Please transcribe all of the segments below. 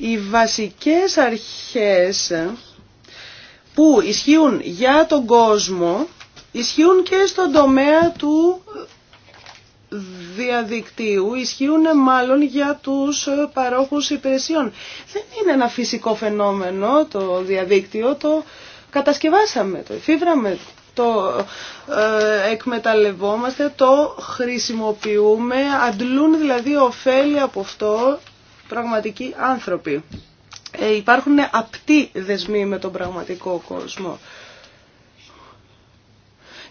οι βασικές αρχές που ισχύουν για τον κόσμο ισχύουν και στον τομέα του διαδικτύου ισχύουν μάλλον για τους παρόχους υπηρεσιών. Δεν είναι ένα φυσικό φαινόμενο το διαδίκτυο, το κατασκευάσαμε, το εφήβραμε, το ε, εκμεταλλευόμαστε, το χρησιμοποιούμε, αντλούν δηλαδή ωφέλη από αυτό πραγματικοί άνθρωποι. Ε, υπάρχουν απτοί δεσμοί με τον πραγματικό κόσμο.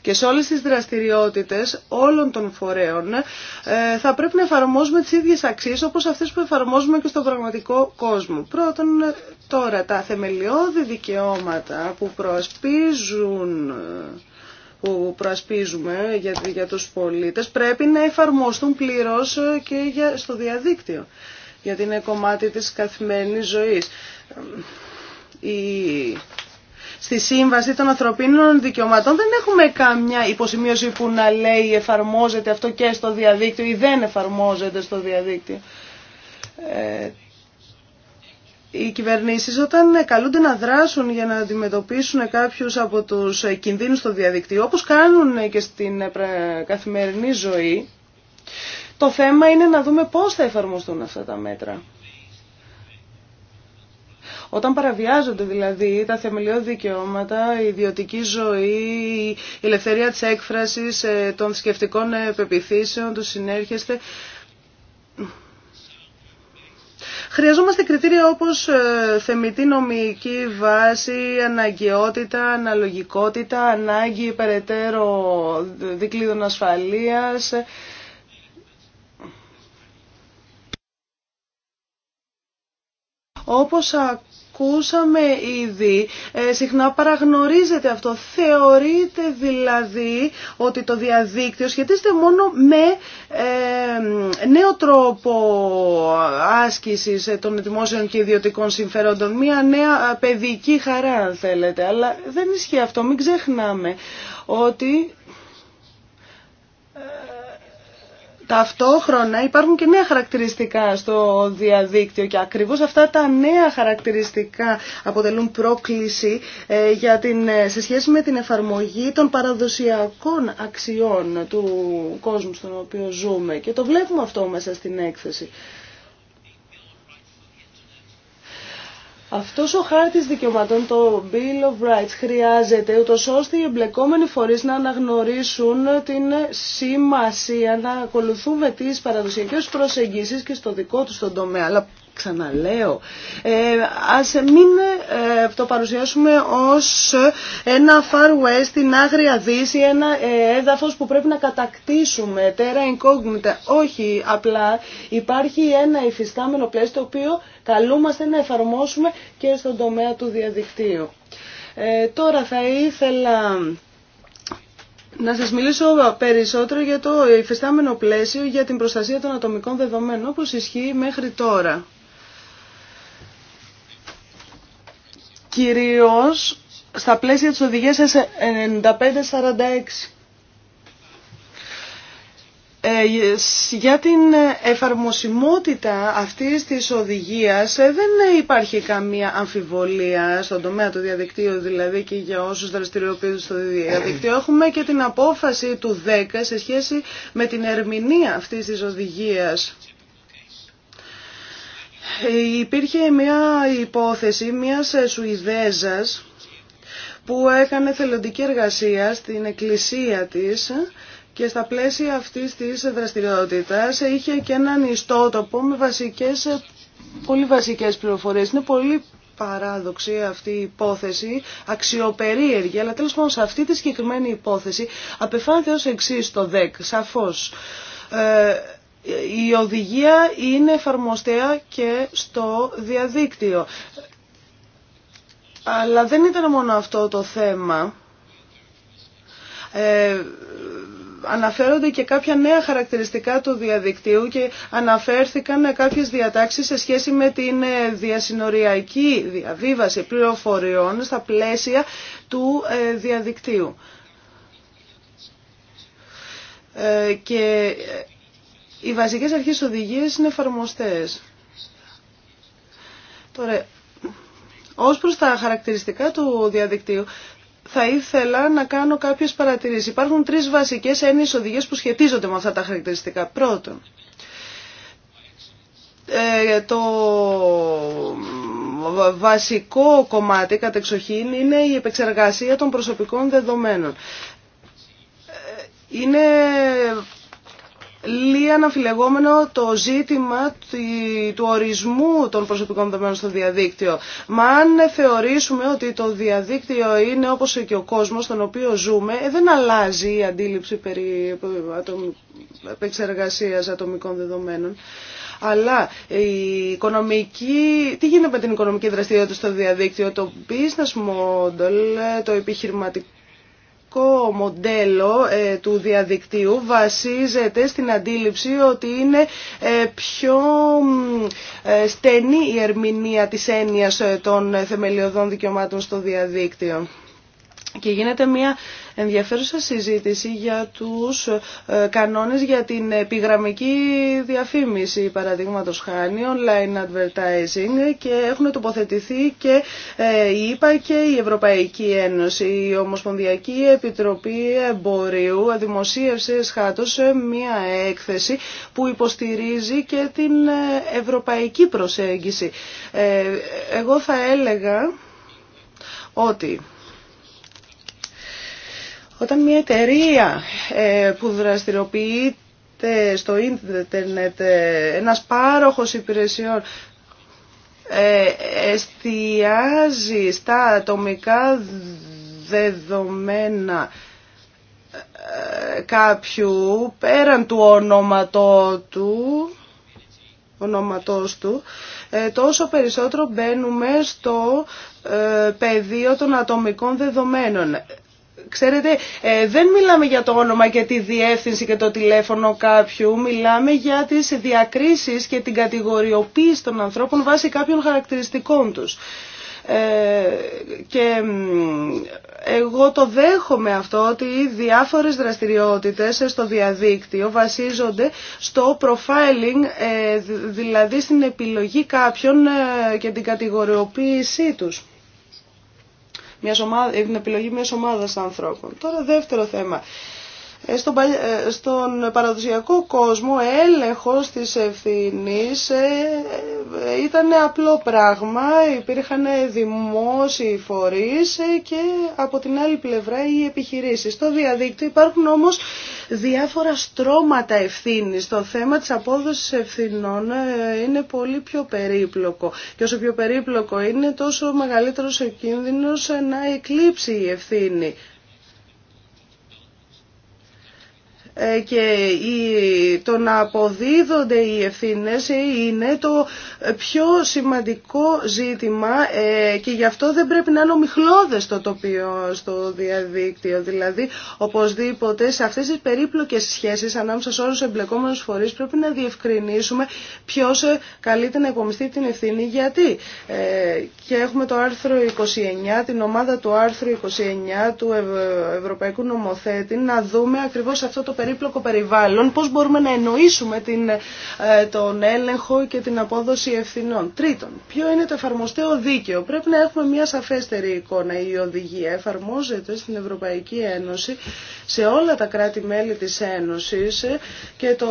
Και σε όλες τις δραστηριότητες όλων των φορέων ε, θα πρέπει να εφαρμόζουμε τις ίδιες αξίες όπως αυτές που εφαρμόζουμε και στον πραγματικό κόσμο. Πρώτον, ε, τώρα τα θεμελιώδη δικαιώματα που προασπίζουν ε, που προασπίζουμε για, για τους πολίτες πρέπει να εφαρμόσουν πλήρως και για, στο διαδίκτυο γιατί είναι κομμάτι της καθημερινής ζωής. Στη Σύμβαση των Ανθρωπίνων Δικαιωματών δεν έχουμε καμιά υποσημείωση που να λέει εφαρμόζεται αυτό και στο διαδίκτυο ή δεν εφαρμόζεται στο διαδίκτυο. Ε, οι κυβερνήσεις όταν καλούνται να δράσουν για να αντιμετωπίσουν κάποιους από τους κινδύνους στο διαδικτύο, όπως κάνουν και στην ε, καθημερινή ζωή, το θέμα είναι να δούμε πώς θα εφαρμοστούν αυτά τα μέτρα. Όταν παραβιάζονται δηλαδή τα θεμελιώδη δικαιώματα, η ιδιωτική ζωή, η ελευθερία της έκφρασης, ε, των σκεφτικών ε, πεπιθήσεων, του συνέρχεστε, Χρειαζόμαστε κριτήρια όπως ε, θεμητή νομική βάση, αναγκαιότητα, αναλογικότητα, ανάγκη περαιτέρω δικλείδων ασφαλείας, Όπως ακούσαμε ήδη, ε, συχνά παραγνωρίζεται αυτό. Θεωρείται δηλαδή ότι το διαδίκτυο σχετίζεται μόνο με ε, νέο τρόπο άσκησης των δημόσιων και ιδιωτικών συμφερόντων. Μια νέα ε, παιδική χαρά αν θέλετε. Αλλά δεν ισχύει αυτό. Μην ξεχνάμε ότι Ταυτόχρονα υπάρχουν και νέα χαρακτηριστικά στο διαδίκτυο και ακριβώς αυτά τα νέα χαρακτηριστικά αποτελούν πρόκληση ε, για την, ε, σε σχέση με την εφαρμογή των παραδοσιακών αξιών του κόσμου στον οποίο ζούμε και το βλέπουμε αυτό μέσα στην έκθεση. Αυτό ο χάρτης δικαιωματών, το Bill of Rights, χρειάζεται ούτω ώστε οι εμπλεκόμενοι φορείς να αναγνωρίσουν την σημασία, να ακολουθούμε τις παραδοσιακέ προσεγγίσεις και στο δικό του τον τομέα ξαναλέω, ε, ας μην ε, το παρουσιάσουμε ως ένα Far West, την Άγρια Δύση, ένα ε, έδαφος που πρέπει να κατακτήσουμε, τέρα incognita. Όχι, απλά υπάρχει ένα υφιστάμενο πλαίσιο το οποίο καλούμαστε να εφαρμόσουμε και στον τομέα του διαδικτύου. Ε, τώρα θα ήθελα... Να σας μιλήσω περισσότερο για το υφιστάμενο πλαίσιο για την προστασία των ατομικών δεδομένων όπως ισχύει μέχρι τώρα. κυρίως στα πλαίσια της οδηγίας 9546. Ε, για την εφαρμοσιμότητα αυτής της οδηγίας ε, δεν υπάρχει καμία αμφιβολία στον τομέα του διαδικτύου δηλαδή και για όσους δραστηριοποιούνται στο διαδικτύο. Έχουμε και την απόφαση του 10 σε σχέση με την ερμηνεία αυτής της οδηγίας. Υπήρχε μια υπόθεση μιας Σουηδέζας που έκανε θελοντική εργασία στην εκκλησία της και στα πλαίσια αυτής της δραστηριότητας είχε και έναν ιστότοπο με βασικές, πολύ βασικές πληροφορίες. Είναι πολύ παράδοξη αυτή η υπόθεση, αξιοπερίεργη, αλλά τέλος πάντων σε αυτή τη συγκεκριμένη υπόθεση απεφάνθη ως εξής το ΔΕΚ, σαφώς. Ε, η οδηγία είναι εφαρμοστέα και στο διαδίκτυο. Αλλά δεν ήταν μόνο αυτό το θέμα. Ε, αναφέρονται και κάποια νέα χαρακτηριστικά του διαδικτύου και αναφέρθηκαν κάποιες διατάξεις σε σχέση με την ε, διασυνοριακή διαβίβαση πληροφοριών στα πλαίσια του ε, διαδικτύου. Ε, και οι βασικές αρχές οδηγίες είναι εφαρμοστές. Τώρα, ως προς τα χαρακτηριστικά του διαδικτύου, θα ήθελα να κάνω κάποιες παρατηρήσεις. Υπάρχουν τρεις βασικές έννοιες οδηγίες που σχετίζονται με αυτά τα χαρακτηριστικά. Πρώτον, ε, το βασικό κομμάτι κατεξοχήν είναι η επεξεργασία των προσωπικών δεδομένων. Ε, είναι λύει αναφιλεγόμενο το ζήτημα του ορισμού των προσωπικών δεδομένων στο διαδίκτυο. Μα αν θεωρήσουμε ότι το διαδίκτυο είναι όπως και ο κόσμος στον οποίο ζούμε, ε, δεν αλλάζει η αντίληψη περί επεξεργασίας ατομικών δεδομένων. Αλλά η οικονομική, τι γίνεται με την οικονομική δραστηριότητα στο διαδίκτυο, το business model, ε, το επιχειρηματικό το μοντέλο ε, του διαδικτύου βασίζεται στην αντίληψη ότι είναι ε, πιο ε, στενή η ερμηνεία της έννοιας των θεμελιωδών δικαιωμάτων στο διαδίκτυο και γίνεται μια ενδιαφέρουσα συζήτηση για τους ε, κανόνες για την επιγραμμική διαφήμιση παραδείγματο χάνει, online advertising και έχουν τοποθετηθεί και ε, η και η Ευρωπαϊκή Ένωση. Η Ομοσπονδιακή Επιτροπή Εμπορίου δημοσίευσε σχάτως μια έκθεση που υποστηρίζει και την ε, ευρωπαϊκή προσέγγιση. Εγώ θα έλεγα ότι όταν μια εταιρεία ε, που δραστηριοποιείται στο ίντερνετ, ε, ένας πάροχος υπηρεσιών, ε, εστιάζει στα ατομικά δεδομένα κάποιου πέραν του ονόματό του, ονοματός του, τόσο περισσότερο μπαίνουμε στο πεδίο των ατομικών δεδομένων. Ξέρετε, ε, δεν μιλάμε για το όνομα και τη διεύθυνση και το τηλέφωνο κάποιου. Μιλάμε για τις διακρίσεις και την κατηγοριοποίηση των ανθρώπων βάσει κάποιων χαρακτηριστικών τους. Ε, και εγώ το δέχομαι αυτό ότι οι διάφορες δραστηριότητες στο διαδίκτυο βασίζονται στο profiling, ε, δηλαδή στην επιλογή κάποιων και την κατηγοριοποίησή τους μιας την επιλογή μιας ομάδας ανθρώπων. Τώρα δεύτερο θέμα. Ε, στον, ε, στον παραδοσιακό κόσμο έλεγχος της ευθύνη ε, ήταν απλό πράγμα, υπήρχαν δημόσιοι φορείς και από την άλλη πλευρά οι επιχειρήσεις. Στο διαδίκτυο υπάρχουν όμως διάφορα στρώματα ευθύνη. Το θέμα της απόδοση ευθυνών ε, είναι πολύ πιο περίπλοκο. Και όσο πιο περίπλοκο είναι, τόσο μεγαλύτερος ο κίνδυνο να εκλείψει η ευθύνη. Ε, και το να αποδίδονται οι ευθύνες ε, είναι το πιο σημαντικό ζήτημα ε, και γι' αυτό δεν πρέπει να είναι ομιχλώδες το τοπίο στο διαδίκτυο. Δηλαδή, οπωσδήποτε σε αυτές τις περίπλοκες σχέσεις ανάμεσα σε όλους εμπλεκόμενους φορείς πρέπει να διευκρινίσουμε ποιος καλείται να υπομειστεί την ευθύνη γιατί. και έχουμε το άρθρο 29, την ομάδα του άρθρου 29 του Ευρωπαϊκού Νομοθέτη να δούμε ακριβώς αυτό το περίπτωμα περίπλοκο περιβάλλον, πώς μπορούμε να εννοήσουμε την, ε, τον έλεγχο και την απόδοση ευθυνών. Τρίτον, ποιο είναι το εφαρμοστέο δίκαιο. Πρέπει να έχουμε μια σαφέστερη εικόνα. Η οδηγία εφαρμόζεται στην Ευρωπαϊκή Ένωση σε όλα τα κράτη-μέλη της Ένωσης και το,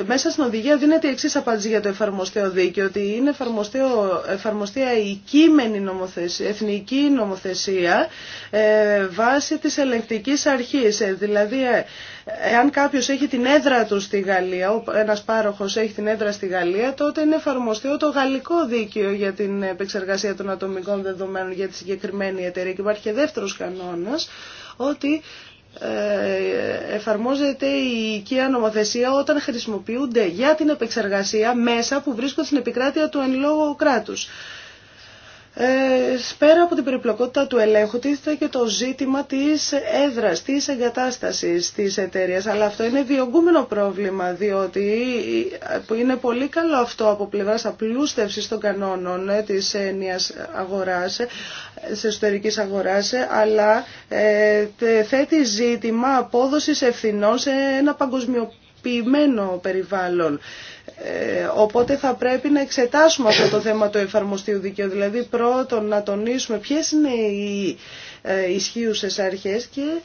ε, μέσα στην οδηγία δίνεται η εξή απάντηση για το εφαρμοστέο δίκαιο, ότι είναι εφαρμοστέα η κείμενη νομοθεσία, εθνική νομοθεσία ε, βάσει της ελεγκτικής αρχής, ε, δηλαδή Εάν κάποιο έχει την έδρα του στη Γαλλία, ένα πάροχο έχει την έδρα στη Γαλλία, τότε είναι εφαρμοστείο το γαλλικό δίκαιο για την επεξεργασία των ατομικών δεδομένων για τη συγκεκριμένη εταιρεία. Και υπάρχει και δεύτερο κανόνα ότι ε, εφαρμόζεται η οικία νομοθεσία όταν χρησιμοποιούνται για την επεξεργασία μέσα που βρίσκονται στην επικράτεια του εν λόγω κράτους. Ε, πέρα από την περιπλοκότητα του ελέγχου τίθεται και το ζήτημα της έδρας, της εγκατάστασης της εταιρεία. Αλλά αυτό είναι διωγγούμενο πρόβλημα διότι είναι πολύ καλό αυτό από πλευράς απλούστευσης των κανόνων ε, της έννοιας αγοράς, ε, της εσωτερικής αγοράς αλλά θέτει ζήτημα απόδοσης ευθυνών σε ένα παγκοσμιοποιημένο περιβάλλον. Ε, οπότε θα πρέπει να εξετάσουμε αυτό το θέμα του εφαρμοστείου δικαίου. Δηλαδή πρώτον να τονίσουμε ποιες είναι οι ε, ισχύουσες αρχές και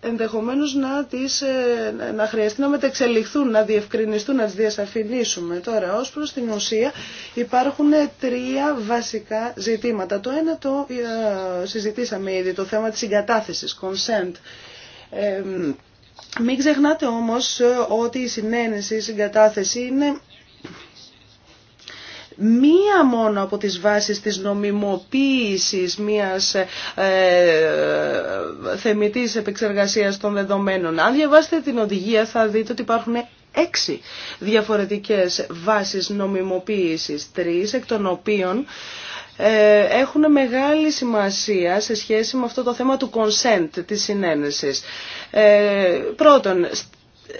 ενδεχομένως να, ε, να χρειαστεί να μετεξελιχθούν, να διευκρινιστούν, να τις διασαφηνίσουμε. Τώρα, ως προς την ουσία υπάρχουν τρία βασικά ζητήματα. Το ένα το συζητήσαμε ήδη, το θέμα της συγκατάθεσης, consent. Μην ξεχνάτε όμως ε, ότι η συνένεση, η συγκατάθεση είναι μία μόνο από τις βάσεις της νομιμοποίησης μίας ε, ε, θεμητής επεξεργασίας των δεδομένων. Αν διαβάσετε την οδηγία θα δείτε ότι υπάρχουν έξι διαφορετικές βάσεις νομιμοποίησης, τρεις εκ των οποίων ε, έχουν μεγάλη σημασία σε σχέση με αυτό το θέμα του consent, της συνένεσης. Ε, πρώτον,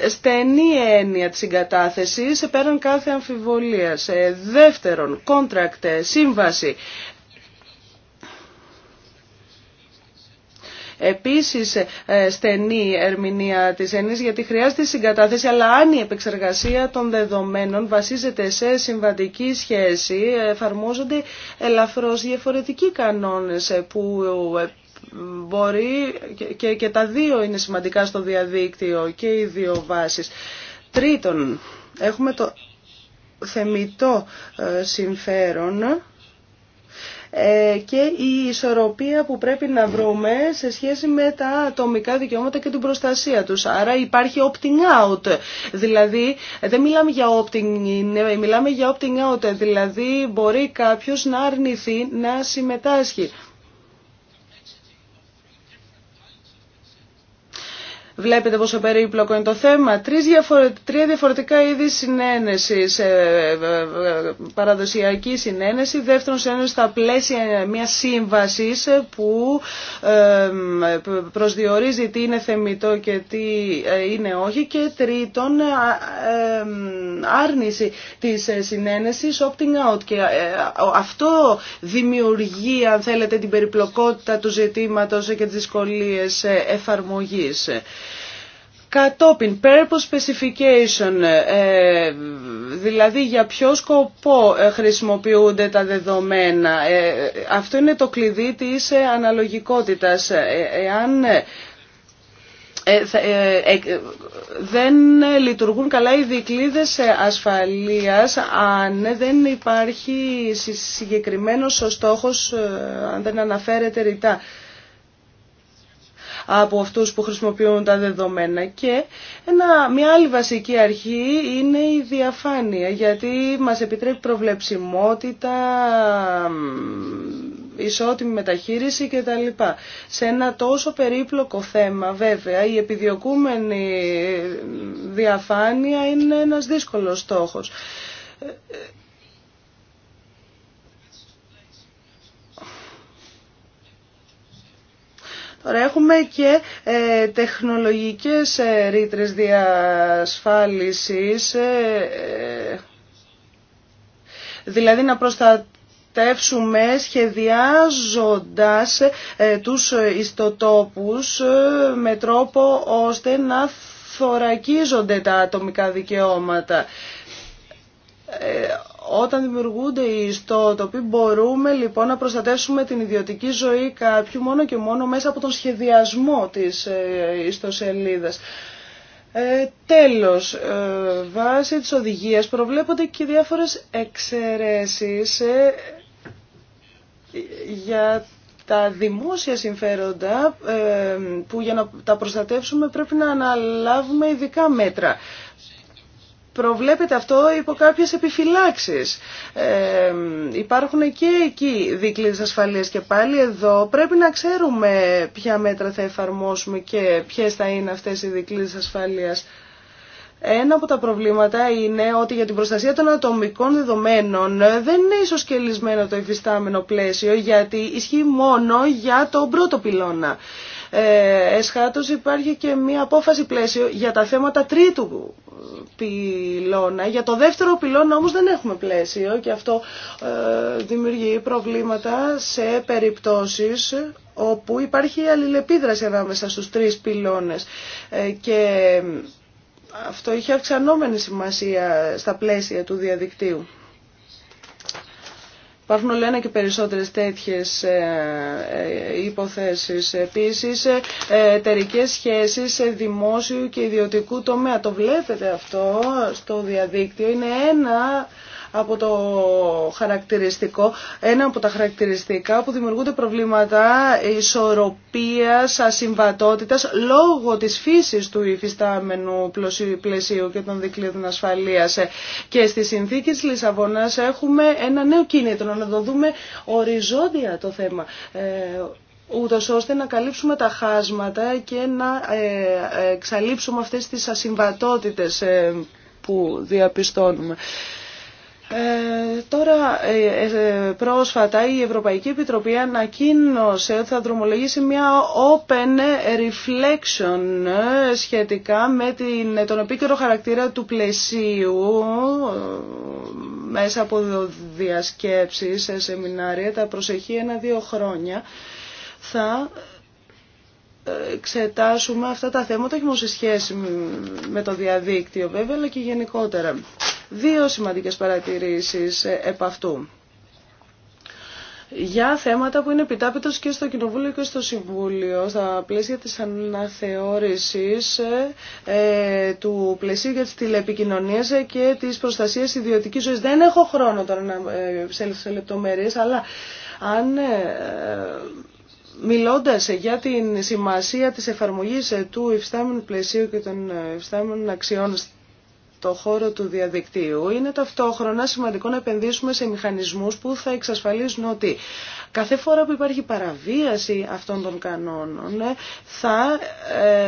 στενή έννοια της συγκατάθεσης πέραν κάθε αμφιβολίας. Ε, δεύτερον, contract, σύμβαση. επίσης ε, στενή ερμηνεία της έννοιας γιατί χρειάζεται συγκατάθεση αλλά αν η επεξεργασία των δεδομένων βασίζεται σε συμβατική σχέση εφαρμόζονται ελαφρώς διαφορετικοί κανόνες ε, που ε, μπορεί και, και τα δύο είναι σημαντικά στο διαδίκτυο και οι δύο βάσεις. Τρίτον, έχουμε το θεμητό συμφέρον ε, και η ισορροπία που πρέπει να βρούμε σε σχέση με τα ατομικά δικαιώματα και την προστασία τους. Άρα υπάρχει opting out, δηλαδή δεν μιλάμε για opting in, ε, μιλάμε για opting out, δηλαδή μπορεί κάποιος να αρνηθεί να συμμετάσχει. Βλέπετε πόσο περίπλοκο είναι το θέμα. Τρεις Τρία διαφορετικά είδη συνένεσης. Ε, ε, παραδοσιακή συνένεση, δεύτερον συνένεση στα πλαίσια μία σύμβαση που ε, προσδιορίζει τι είναι θεμητό και τι είναι όχι και τρίτον άρνηση της συνένεσης, opting out. Και αυτό δημιουργεί, αν θέλετε, την περιπλοκότητα του ζητήματος και τις δυσκολίες εφαρμογής. Κατόπιν, purpose specification, ε, δηλαδή για ποιο σκοπό ε, χρησιμοποιούνται τα δεδομένα. Ε, αυτό είναι το κλειδί της αναλογικότητας. Εάν δεν λειτουργούν καλά οι δικλείδες ασφαλείας αν δεν υπάρχει συγκεκριμένος ο στόχος, αν δεν αναφέρεται ρητά από αυτούς που χρησιμοποιούν τα δεδομένα. Και ένα, μια άλλη βασική αρχή είναι η διαφάνεια, γιατί μας επιτρέπει προβλεψιμότητα, ισότιμη μεταχείριση κτλ. Σε ένα τόσο περίπλοκο θέμα βέβαια η επιδιωκούμενη διαφάνεια είναι ένας δύσκολος στόχος. Τώρα έχουμε και ε, τεχνολογικές ε, ρήτρες διασφάλισης, ε, ε, δηλαδή να προστατεύσουμε σχεδιάζοντας ε, τους ιστοτόπους με τρόπο ώστε να θωρακίζονται τα ατομικά δικαιώματα όταν δημιουργούνται οι ιστότοποι μπορούμε λοιπόν να προστατεύσουμε την ιδιωτική ζωή κάποιου μόνο και μόνο μέσα από τον σχεδιασμό της ε, ιστοσελίδας. Ε, τέλος, ε, βάσει της οδηγίας προβλέπονται και διάφορες εξαιρέσεις ε, για τα δημόσια συμφέροντα που για να τα προστατεύσουμε πρέπει να αναλάβουμε ειδικά μέτρα προβλέπεται αυτό υπό κάποιες επιφυλάξεις. Ε, υπάρχουν και εκεί δίκλειες ασφαλείας και πάλι εδώ πρέπει να ξέρουμε ποια μέτρα θα εφαρμόσουμε και ποιες θα είναι αυτές οι δίκλειες ασφαλείας. Ένα από τα προβλήματα είναι ότι για την προστασία των ατομικών δεδομένων δεν είναι ισοσκελισμένο το υφιστάμενο πλαίσιο γιατί ισχύει μόνο για τον πρώτο πυλώνα. Ε, εσχάτως υπάρχει και μία απόφαση πλαίσιο για τα θέματα τρίτου πυλώνα. Για το δεύτερο πυλώνα όμως δεν έχουμε πλαίσιο και αυτό ε, δημιουργεί προβλήματα σε περιπτώσεις όπου υπάρχει αλληλεπίδραση ανάμεσα στους τρεις πυλώνες ε, και αυτό είχε αυξανόμενη σημασία στα πλαίσια του διαδικτύου. Υπάρχουν όλο ένα και περισσότερες τέτοιες ε, ε, υποθέσεις. Επίσης, ε, εταιρικέ σχέσεις δημόσιου και ιδιωτικού τομέα. Το βλέπετε αυτό στο διαδίκτυο. Είναι ένα από το χαρακτηριστικό, ένα από τα χαρακτηριστικά που δημιουργούνται προβλήματα ισορροπίας, ασυμβατότητας λόγω της φύσης του υφιστάμενου πλαισίου και των δικλείδων ασφαλείας. Και στις συνθήκες της Λισαβόνας έχουμε ένα νέο κίνητρο να το δούμε οριζόντια το θέμα ε, ούτως ώστε να καλύψουμε τα χάσματα και να ε, εξαλείψουμε αυτές τις ασυμβατότητες ε, που διαπιστώνουμε. Ε, τώρα ε, ε, πρόσφατα η Ευρωπαϊκή Επιτροπή ανακοίνωσε ότι θα δρομολογήσει μια open reflection σχετικά με την, τον επίκαιρο χαρακτήρα του πλαισίου μέσα από διασκέψεις σε σεμινάρια τα προσεχή ένα-δύο χρόνια θα εξετάσουμε αυτά τα θέματα όχι μόνο σε σχέση με το διαδίκτυο βέβαια αλλά και γενικότερα. Δύο σημαντικές παρατηρήσεις ε, επ' αυτού για θέματα που είναι επιτάπητος και στο Κοινοβούλιο και στο Συμβούλιο στα πλαίσια της αναθεώρησης ε, ε, του πλαισίου για τις τηλεπικοινωνίες και της προστασίας ιδιωτικής ζωής. Δεν έχω χρόνο τώρα να ε, σε λεπτομέρειες, αλλά αν Μιλώντας για την σημασία της εφαρμογής ε, του υφιστάμενου πλαισίου και των ε, υφιστάμενων αξιών το χώρο του διαδικτύου, είναι ταυτόχρονα σημαντικό να επενδύσουμε σε μηχανισμούς που θα εξασφαλίσουν ότι κάθε φορά που υπάρχει παραβίαση αυτών των κανόνων ε, θα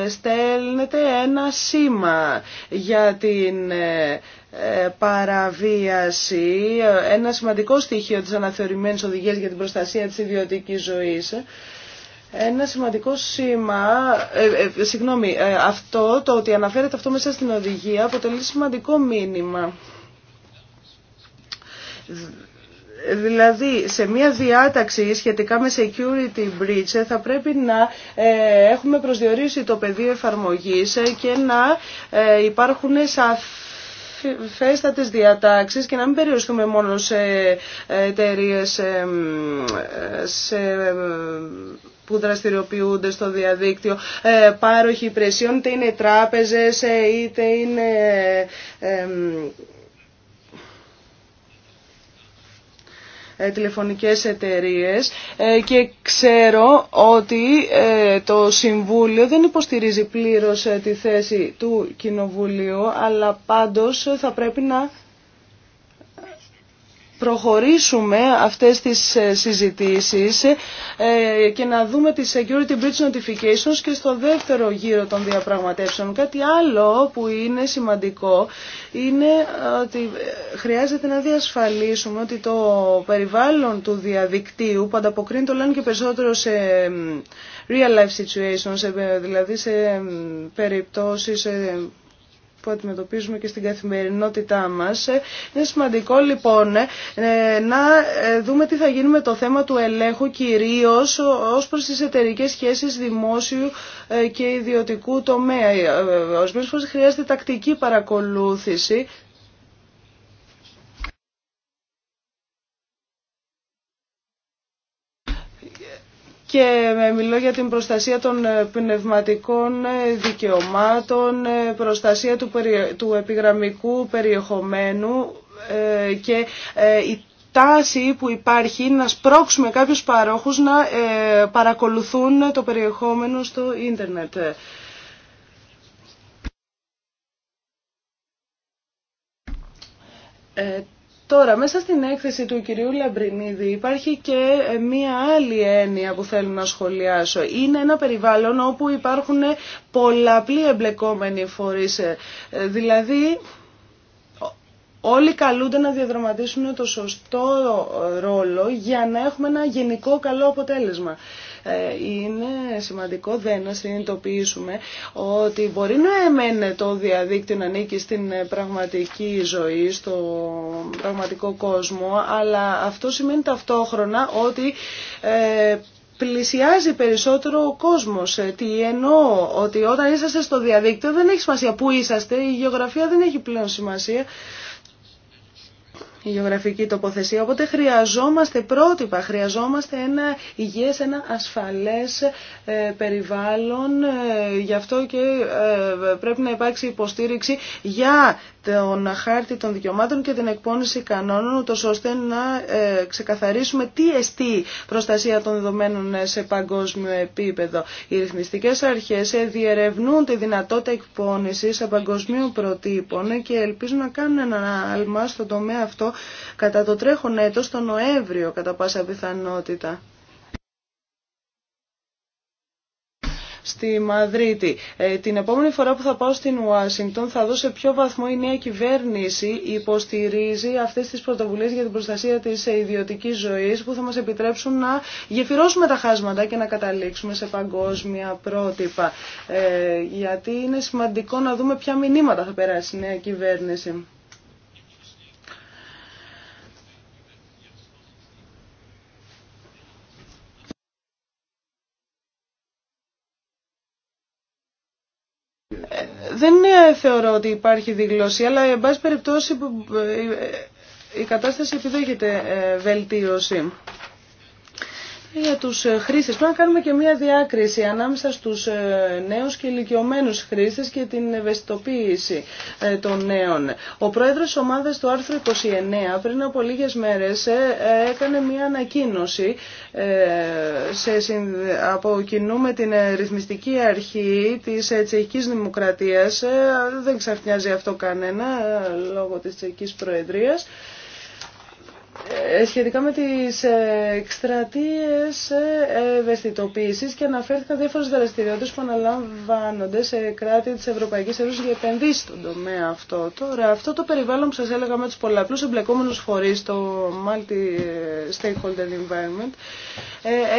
στέλνεται ένα σήμα για την παραβίαση, ένα σημαντικό στοιχείο της αναθεωρημένης οδηγίας για την προστασία της ιδιωτικής ζωής ένα σημαντικό σήμα, ε, ε συγγνώμη, ε, αυτό το ότι αναφέρεται αυτό μέσα στην οδηγία αποτελεί σημαντικό μήνυμα. Δηλαδή, σε μια διάταξη σχετικά με security breach ε, θα πρέπει να έχουμε προσδιορίσει το πεδίο εφαρμογής και να υπάρχουν σαφές Φέστατε διατάξει και να μην περιοριστούμε μόνο σε εταιρείε ε, που δραστηριοποιούνται στο διαδίκτυο, ε, πάροχοι υπηρεσιών, είτε είναι τράπεζες, ε, είτε είναι ε, Ε, τηλεφωνικές εταιρείες ε, και ξέρω ότι ε, το Συμβούλιο δεν υποστηρίζει πλήρως τη θέση του Κοινοβουλίου αλλά πάντως θα πρέπει να προχωρήσουμε αυτές τις ε, συζητήσεις ε, και να δούμε τις Security Breach Notifications και στο δεύτερο γύρο των διαπραγματεύσεων. Κάτι άλλο που είναι σημαντικό είναι ότι ε, χρειάζεται να διασφαλίσουμε ότι το περιβάλλον του διαδικτύου που ανταποκρίνει το λένε και περισσότερο σε real life situations, δηλαδή σε περιπτώσεις που αντιμετωπίζουμε και στην καθημερινότητά μας. Είναι σημαντικό λοιπόν ε, να ε, δούμε τι θα γίνει με το θέμα του ελέγχου κυρίως ως προς τις εταιρικές σχέσεις δημόσιου ε, και ιδιωτικού τομέα. Ορισμένες φορές χρειάζεται τακτική παρακολούθηση και μιλώ για την προστασία των ε, πνευματικών ε, δικαιωμάτων, ε, προστασία του, του επιγραμμικού περιεχομένου και η τάση που υπάρχει να σπρώξουμε κάποιους παρόχους να παρακολουθούν το περιεχόμενο στο ίντερνετ. Τώρα, μέσα στην έκθεση του κυρίου Λαμπρινίδη υπάρχει και ε, μία άλλη έννοια που θέλω να σχολιάσω. Είναι ένα περιβάλλον όπου υπάρχουν πολλαπλοί εμπλεκόμενοι φορείς. Ε, ε, δηλαδή, όλοι καλούνται να διαδραματίσουν το σωστό ρόλο για να έχουμε ένα γενικό καλό αποτέλεσμα. Ε, είναι σημαντικό δεν να συνειδητοποιήσουμε ότι μπορεί να εμένε το διαδίκτυο να ανήκει στην πραγματική ζωή, στο πραγματικό κόσμο, αλλά αυτό σημαίνει ταυτόχρονα ότι ε, πλησιάζει περισσότερο ο κόσμος. Ε, τι εννοώ, ότι όταν είσαστε στο διαδίκτυο δεν έχει σημασία που είσαστε, η γεωγραφία δεν έχει πλέον σημασία η γεωγραφική τοποθεσία. Οπότε χρειαζόμαστε πρότυπα, χρειαζόμαστε ένα υγιές, ένα ασφαλές ε, περιβάλλον. Ε, γι' αυτό και ε, πρέπει να υπάρξει υποστήριξη για τον χάρτη των δικαιωμάτων και την εκπόνηση κανόνων, ούτως ώστε να ξεκαθαρίσουμε τι εστί προστασία των δεδομένων σε παγκόσμιο επίπεδο. Οι ρυθμιστικές αρχές διερευνούν τη δυνατότητα εκπόνησης παγκοσμίου προτύπων και ελπίζουν να κάνουν ένα άλμα στον τομέα αυτό κατά το τρέχον έτος, τον Νοέμβριο κατά πάσα πιθανότητα. στη Μαδρίτη. Ε, την επόμενη φορά που θα πάω στην Ουάσιγκτον θα δω σε ποιο βαθμό η νέα κυβέρνηση υποστηρίζει αυτές τις πρωτοβουλίες για την προστασία της ιδιωτικής ζωής που θα μας επιτρέψουν να γεφυρώσουμε τα χάσματα και να καταλήξουμε σε παγκόσμια πρότυπα. Ε, γιατί είναι σημαντικό να δούμε ποια μηνύματα θα περάσει η νέα κυβέρνηση. Δεν θεωρώ ότι υπάρχει διγλώση, αλλά εν πάση περιπτώσει ε, ε, ε, η κατάσταση επιδέχεται βελτίωση για τους ε, χρήστες. Πρέπει να κάνουμε και μια διάκριση ανάμεσα στους ε, νέους και ηλικιωμένους χρήστες και την ευαισθητοποίηση ε, των νέων. Ο πρόεδρος ομάδας του άρθρου 29 πριν από λίγες μέρες έκανε μια ανακοίνωση σε, από κοινού με την ρυθμιστική αρχή της τσεχικής δημοκρατίας. Δεν ξαφνιάζει αυτό κανένα λόγω της τσεχικής προεδρίας. Ε, σχετικά με τις ε, εκστρατείες ε, ευαισθητοποίησης και αναφέρθηκαν διάφορες δραστηριότητες που αναλαμβάνονται σε κράτη της Ευρωπαϊκής Ένωσης για επενδύσεις στον τομέα αυτό. Τώρα, αυτό το περιβάλλον που σας έλεγα με τους πολλαπλούς εμπλεκόμενους φορείς, το multi-stakeholder environment,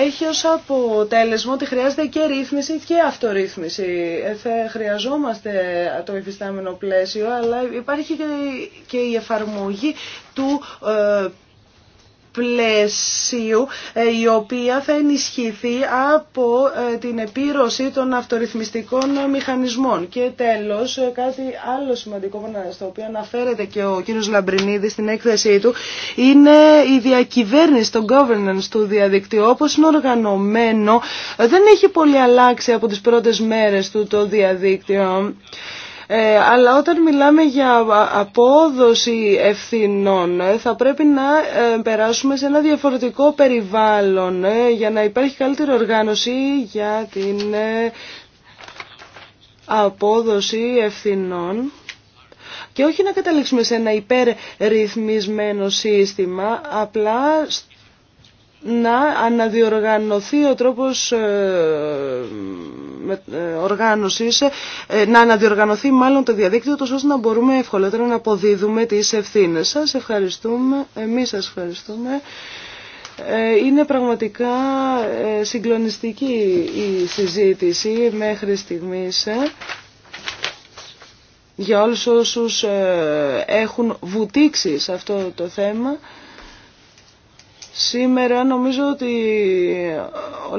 έχει ως αποτέλεσμα ότι χρειάζεται και ρύθμιση και αυτορύθμιση. Χρειαζόμαστε το υφιστάμενο πλαίσιο, αλλά υπάρχει και η εφαρμογή του πλαισίου ε, η οποία θα ενισχυθεί από ε, την επίρρωση των αυτορυθμιστικών μηχανισμών. Και τέλος, ε, κάτι άλλο σημαντικό στο οποίο αναφέρεται και ο κ. Λαμπρινίδης στην έκθεσή του είναι η διακυβέρνηση, το governance του διαδικτύου όπως είναι οργανωμένο δεν έχει πολύ αλλάξει από τις πρώτες μέρες του το διαδίκτυο. Ε, αλλά όταν μιλάμε για απόδοση ευθυνών ε, θα πρέπει να ε, περάσουμε σε ένα διαφορετικό περιβάλλον για να υπάρχει καλύτερη οργάνωση για την απόδοση ευθυνών και όχι να καταλήξουμε σε ένα υπερρυθμισμένο σύστημα, απλά να αναδιοργανωθεί ο τρόπος ε, ε, οργάνωσης, ε, να αναδιοργανωθεί μάλλον το διαδίκτυο, τόσο ώστε να μπορούμε ευκολότερα να αποδίδουμε τις ευθύνες. Σας ευχαριστούμε, εμείς σας ευχαριστούμε. Είναι πραγματικά συγκλονιστική η συζήτηση μέχρι στιγμής για όλους όσους έχουν βουτήξει σε αυτό το θέμα. Σήμερα νομίζω ότι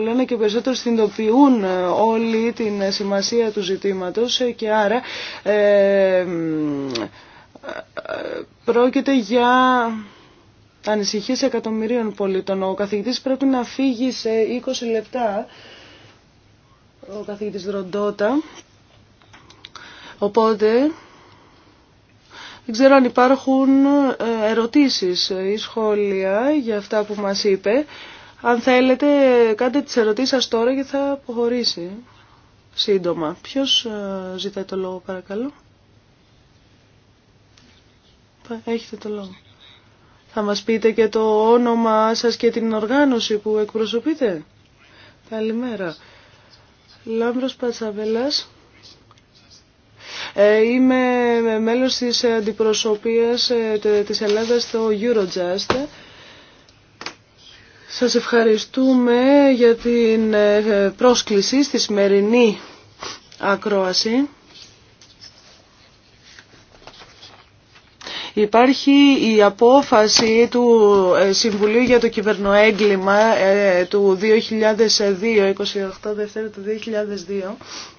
λένε και περισσότερο συνειδητοποιούν ε, όλοι την σημασία του ζητήματος ε, και άρα ε, πρόκειται για ανησυχίες εκατομμυρίων πολιτών. Ο καθηγητής πρέπει να φύγει σε 20 λεπτά, ο καθηγητής Ροντότα. Οπότε δεν ξέρω αν υπάρχουν ε, ερωτήσεις ή σχόλια για αυτά που μας είπε. Αν θέλετε, κάντε τις ερωτήσεις σας τώρα και θα αποχωρήσει σύντομα. Ποιος ε, ζητάει το λόγο, παρακαλώ. Έχετε το λόγο. Θα μας πείτε και το όνομα σας και την οργάνωση που εκπροσωπείτε. Καλημέρα. Λάμπρος Πατσαβελάς ε, είμαι μέλος της αντιπροσωπείας ε, της Ελλάδας στο Eurojust. Σας ευχαριστούμε για την ε, πρόσκληση στη σημερινή ακρόαση. Υπάρχει η απόφαση του Συμβουλίου για το Κυβερνοέγκλημα του 2002, 28 Δευτέρα του 2002,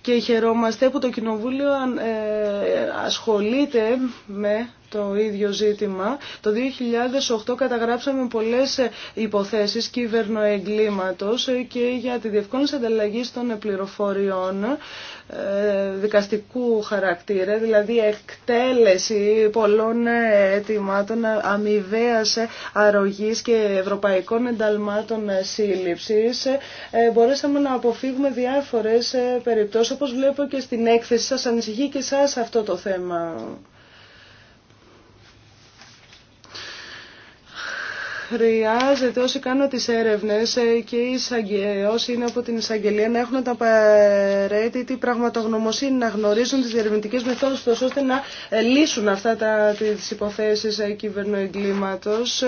και χαιρόμαστε που το Κοινοβούλιο ε, ασχολείται με το ίδιο ζήτημα. Το 2008 καταγράψαμε πολλές υποθέσεις κυβερνοεγκλήματος και για τη διευκόλυνση ανταλλαγής των πληροφοριών ε, δικαστικού χαρακτήρα, δηλαδή εκτέλεση πολλών αιτημάτων αμοιβαία αρρωγής και ευρωπαϊκών ενταλμάτων σύλληψης. Ε, μπορέσαμε να αποφύγουμε διάφορες ε, περιπτώσεις, όπως βλέπω και στην έκθεση σας, ανησυχεί και σας αυτό το θέμα. χρειάζεται όσοι κάνουν τις έρευνες ε, και όσοι είναι από την εισαγγελία να έχουν τα απαραίτητη πραγματογνωμοσύνη, να γνωρίζουν τις διερευνητικές μεθόδους τόσο ώστε να ε, λύσουν αυτά τα, τις υποθέσεις ε, κυβερνοεγκλήματος.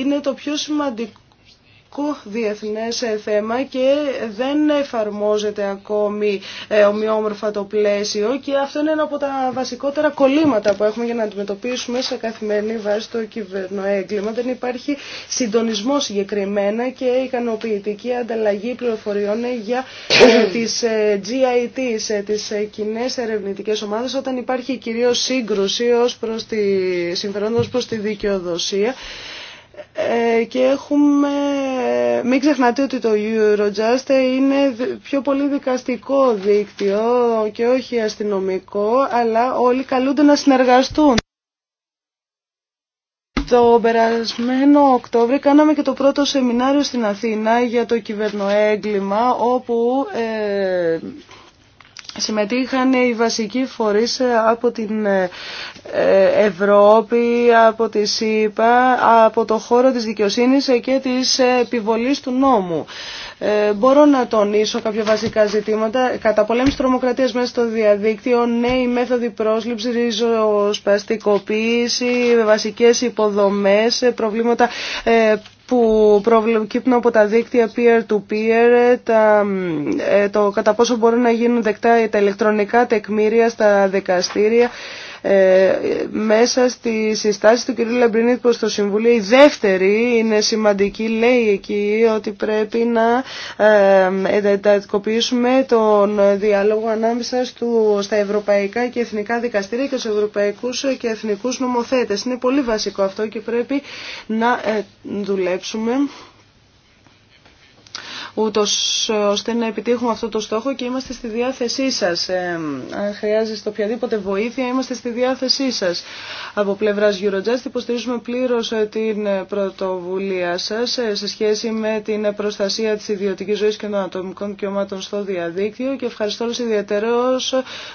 Είναι το πιο σημαντικό Διεθνέ θέμα και δεν εφαρμόζεται ακόμη ε, ομοιόμορφα το πλαίσιο και αυτό είναι ένα από τα βασικότερα κολλήματα που έχουμε για να αντιμετωπίσουμε σε καθημερινή βάση το κυβερνοέγκλημα. Δεν υπάρχει συντονισμό συγκεκριμένα και ικανοποιητική ανταλλαγή πληροφοριών για ε, τις ε, GIT τις κοινέ ερευνητικέ ομάδες όταν υπάρχει κυρίως σύγκρουση ως προς τη, προς τη δικαιοδοσία. Ε, και έχουμε... Μην ξεχνάτε ότι το Eurojust είναι πιο πολύ δικαστικό δίκτυο και όχι αστυνομικό, αλλά όλοι καλούνται να συνεργαστούν. Το περασμένο Οκτώβριο κάναμε και το πρώτο σεμινάριο στην Αθήνα για το κυβερνοέγκλημα, όπου... Ε, Συμμετείχαν οι βασικοί φορείς ε, από την ε, ε, Ευρώπη, από τη ΣΥΠΑ, από το χώρο της δικαιοσύνης και της επιβολής του νόμου. μπορώ να τονίσω κάποια βασικά ζητήματα. Καταπολέμηση τρομοκρατίας μέσα στο διαδίκτυο, νέοι μέθοδοι πρόσληψης, ριζοσπαστικοποίηση, βασικές υποδομές, προβλήματα που προβλεπούν από τα δίκτυα peer-to-peer, ε, το κατά πόσο μπορούν να γίνουν δεκτά τα ηλεκτρονικά τεκμήρια στα δικαστήρια, ε, μέσα στη συστάση του κ. Λαμπρινίτ προς το Συμβούλιο η δεύτερη είναι σημαντική λέει εκεί ότι πρέπει να ε, εντατικοποιήσουμε τον διάλογο ανάμεσα στο, στα ευρωπαϊκά και εθνικά δικαστήρια και στους ευρωπαϊκούς και εθνικούς νομοθέτες. Είναι πολύ βασικό αυτό και πρέπει να ε, δουλέψουμε ούτως ώστε να επιτύχουμε αυτό το στόχο και είμαστε στη διάθεσή σας. Ε, αν χρειάζεστε οποιαδήποτε βοήθεια, είμαστε στη διάθεσή σας. Από πλευράς Eurojust υποστηρίζουμε πλήρως ε, την πρωτοβουλία σας ε, σε σχέση με την προστασία της ιδιωτικής ζωής και των ατομικών δικαιωμάτων στο διαδίκτυο και ευχαριστώ όλους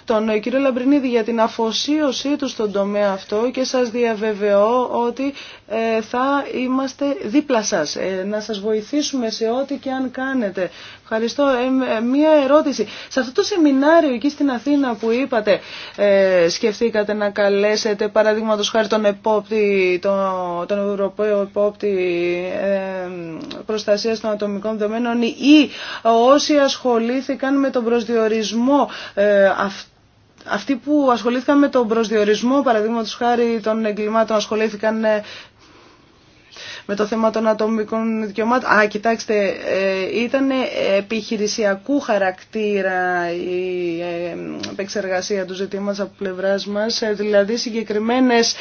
τον κύριο Λαμπρινίδη για την αφοσίωσή του στον τομέα αυτό και σας διαβεβαιώ ότι ε, θα είμαστε δίπλα σας, ε, να σας βοηθήσουμε σε ό,τι και αν κάνετε. Ευχαριστώ. Ε, μία ερώτηση. Σε αυτό το σεμινάριο εκεί στην Αθήνα που είπατε, σκεφτήκατε να καλέσετε παραδείγματος χάρη τον επόπτη, τον, Ευρωπαίο επόπτη προστασίας των ατομικών δεδομένων ή όσοι ασχολήθηκαν με τον προσδιορισμό αυτού αυτοί που ασχολήθηκαν με τον προσδιορισμό, παραδείγματο χάρη των εγκλημάτων, ασχολήθηκαν με το θέμα των ατομικών δικαιωμάτων. Α, κοιτάξτε, ε, ήταν επιχειρησιακού χαρακτήρα η ε, επεξεργασία του ζητήματος από πλευράς μας, ε, δηλαδή συγκεκριμένες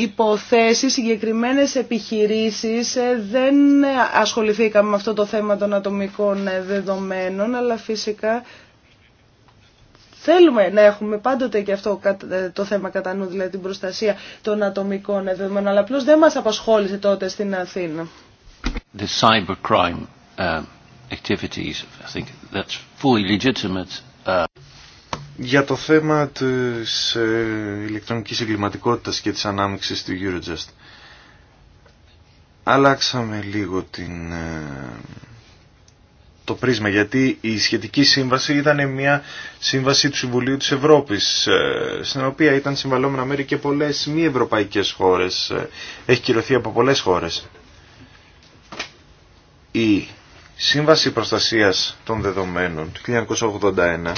υποθέσεις, συγκεκριμένες επιχειρήσεις. Δεν ασχοληθήκαμε με αυτό το θέμα των ατομικών δεδομένων, αλλά φυσικά Θέλουμε να έχουμε πάντοτε και αυτό ε, το θέμα κατά νου, δηλαδή την προστασία των ατομικών δεδομένων, αλλά απλώ δεν μα απασχόλησε τότε στην Αθήνα. Uh, uh, Για το θέμα της ε, ηλεκτρονικής εγκληματικότητας και της ανάμειξης του Eurojust. Αλλάξαμε λίγο την... Ε, το πρίσμα γιατί η σχετική σύμβαση ήταν μια σύμβαση του Συμβουλίου της Ευρώπης ε, στην οποία ήταν συμβαλόμενα μέρη και πολλές μη ευρωπαϊκές χώρες ε, έχει κυρωθεί από πολλές χώρες η Σύμβαση Προστασίας των Δεδομένων του 1981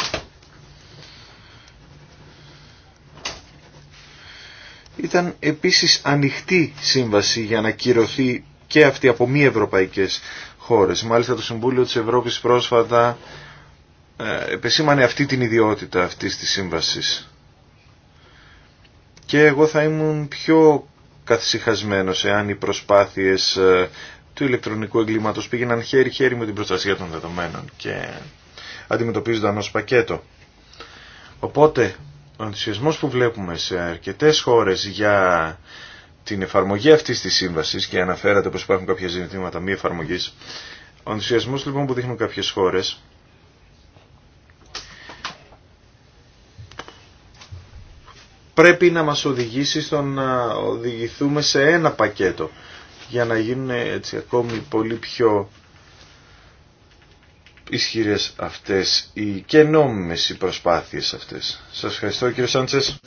ήταν επίσης ανοιχτή σύμβαση για να κυρωθεί και αυτή από μη ευρωπαϊκές χώρες. Μάλιστα το Συμβούλιο της Ευρώπης πρόσφατα ε, επεσήμανε αυτή την ιδιότητα αυτής της σύμβασης. Και εγώ θα ήμουν πιο καθυσυχασμένος εάν οι προσπάθειες ε, του ηλεκτρονικού εγκλήματος πήγαιναν χέρι-χέρι με την προστασία των δεδομένων και αντιμετωπίζονταν ως πακέτο. Οπότε, ο ενθουσιασμός που βλέπουμε σε αρκετές χώρες για την εφαρμογή αυτής της σύμβασης και αναφέρατε πως υπάρχουν κάποια ζητήματα μη εφαρμογής. Ο ενθουσιασμός λοιπόν που δείχνουν κάποιες χώρες πρέπει να μας οδηγήσει στο να οδηγηθούμε σε ένα πακέτο για να γίνουν έτσι ακόμη πολύ πιο ισχυρές αυτές οι και νόμιμες οι προσπάθειες αυτές. Σας ευχαριστώ κύριε Σάντσες.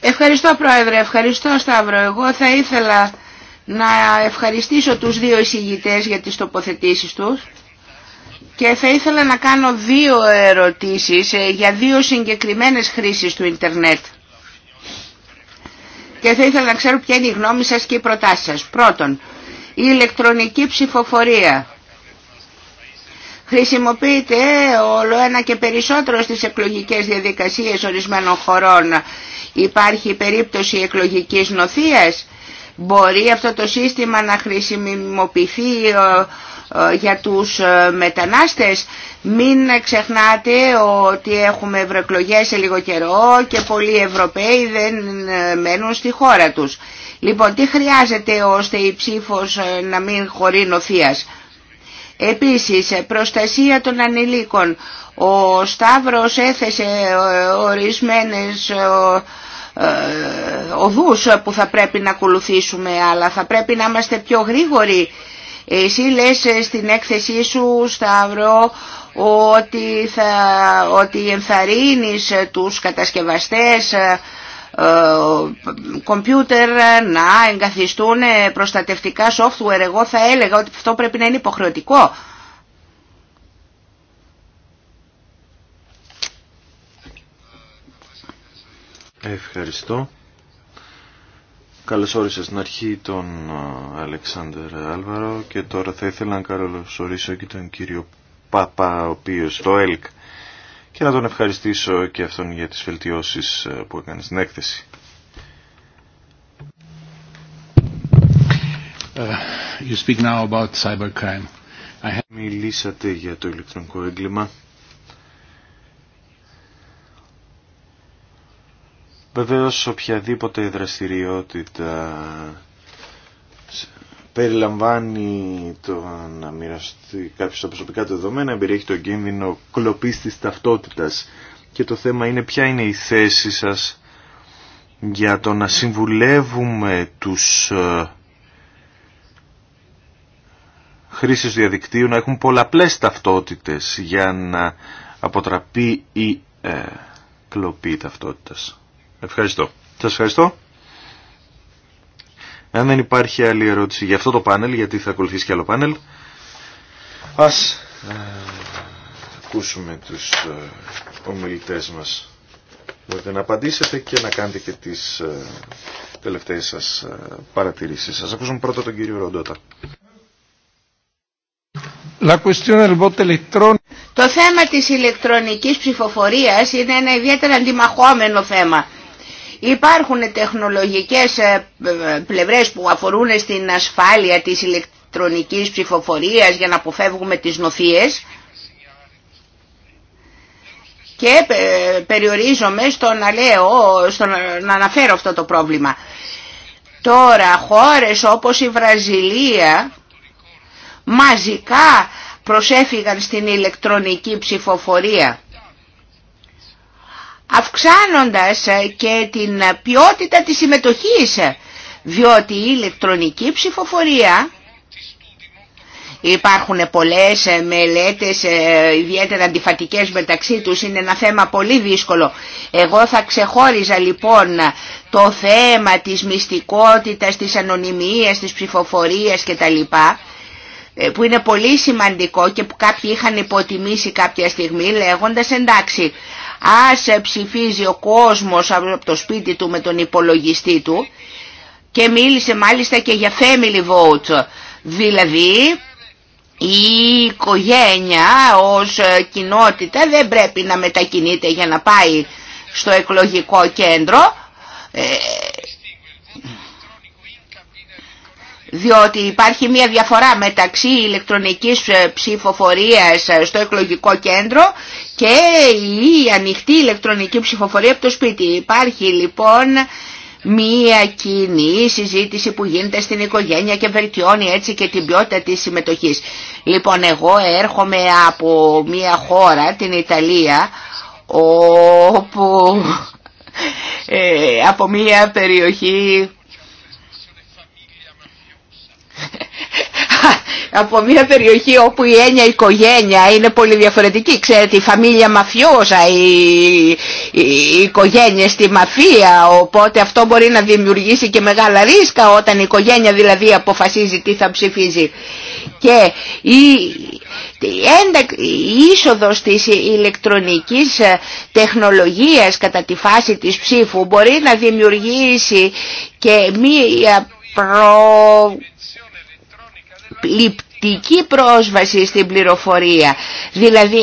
Ευχαριστώ Πρόεδρε, ευχαριστώ Σταύρο. Εγώ θα ήθελα να ευχαριστήσω τους δύο εισηγητές για τις τοποθετήσεις τους και θα ήθελα να κάνω δύο ερωτήσεις ε, για δύο συγκεκριμένες χρήσεις του ίντερνετ. Και θα ήθελα να ξέρω ποια είναι η γνώμη σας και η προτάσεις σας. Πρώτον, η ηλεκτρονική ψηφοφορία χρησιμοποιείται όλο ένα και περισσότερο στις εκλογικές διαδικασίες ορισμένων χωρών. Υπάρχει περίπτωση εκλογικής νοθείας. Μπορεί αυτό το σύστημα να χρησιμοποιηθεί ε, ε, για τους ε, μετανάστες. Μην ξεχνάτε ότι έχουμε ευρωεκλογέ σε λίγο καιρό και πολλοί Ευρωπαίοι δεν μένουν στη χώρα τους. Λοιπόν, τι χρειάζεται ώστε η ψήφος να μην χωρεί νοθείας. Επίσης, προστασία των ανηλίκων. Ο Σταύρος έθεσε ε, ορισμένες ε, ε, οδούς που θα πρέπει να ακολουθήσουμε, αλλά θα πρέπει να είμαστε πιο γρήγοροι. Εσύ λες στην έκθεσή σου, Σταύρο, ότι, θα, ότι ενθαρρύνεις τους κατασκευαστές ε, κομπιούτερ να εγκαθιστούν προστατευτικά software. Εγώ θα έλεγα ότι αυτό πρέπει να είναι υποχρεωτικό. Ευχαριστώ. Καλώς όρισα στην αρχή τον ε, Αλεξάνδρ Άλβαρο και τώρα θα ήθελα να καλωσορίσω και τον κύριο Πάπα, ο οποίος το ΕΛΚ και να τον ευχαριστήσω και αυτόν για τις βελτιώσεις ε, που έκανε στην έκθεση. Ε, you speak now about cybercrime. I have... Μιλήσατε για το ηλεκτρονικό έγκλημα. Βεβαίως οποιαδήποτε δραστηριότητα περιλαμβάνει το να μοιραστεί κάποιος τα προσωπικά του δεδομένα, περιέχει τον κίνδυνο κλοπής της ταυτότητας και το θέμα είναι ποια είναι η θέση σας για το να συμβουλεύουμε τους ε, χρήστες διαδικτύου να έχουν πολλαπλές ταυτότητες για να αποτραπεί η ε, κλοπή ταυτότητας. Ευχαριστώ. Σας ευχαριστώ. Αν δεν υπάρχει άλλη ερώτηση για αυτό το πάνελ, γιατί θα ακολουθήσει και άλλο πάνελ, ας α, ε, ακούσουμε τους ε, ομιλητές μας. Μπορείτε να απαντήσετε και να κάνετε και τις ε, τελευταίες σας παρατηρήσεις. Ας ακούσουμε πρώτα τον κύριο Ροντότα. Το θέμα της ηλεκτρονικής ψηφοφορίας είναι ένα ιδιαίτερα αντιμαχόμενο θέμα Υπάρχουν τεχνολογικές ε, πλευρές που αφορούν στην ασφάλεια της ηλεκτρονικής ψηφοφορίας για να αποφεύγουμε τις νοθείες και ε, περιορίζομαι στο να, λέω, στο να αναφέρω αυτό το πρόβλημα. Τώρα χώρες όπως η Βραζιλία μαζικά προσέφυγαν στην ηλεκτρονική ψηφοφορία αυξάνοντας ε, και την ποιότητα της συμμετοχής ε, διότι η ηλεκτρονική ψηφοφορία υπάρχουν πολλές ε, μελέτες ιδιαίτερα αντιφατικές μεταξύ τους είναι ένα θέμα πολύ δύσκολο εγώ θα ξεχώριζα λοιπόν το θέμα της μυστικότητας της ανωνυμίας, της ψηφοφορίας κτλ που είναι πολύ σημαντικό και που κάποιοι είχαν υποτιμήσει κάποια στιγμή λέγοντας εντάξει άσε ψηφίζει ο κόσμος από το σπίτι του με τον υπολογιστή του και μίλησε μάλιστα και για family vote, δηλαδή η οικογένεια ως ε, κοινότητα δεν πρέπει να μετακινείται για να πάει στο εκλογικό κέντρο ε, διότι υπάρχει μια διαφορά μεταξύ ηλεκτρονικής ε, ψηφοφορίας στο εκλογικό κέντρο και η ανοιχτή ηλεκτρονική ψηφοφορία από το σπίτι. Υπάρχει λοιπόν μία κοινή συζήτηση που γίνεται στην οικογένεια και βελτιώνει έτσι και την ποιότητα της συμμετοχής. Λοιπόν εγώ έρχομαι από μία χώρα, την Ιταλία, όπου ε, από μία περιοχή από μια περιοχή όπου η έννοια οικογένεια είναι πολύ διαφορετική. Ξέρετε, η φαμίλια μαφιόζα, οι οικογένειε στη μαφία, οπότε αυτό μπορεί να δημιουργήσει και μεγάλα ρίσκα όταν η οικογένεια δηλαδή αποφασίζει τι θα ψηφίζει. Και η, η είσοδος της ηλεκτρονικής ε, τεχνολογίας κατά τη φάση της ψήφου μπορεί να δημιουργήσει και μία προ πληπτική πρόσβαση στην πληροφορία. Δηλαδή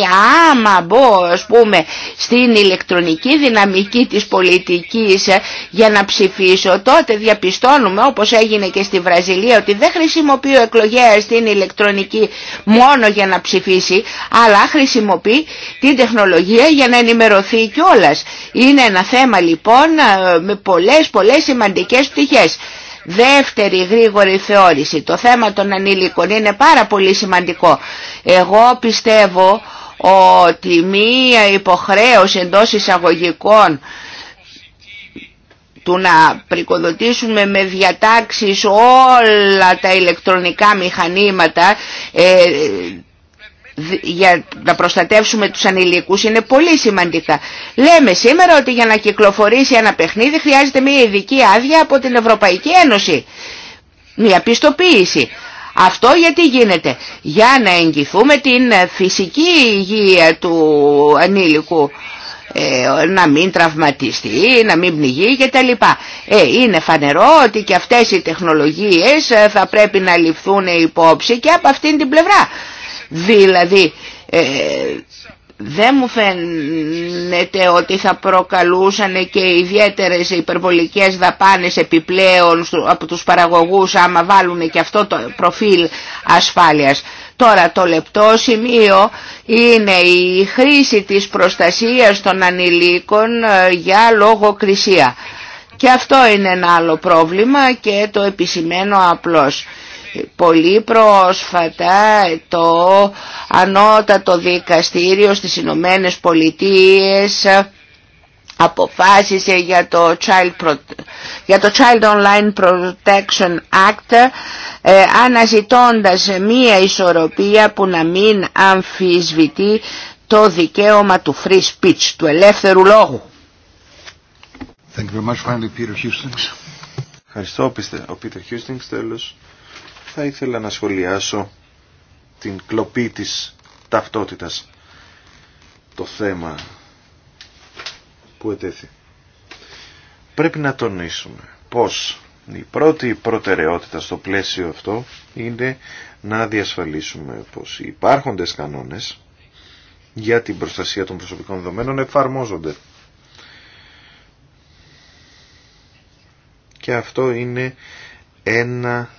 άμα μπω πούμε στην ηλεκτρονική δυναμική της πολιτικής ε, για να ψηφίσω τότε διαπιστώνουμε όπως έγινε και στη Βραζιλία ότι δεν χρησιμοποιεί ο εκλογέας την ηλεκτρονική μόνο για να ψηφίσει αλλά χρησιμοποιεί την τεχνολογία για να ενημερωθεί κιόλας. Είναι ένα θέμα λοιπόν ε, με πολλές πολλές σημαντικές πτυχές. Δεύτερη γρήγορη θεώρηση. Το θέμα των ανήλικων είναι πάρα πολύ σημαντικό. Εγώ πιστεύω ότι μία υποχρέωση εντό εισαγωγικών του να πρικοδοτήσουμε με διατάξεις όλα τα ηλεκτρονικά μηχανήματα ε, για να προστατεύσουμε τους ανηλίκους είναι πολύ σημαντικά. Λέμε σήμερα ότι για να κυκλοφορήσει ένα παιχνίδι χρειάζεται μια ειδική άδεια από την Ευρωπαϊκή Ένωση. Μια πιστοποίηση. Αυτό γιατί γίνεται. Για να εγγυθούμε την φυσική υγεία του ανήλικου. Ε, να μην τραυματιστεί, να μην πνιγεί κτλ. Ε, είναι φανερό ότι και αυτές οι τεχνολογίες ε, θα πρέπει να ληφθούν υπόψη και από αυτήν την πλευρά. Δηλαδή ε, δεν μου φαίνεται ότι θα προκαλούσαν και ιδιαίτερες υπερβολικές δαπάνες επιπλέον από τους παραγωγούς άμα βάλουν και αυτό το προφίλ ασφάλειας. Τώρα το λεπτό σημείο είναι η χρήση της προστασίας των ανηλίκων ε, για κρισία. Και αυτό είναι ένα άλλο πρόβλημα και το επισημένο απλώς. Πολύ πρόσφατα το ανώτατο δικαστήριο στις Ηνωμένε Πολιτείες αποφάσισε για το Child, για το Child Online Protection Act ε, αναζητώντας μία ισορροπία που να μην αμφισβητεί το δικαίωμα του free speech, του ελεύθερου λόγου. Thank you very much, ο Πίτερ Χιούστινγκς. τέλος θα ήθελα να σχολιάσω την κλοπή της ταυτότητας. Το θέμα που ετέθη. Πρέπει να τονίσουμε πως η πρώτη προτεραιότητα στο πλαίσιο αυτό είναι να διασφαλίσουμε πως οι υπάρχοντες κανόνες για την προστασία των προσωπικών δεδομένων εφαρμόζονται. Και αυτό είναι ένα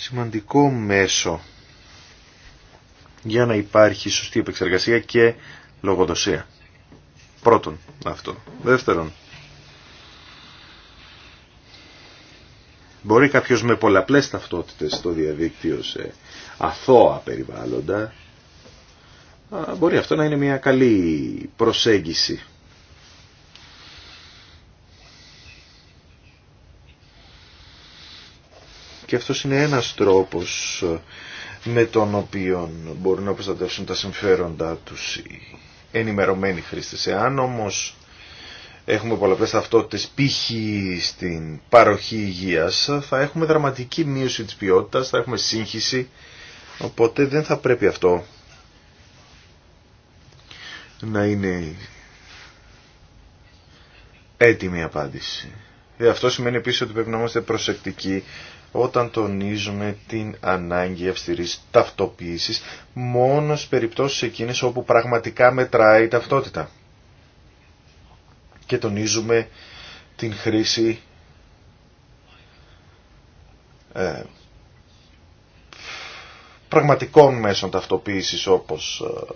σημαντικό μέσο για να υπάρχει σωστή επεξεργασία και λογοδοσία. Πρώτον αυτό. Δεύτερον, μπορεί κάποιος με πολλαπλές ταυτότητες στο διαδίκτυο σε αθώα περιβάλλοντα, μπορεί αυτό να είναι μια καλή προσέγγιση Και αυτός είναι ένας τρόπος ε, με τον οποίο μπορούν να προστατεύσουν τα συμφέροντά τους οι ενημερωμένοι χρήστες. Εάν όμως έχουμε πολλαπλές αυτοτές π.χ. στην παροχή υγείας, θα έχουμε δραματική μείωση της ποιότητας, θα έχουμε σύγχυση, οπότε δεν θα πρέπει αυτό να είναι έτοιμη απάντηση. Ε, αυτό σημαίνει επίσης ότι πρέπει να είμαστε προσεκτικοί όταν τονίζουμε την ανάγκη αυστηρής ταυτοποίησης μόνο σε περιπτώσεις εκείνες όπου πραγματικά μετράει η ταυτότητα. Και τονίζουμε την χρήση ε, πραγματικών μέσων ταυτοποίησης όπως ε,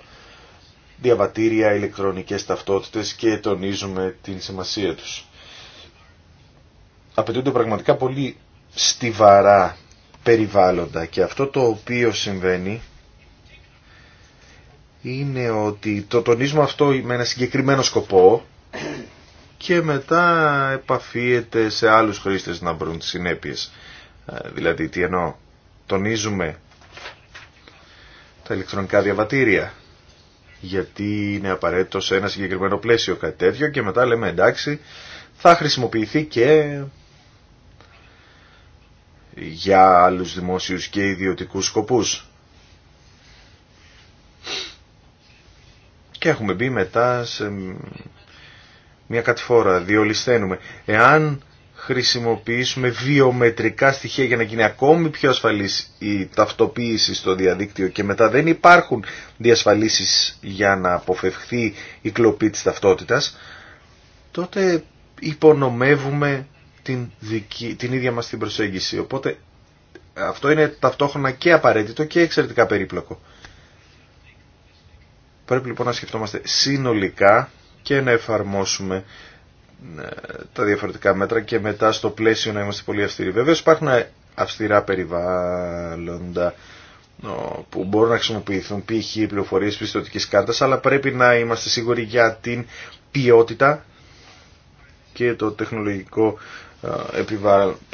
διαβατήρια, ηλεκτρονικές ταυτότητες και τονίζουμε την σημασία τους. Απαιτούνται πραγματικά πολύ στιβαρά περιβάλλοντα και αυτό το οποίο συμβαίνει είναι ότι το τονίζουμε αυτό με ένα συγκεκριμένο σκοπό και μετά επαφίεται σε άλλους χρήστες να βρουν τις συνέπειες. Ε, δηλαδή τι εννοώ, τονίζουμε τα ηλεκτρονικά διαβατήρια γιατί είναι απαραίτητο σε ένα συγκεκριμένο πλαίσιο κάτι τέτοιο και μετά λέμε εντάξει θα χρησιμοποιηθεί και για άλλους δημόσιους και ιδιωτικούς σκοπούς. Και έχουμε μπει μετά σε μια κατηφόρα, διολυσθένουμε. Εάν χρησιμοποιήσουμε βιομετρικά στοιχεία για να γίνει ακόμη πιο ασφαλής η ταυτοποίηση στο διαδίκτυο και μετά δεν υπάρχουν διασφαλίσεις για να αποφευχθεί η κλοπή της ταυτότητας, τότε υπονομεύουμε την, την ίδια μας την προσέγγιση. Οπότε αυτό είναι ταυτόχρονα και απαραίτητο και εξαιρετικά περίπλοκο. Πρέπει λοιπόν να σκεφτόμαστε συνολικά και να εφαρμόσουμε ε, τα διαφορετικά μέτρα και μετά στο πλαίσιο να είμαστε πολύ αυστηροί. Βέβαια υπάρχουν αυστηρά περιβάλλοντα ε, που μπορούν να χρησιμοποιηθούν π.χ. οι πληροφορίες πιστοτικής κάρτας αλλά πρέπει να είμαστε σίγουροι για την ποιότητα και το τεχνολογικό ε,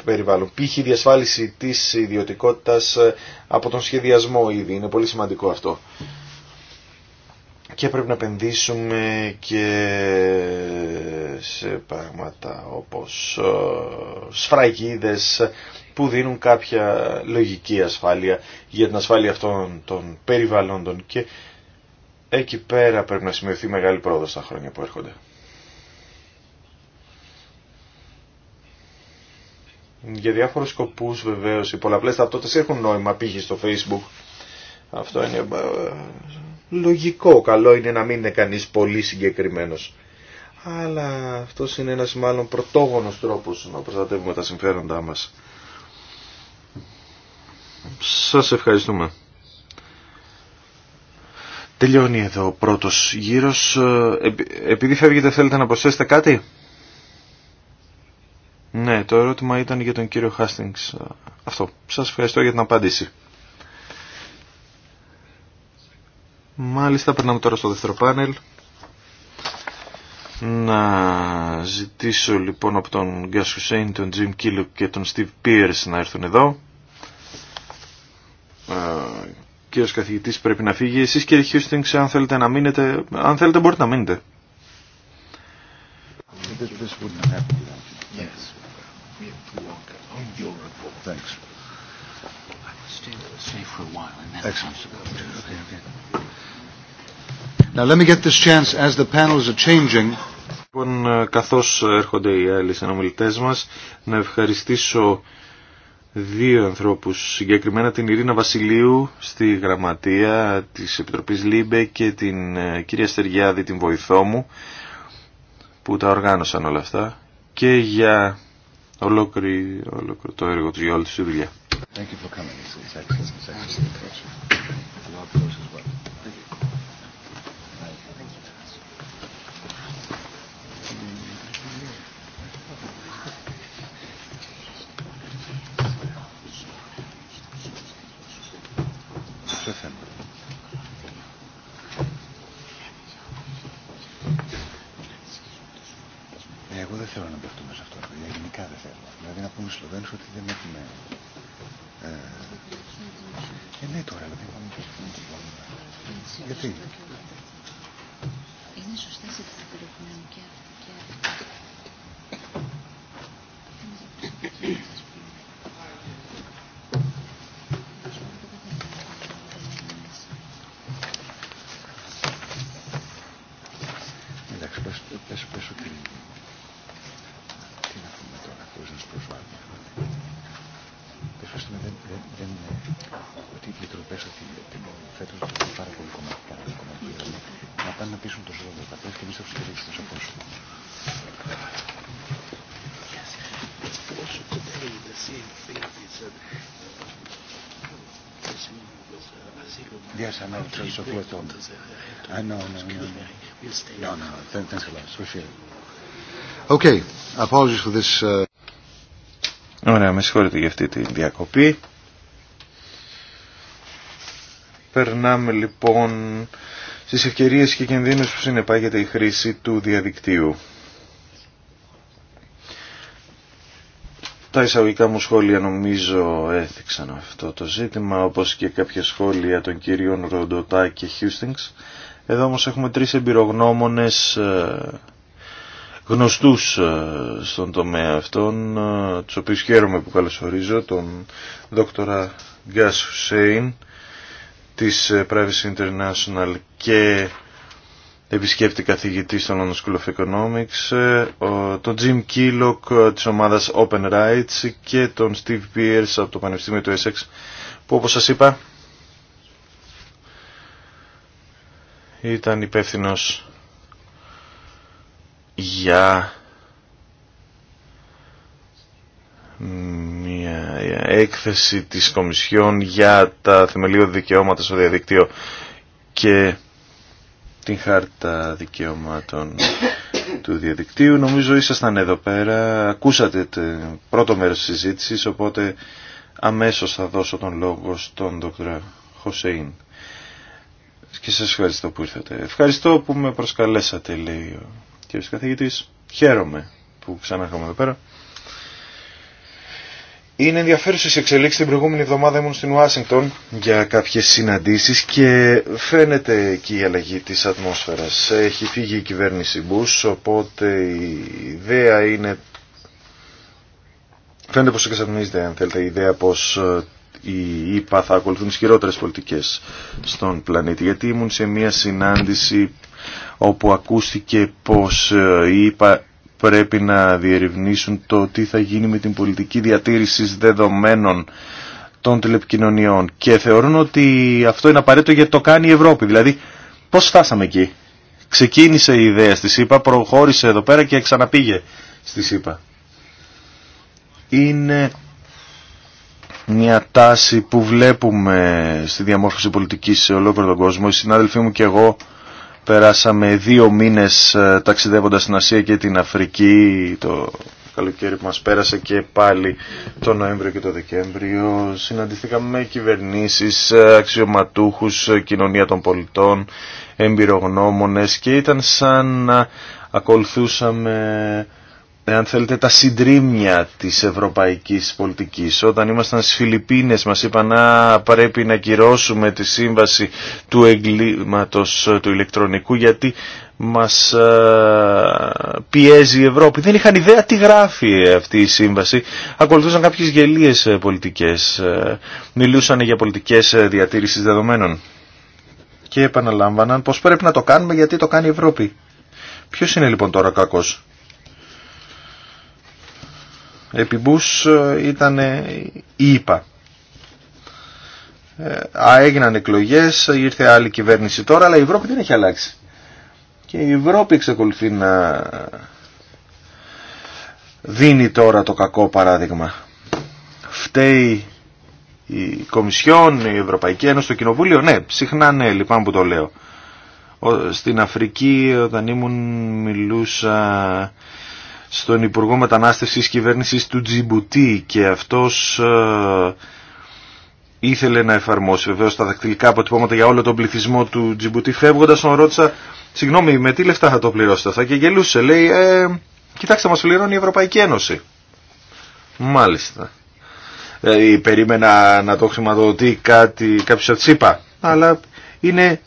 περιβάλλον. Π.χ. η διασφάλιση της ιδιωτικότητας ε, από τον σχεδιασμό ήδη. Είναι πολύ σημαντικό αυτό. Και πρέπει να επενδύσουμε και σε πράγματα όπως ε, σφραγίδες που δίνουν κάποια λογική ασφάλεια για την ασφάλεια αυτών των περιβαλλόντων και εκεί πέρα πρέπει να σημειωθεί μεγάλη πρόοδο στα χρόνια που έρχονται. για διάφορους σκοπούς βεβαίως οι πολλαπλές ταυτότητες έχουν νόημα πήγε στο facebook αυτό είναι ε, λογικό καλό είναι να μην είναι κανείς πολύ συγκεκριμένος αλλά αυτό είναι ένας μάλλον πρωτόγονος τρόπος να προστατεύουμε τα συμφέροντά μας σας ευχαριστούμε Τελειώνει εδώ ο πρώτος γύρος. Ε, επειδή φεύγετε θέλετε να προσθέσετε κάτι. Ναι, το ερώτημα ήταν για τον κύριο Χάστινγκς. Αυτό. Σας ευχαριστώ για την απάντηση. Μάλιστα, περνάμε τώρα στο δεύτερο πάνελ. Να ζητήσω λοιπόν από τον Γκάς Χουσέιν, τον Τζιμ Κίλου και τον Στιβ Πίερς να έρθουν εδώ. Ε, κύριος καθηγητής πρέπει να φύγει. Εσείς κύριε Χιούστινγκς, αν θέλετε να μείνετε, αν θέλετε μπορείτε να μείνετε. Yes me too long. Unbearable. Thanks. I will stay, stay for a while and then Excellent. Okay, okay. Now let me get this chance as the panels are changing. Λοιπόν, ε, καθώς έρχονται οι άλλοι συνομιλητές μας, να ευχαριστήσω δύο ανθρώπους, συγκεκριμένα την Ειρήνα Βασιλείου στη γραμματεία της Επιτροπής Λίμπε και την ε, κυρία Στεργιάδη, την βοηθό μου, που τα οργάνωσαν όλα αυτά, και για ολόκληρο, ολόκληρο το έργο του για όλη τη δουλειά. I no, no, We'll stay. No, no, thanks a lot. Appreciate it. Okay, apologies for this. Uh, Ωραία, με συγχωρείτε για αυτή τη διακοπή. Περνάμε λοιπόν στις ευκαιρίε και κινδύνους που συνεπάγεται η χρήση του διαδικτύου. Τα εισαγωγικά μου σχόλια νομίζω έθιξαν αυτό το ζήτημα, όπως και κάποια σχόλια των κυρίων Ροντοτά και Χιούστινγκς. Εδώ όμως έχουμε τρεις εμπειρογνώμονες ε, γνωστούς ε, στον τομέα αυτών, ε, τους οποίους χαίρομαι που καλωσορίζω, τον δόκτορα Γκάς Χουσέιν της Privacy International και επισκέπτη καθηγητή στο London School of Economics, τον Jim Keelock της ομάδας Open Rights και τον Steve Pierce από το Πανεπιστήμιο του Essex που όπως σας είπα ήταν υπεύθυνο για μια έκθεση της Κομισιόν για τα θεμελιώδη δικαιώματα στο διαδικτύο και την χάρτα δικαιωμάτων του διαδικτύου. Νομίζω ήσασταν εδώ πέρα, ακούσατε το πρώτο μέρος της συζήτησης, οπότε αμέσως θα δώσω τον λόγο στον Δ. Χωσέιν και σας ευχαριστώ που ήρθατε. Ευχαριστώ που με προσκαλέσατε, λέει ο κύριος καθηγητής. Χαίρομαι που ξανά έρχομαι εδώ πέρα. Είναι ενδιαφέρουσε εξελίξει. Την προηγούμενη εβδομάδα ήμουν στην Ουάσιγκτον για κάποιες συναντήσεις και φαίνεται εκεί η αλλαγή της ατμόσφαιρας. Έχει φύγει η κυβέρνηση Μπού, οπότε η ιδέα είναι. Φαίνεται πως εξαρμίζεται, αν θέλετε, η ιδέα πως... Ε, οι ΙΠΑ θα ακολουθούν τι πολιτικές στον πλανήτη. Γιατί ήμουν σε μια συνάντηση όπου ακούστηκε πως ε, οι ΙΠΑ πρέπει να διερευνήσουν το τι θα γίνει με την πολιτική διατήρηση δεδομένων των τηλεπικοινωνιών και θεωρούν ότι αυτό είναι απαραίτητο γιατί το κάνει η Ευρώπη. Δηλαδή πώς φτάσαμε εκεί. Ξεκίνησε η ιδέα στη ΣΥΠΑ, προχώρησε εδώ πέρα και ξαναπήγε στη ΣΥΠΑ. Είναι μια τάση που βλέπουμε στη διαμόρφωση πολιτικής σε ολόκληρο τον κόσμο. Οι συνάδελφοί μου και εγώ περάσαμε δύο μήνες ε, ταξιδεύοντας στην Ασία και την Αφρική το καλοκαίρι που μας πέρασε και πάλι το Νοέμβριο και το Δεκέμβριο. Συναντηθήκαμε με κυβερνήσεις, ε, αξιωματούχους, ε, κοινωνία των πολιτών, εμπειρογνώμονες και ήταν σαν να ακολουθούσαμε αν θέλετε, τα συντρίμια της ευρωπαϊκής πολιτικής. Όταν ήμασταν στις Φιλιππίνες μας είπαν να πρέπει να κυρώσουμε τη σύμβαση του εγκλήματος του ηλεκτρονικού γιατί μας ε, πιέζει η Ευρώπη». Δεν είχαν ιδέα τι γράφει αυτή η σύμβαση. Ακολουθούσαν κάποιες γελίες πολιτικές. Ε, μιλούσαν για πολιτικές διατήρησης δεδομένων. Και επαναλάμβαναν πως πρέπει να το κάνουμε γιατί το κάνει η Ευρώπη. Ποιος είναι λοιπόν τώρα κακός επιμπούς ε, ήταν η ΙΠΑ. Ε, έγιναν εκλογές, ήρθε άλλη κυβέρνηση τώρα, αλλά η Ευρώπη δεν έχει αλλάξει. Και η Ευρώπη εξακολουθεί να δίνει τώρα το κακό παράδειγμα. Φταίει η Κομισιόν, η Ευρωπαϊκή Ένωση, το Κοινοβούλιο, ναι, συχνά ναι, λυπάμαι που το λέω. Στην Αφρική όταν ήμουν μιλούσα στον Υπουργό Μετανάστευσης Κυβέρνησης του Τζιμπουτί και αυτός ε, ήθελε να εφαρμόσει βεβαίως τα δακτυλικά αποτυπώματα για όλο τον πληθυσμό του Τζιμπουτί φεύγοντας τον ρώτησα συγγνώμη με τι λεφτά θα το πληρώσετε αυτά και γελούσε λέει ε, κοιτάξτε μας πληρώνει η Ευρωπαϊκή Ένωση μάλιστα ε, περίμενα να το χρηματοδοτεί κάτι, κάποιος τσίπα αλλά είναι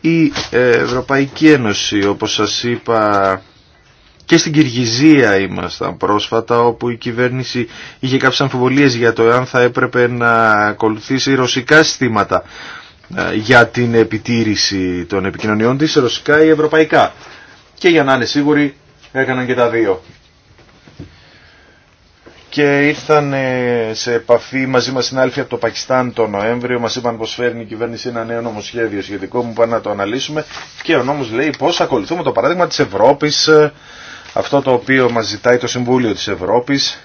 η Ευρωπαϊκή Ένωση όπως σας είπα και στην Κυργυζία ήμασταν πρόσφατα όπου η κυβέρνηση είχε κάποιες αμφιβολίες για το εάν θα έπρεπε να ακολουθήσει ρωσικά συστήματα ε, για την επιτήρηση των επικοινωνιών της, ρωσικά ή ευρωπαϊκά. Και για να είναι σίγουροι έκαναν και τα δύο. Και ήρθαν ε, σε επαφή μαζί μας συνάλφοι από το Πακιστάν το Νοέμβριο, μας είπαν πως φέρνει η κυβέρνηση ένα νέο νομοσχέδιο σχετικό, μου πάνε να το αναλύσουμε και ο νόμος λέει πως ακολουθούμε το παράδειγμα της Ευρώπης ε, αυτό το οποίο μας ζητάει το Συμβούλιο της Ευρώπης.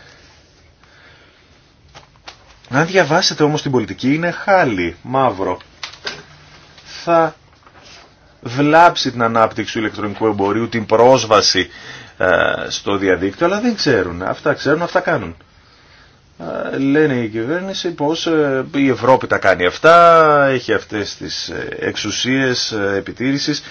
Αν διαβάσετε όμως την πολιτική είναι χάλι, μαύρο. Θα βλάψει την ανάπτυξη του ηλεκτρονικού εμπορίου, την πρόσβαση ε, στο διαδίκτυο, αλλά δεν ξέρουν. Αυτά ξέρουν, αυτά κάνουν. Ε, λένε η κυβέρνηση πως ε, η Ευρώπη τα κάνει αυτά, έχει αυτές τις εξουσίες επιτήρησης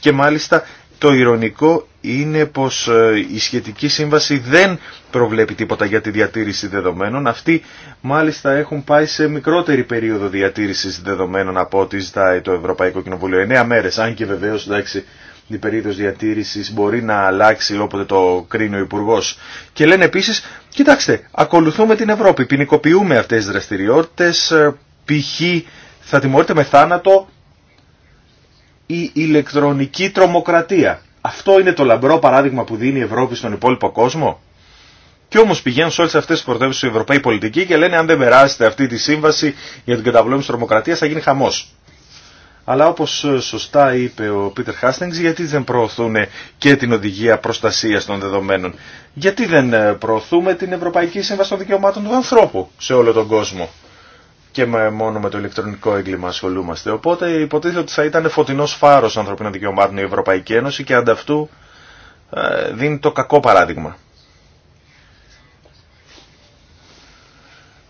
και μάλιστα το ηρωνικό είναι πως ε, η σχετική σύμβαση δεν προβλέπει τίποτα για τη διατήρηση δεδομένων. Αυτοί μάλιστα έχουν πάει σε μικρότερη περίοδο διατήρησης δεδομένων από ό,τι ζητάει το Ευρωπαϊκό Κοινοβούλιο. 9 μέρες, αν και βεβαίως εντάξει, η περίοδος διατήρησης μπορεί να αλλάξει όποτε το κρίνει ο υπουργό. Και λένε επίσης, κοιτάξτε, ακολουθούμε την Ευρώπη, ποινικοποιούμε αυτές τις δραστηριότητες, ε, π.χ. θα τιμωρείται με θάνατο η ηλεκτρονική τρομοκρατία. Αυτό είναι το λαμπρό παράδειγμα που δίνει η Ευρώπη στον υπόλοιπο κόσμο. Και όμω πηγαίνουν σε όλε αυτέ τι πρωτεύουσε οι Ευρωπαίοι πολιτικοί και λένε αν δεν περάσετε αυτή τη σύμβαση για την τη τρομοκρατία θα γίνει χαμό. Αλλά όπω ε, σωστά είπε ο Πίτερ Χάστινγκ, γιατί δεν προωθούν και την οδηγία προστασία των δεδομένων. Γιατί δεν ε, προωθούμε την Ευρωπαϊκή Σύμβαση των Δικαιωμάτων του Ανθρώπου σε όλο τον κόσμο και μόνο με το ηλεκτρονικό έγκλημα ασχολούμαστε. Οπότε υποτίθεται ότι θα ήταν φωτεινό φάρο ανθρωπίνων δικαιωμάτων η Ευρωπαϊκή Ένωση και ανταυτού ε, δίνει το κακό παράδειγμα.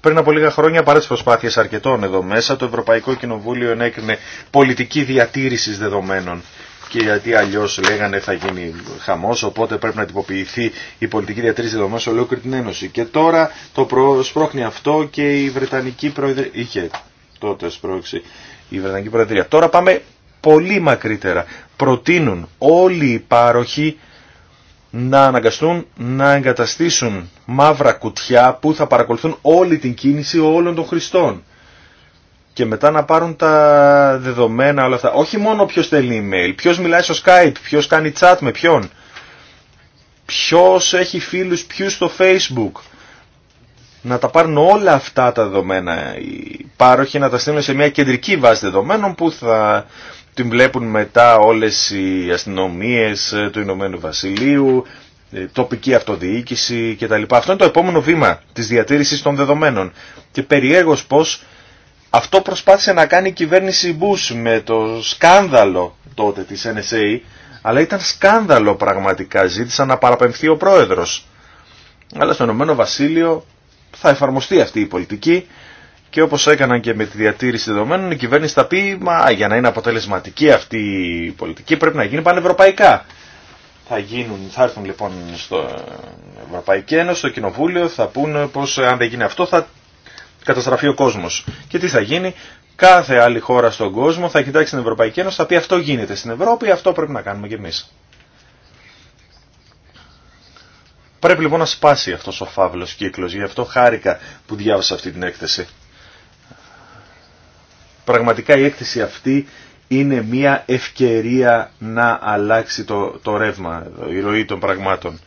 Πριν από λίγα χρόνια, παρά τι προσπάθειε αρκετών εδώ μέσα, το Ευρωπαϊκό Κοινοβούλιο ενέκρινε πολιτική διατήρηση δεδομένων και γιατί αλλιώς λέγανε θα γίνει χαμός, οπότε πρέπει να τυποποιηθεί η πολιτική διατήρηση δεδομένων σε ολόκληρη την Ένωση. Και τώρα το σπρώχνει αυτό και η Βρετανική Προεδρία, είχε τότε σπρώξει η Βρετανική Προεδρία. Τώρα πάμε πολύ μακρύτερα. Προτείνουν όλοι οι πάροχοι να αναγκαστούν να εγκαταστήσουν μαύρα κουτιά που θα παρακολουθούν όλη την κίνηση όλων των χρηστών και μετά να πάρουν τα δεδομένα όλα αυτά. Όχι μόνο ποιο στέλνει email, ποιο μιλάει στο Skype, ποιο κάνει chat με ποιον, ποιο έχει φίλου ποιου στο Facebook. Να τα πάρουν όλα αυτά τα δεδομένα οι πάροχοι, να τα στείλουν σε μια κεντρική βάση δεδομένων που θα την βλέπουν μετά όλες οι αστυνομίες του Ηνωμένου Βασιλείου, ε, τοπική αυτοδιοίκηση κτλ. Αυτό είναι το επόμενο βήμα της διατήρησης των δεδομένων. Και περιέργως πως αυτό προσπάθησε να κάνει η κυβέρνηση Bush με το σκάνδαλο τότε της NSA, αλλά ήταν σκάνδαλο πραγματικά, ζήτησαν να παραπεμφθεί ο πρόεδρος. Αλλά στο Ηνωμένο Βασίλειο θα εφαρμοστεί αυτή η πολιτική και όπως έκαναν και με τη διατήρηση δεδομένων η κυβέρνηση θα πει μα για να είναι αποτελεσματική αυτή η πολιτική πρέπει να γίνει πανευρωπαϊκά. Θα, γίνουν, θα έρθουν λοιπόν στο Ευρωπαϊκή Ένωση, στο Κοινοβούλιο, θα πούνε πως αν δεν γίνει αυτό θα καταστραφεί ο κόσμος. Και τι θα γίνει, κάθε άλλη χώρα στον κόσμο θα κοιτάξει την Ευρωπαϊκή Ένωση, θα πει αυτό γίνεται στην Ευρώπη, αυτό πρέπει να κάνουμε κι εμεί. Πρέπει λοιπόν να σπάσει αυτός ο φαύλο κύκλο γι' αυτό χάρηκα που διάβασα αυτή την έκθεση. Πραγματικά η έκθεση αυτή είναι μια ευκαιρία να αλλάξει το, το ρεύμα, η ροή των πραγμάτων.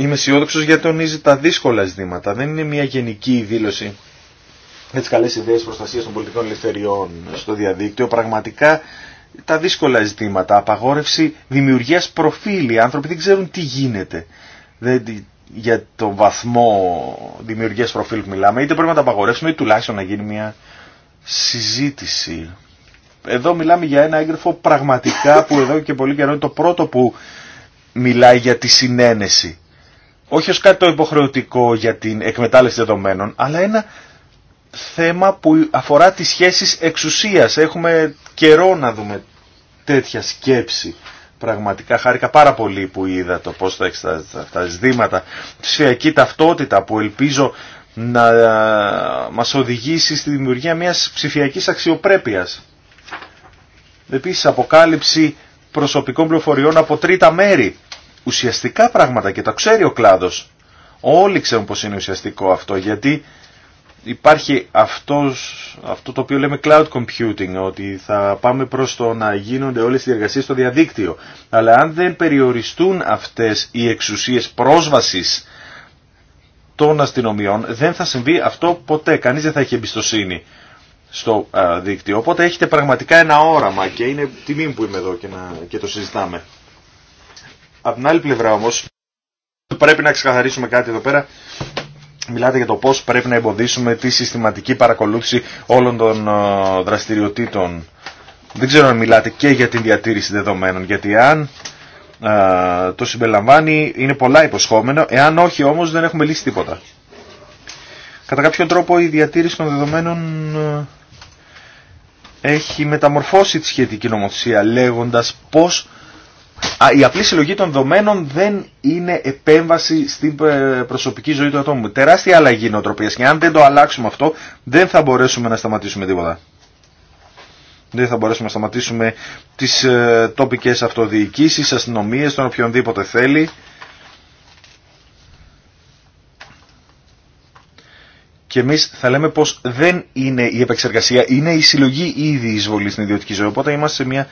Είμαι αισιόδοξο γιατί τονίζει τα δύσκολα ζητήματα. Δεν είναι μια γενική δήλωση με τι καλέ ιδέε προστασία των πολιτικών ελευθεριών στο διαδίκτυο. Πραγματικά τα δύσκολα ζητήματα. Απαγόρευση δημιουργία προφίλ. Οι άνθρωποι δεν ξέρουν τι γίνεται. Δεν, για τον βαθμό δημιουργία προφίλ που μιλάμε, είτε πρέπει να τα απαγορεύσουμε, είτε τουλάχιστον να γίνει μια συζήτηση. Εδώ μιλάμε για ένα έγγραφο πραγματικά που εδώ και πολύ καιρό είναι το πρώτο που μιλάει για τη συνένεση όχι ως κάτι το υποχρεωτικό για την εκμετάλλευση δεδομένων, αλλά ένα θέμα που αφορά τις σχέσεις εξουσίας. Έχουμε καιρό να δούμε τέτοια σκέψη. Πραγματικά χάρηκα πάρα πολύ που είδα το πώς θα τα ζητήματα, Ψηφιακή ταυτότητα που ελπίζω να μας οδηγήσει στη δημιουργία μιας ψηφιακής αξιοπρέπειας. Επίσης αποκάλυψη προσωπικών πληροφοριών από τρίτα μέρη ουσιαστικά πράγματα και τα ξέρει ο κλάδος. Όλοι ξέρουν πως είναι ουσιαστικό αυτό γιατί υπάρχει αυτός, αυτό το οποίο λέμε cloud computing, ότι θα πάμε προς το να γίνονται όλες οι εργασίες στο διαδίκτυο. Αλλά αν δεν περιοριστούν αυτές οι εξουσίες πρόσβασης των αστυνομιών, δεν θα συμβεί αυτό ποτέ. Κανείς δεν θα έχει εμπιστοσύνη στο δίκτυο. Οπότε έχετε πραγματικά ένα όραμα και είναι τιμή που είμαι εδώ και, να, και το συζητάμε. Από την άλλη πλευρά όμως πρέπει να ξεκαθαρίσουμε κάτι εδώ πέρα. Μιλάτε για το πώς πρέπει να εμποδίσουμε τη συστηματική παρακολούθηση όλων των ε, δραστηριοτήτων. Δεν ξέρω αν μιλάτε και για την διατήρηση δεδομένων, γιατί αν ε, το συμπεριλαμβάνει είναι πολλά υποσχόμενο, εάν όχι όμως δεν έχουμε λύσει τίποτα. Κατά κάποιον τρόπο η διατήρηση των δεδομένων ε, έχει μεταμορφώσει τη σχετική νομοθεσία λέγοντας πώς η απλή συλλογή των δεδομένων δεν είναι επέμβαση στην ε, προσωπική ζωή του ατόμου. Τεράστια αλλαγή νοοτροπία. και αν δεν το αλλάξουμε αυτό δεν θα μπορέσουμε να σταματήσουμε τίποτα. Δεν θα μπορέσουμε να σταματήσουμε τις ε, τοπικές αυτοδιοικήσεις, αστυνομίες, τον οποιονδήποτε θέλει. Και εμείς θα λέμε πω δεν είναι η επεξεργασία, είναι η συλλογή ήδη εισβολή στην ιδιωτική ζωή. Οπότε είμαστε σε μια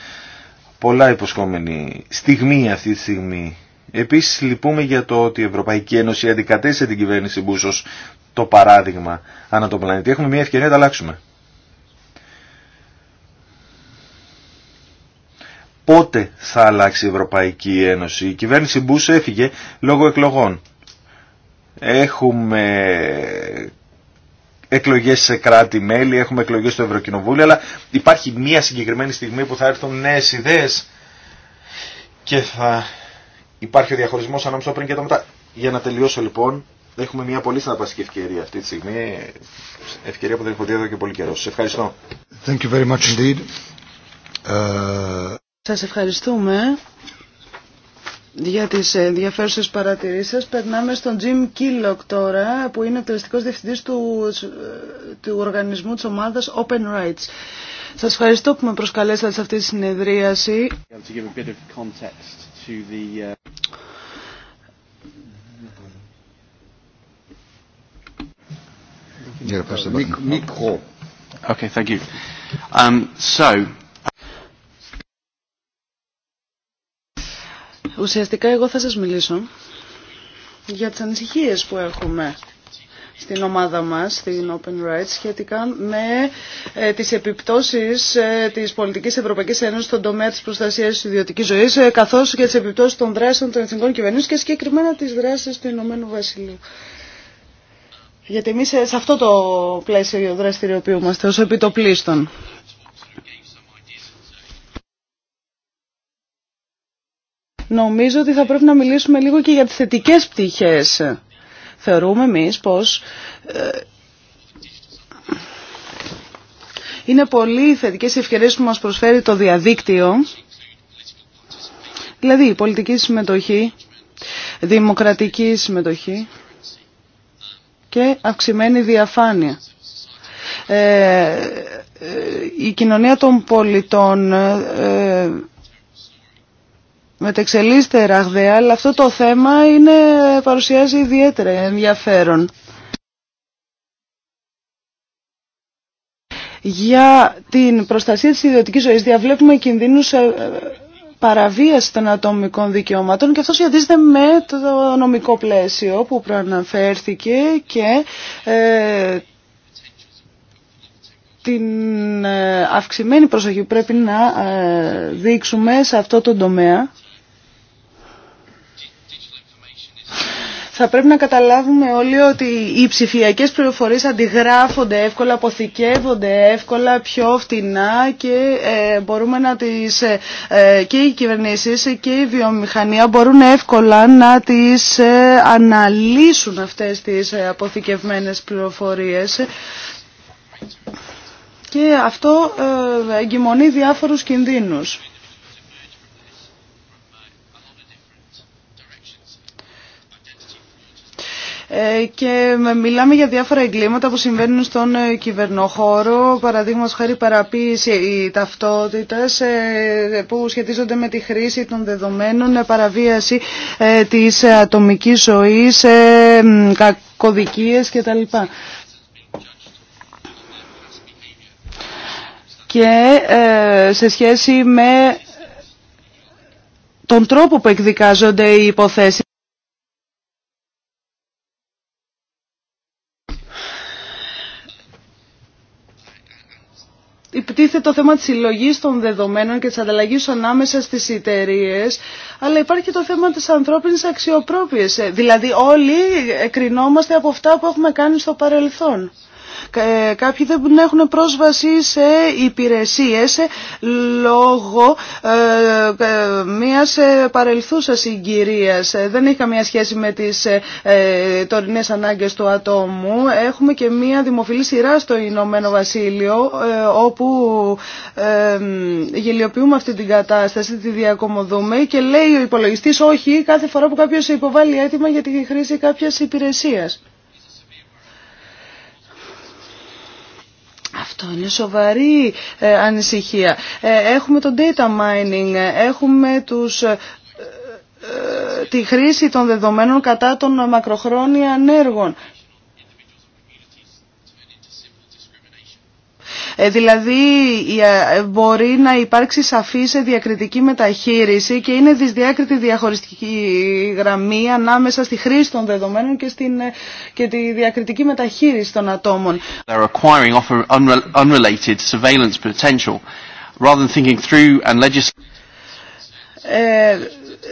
πολλά υποσχόμενη στιγμή αυτή τη στιγμή. Επίσης λυπούμε για το ότι η Ευρωπαϊκή Ένωση αντικατέστησε την κυβέρνηση Μπούσος το παράδειγμα ανά τον πλανήτη. Έχουμε μια ευκαιρία να τα αλλάξουμε. Πότε θα αλλάξει η Ευρωπαϊκή Ένωση. Η κυβέρνηση Μπούσος έφυγε λόγω εκλογών. Έχουμε εκλογές σε κράτη-μέλη, έχουμε εκλογές στο Ευρωκοινοβούλιο, αλλά υπάρχει μία συγκεκριμένη στιγμή που θα έρθουν νέες ιδέες και θα υπάρχει ο διαχωρισμός ανάμεσα πριν και το μετά. Για να τελειώσω λοιπόν, έχουμε μια πολύ συναρπαστική ευκαιρία αυτή τη στιγμή, ευκαιρία που δεν έχω δει εδώ και πολύ καιρό. Σας ευχαριστώ. Thank you very much indeed. Σας ευχαριστούμε για τις ενδιαφέρουσες παρατηρήσεις σας. Περνάμε στον Jim Killock τώρα, που είναι εκτελεστικός διευθυντής του, του οργανισμού της ομάδας Open Rights. Σας ευχαριστώ που με προσκαλέσατε σε αυτή τη συνεδρίαση. Okay, thank you. Um, so, Ουσιαστικά εγώ θα σας μιλήσω για τις ανησυχίες που έχουμε στην ομάδα μας, στην Open Rights, σχετικά με ε, τις επιπτώσεις ε, της πολιτικής Ευρωπαϊκής Ένωσης στον τομέα της προστασίας της ιδιωτικής ζωής, ε, καθώς και τις επιπτώσεις των δράσεων των εθνικών κυβερνήσεων και συγκεκριμένα τις δράσεις του Ηνωμένου Βασιλείου. Γιατί εμείς ε, σε αυτό το πλαίσιο δραστηριοποιούμαστε ως επιτοπλίστων. νομίζω ότι θα πρέπει να μιλήσουμε λίγο και για τις θετικές πτυχές. Θεωρούμε εμείς πως ε, είναι πολύ θετικές οι ευκαιρίες που μας προσφέρει το διαδίκτυο, δηλαδή η πολιτική συμμετοχή, δημοκρατική συμμετοχή και αυξημένη διαφάνεια. Ε, ε, η κοινωνία των πολιτών μετεξελίσσεται ραγδαία, αλλά αυτό το θέμα είναι, παρουσιάζει ιδιαίτερα ενδιαφέρον. Για την προστασία της ιδιωτικής ζωής διαβλέπουμε κινδύνους ε, παραβίαση των ατομικών δικαιωμάτων και αυτό σχετίζεται με το νομικό πλαίσιο που προαναφέρθηκε και ε, την ε, αυξημένη προσοχή που πρέπει να δείξουμε σε αυτό το τομέα. Θα πρέπει να καταλάβουμε όλοι ότι οι ψηφιακές πληροφορίες αντιγράφονται εύκολα, αποθηκεύονται εύκολα, πιο φτηνά και ε, μπορούμε να τις, ε, ε, και οι κυβερνήσεις και η βιομηχανία μπορούν εύκολα να τις αναλύσουν αυτές τις αποθηκευμένες πληροφορίες και αυτό εγκυμονεί διάφορους κινδύνους. Ε, και μιλάμε για διάφορα εγκλήματα που συμβαίνουν στον ε, κυβερνοχώρο, Παραδείγματο χάρη παραποίηση ταυτότητας ε, που σχετίζονται με τη χρήση των δεδομένων, παραβίαση της ατομικής ζωής, κακοδικίε κτλ. Και σε σχέση με τον τρόπο που εκδικάζονται οι υποθέσεις, υπτίθεται το θέμα της συλλογή των δεδομένων και της ανταλλαγής ανάμεσα στις εταιρείε, αλλά υπάρχει και το θέμα της ανθρώπινης αξιοπρόπειας. Δηλαδή όλοι κρινόμαστε από αυτά που έχουμε κάνει στο παρελθόν. Ε, κάποιοι δεν έχουν πρόσβαση σε υπηρεσίες λόγω ε, ε, μιας παρελθούσας συγκυρίας. Δεν έχει καμία σχέση με τις τωρινές ανάγκες του ατόμου. Έχουμε και μια δημοφιλή σειρά στο Ηνωμένο Βασίλειο όπου γελιοποιούμε αυτή την κατάσταση, τη διακομωδούμε και λέει ο υπολογιστής όχι κάθε φορά που κάποιος υποβάλλει αίτημα για τη χρήση κάποιας υπηρεσίας. Αυτό είναι σοβαρή ε, ανησυχία. Ε, έχουμε το data mining, ε, έχουμε τους τη χρήση των δεδομένων κατά των μακροχρόνια ανέργων. Ε, δηλαδή ε, μπορεί να υπάρξει σαφή σε διακριτική μεταχείριση και είναι δυσδιάκριτη διαχωριστική γραμμή ανάμεσα στη χρήση των δεδομένων και, στην, ε, τη διακριτική μεταχείριση των ατόμων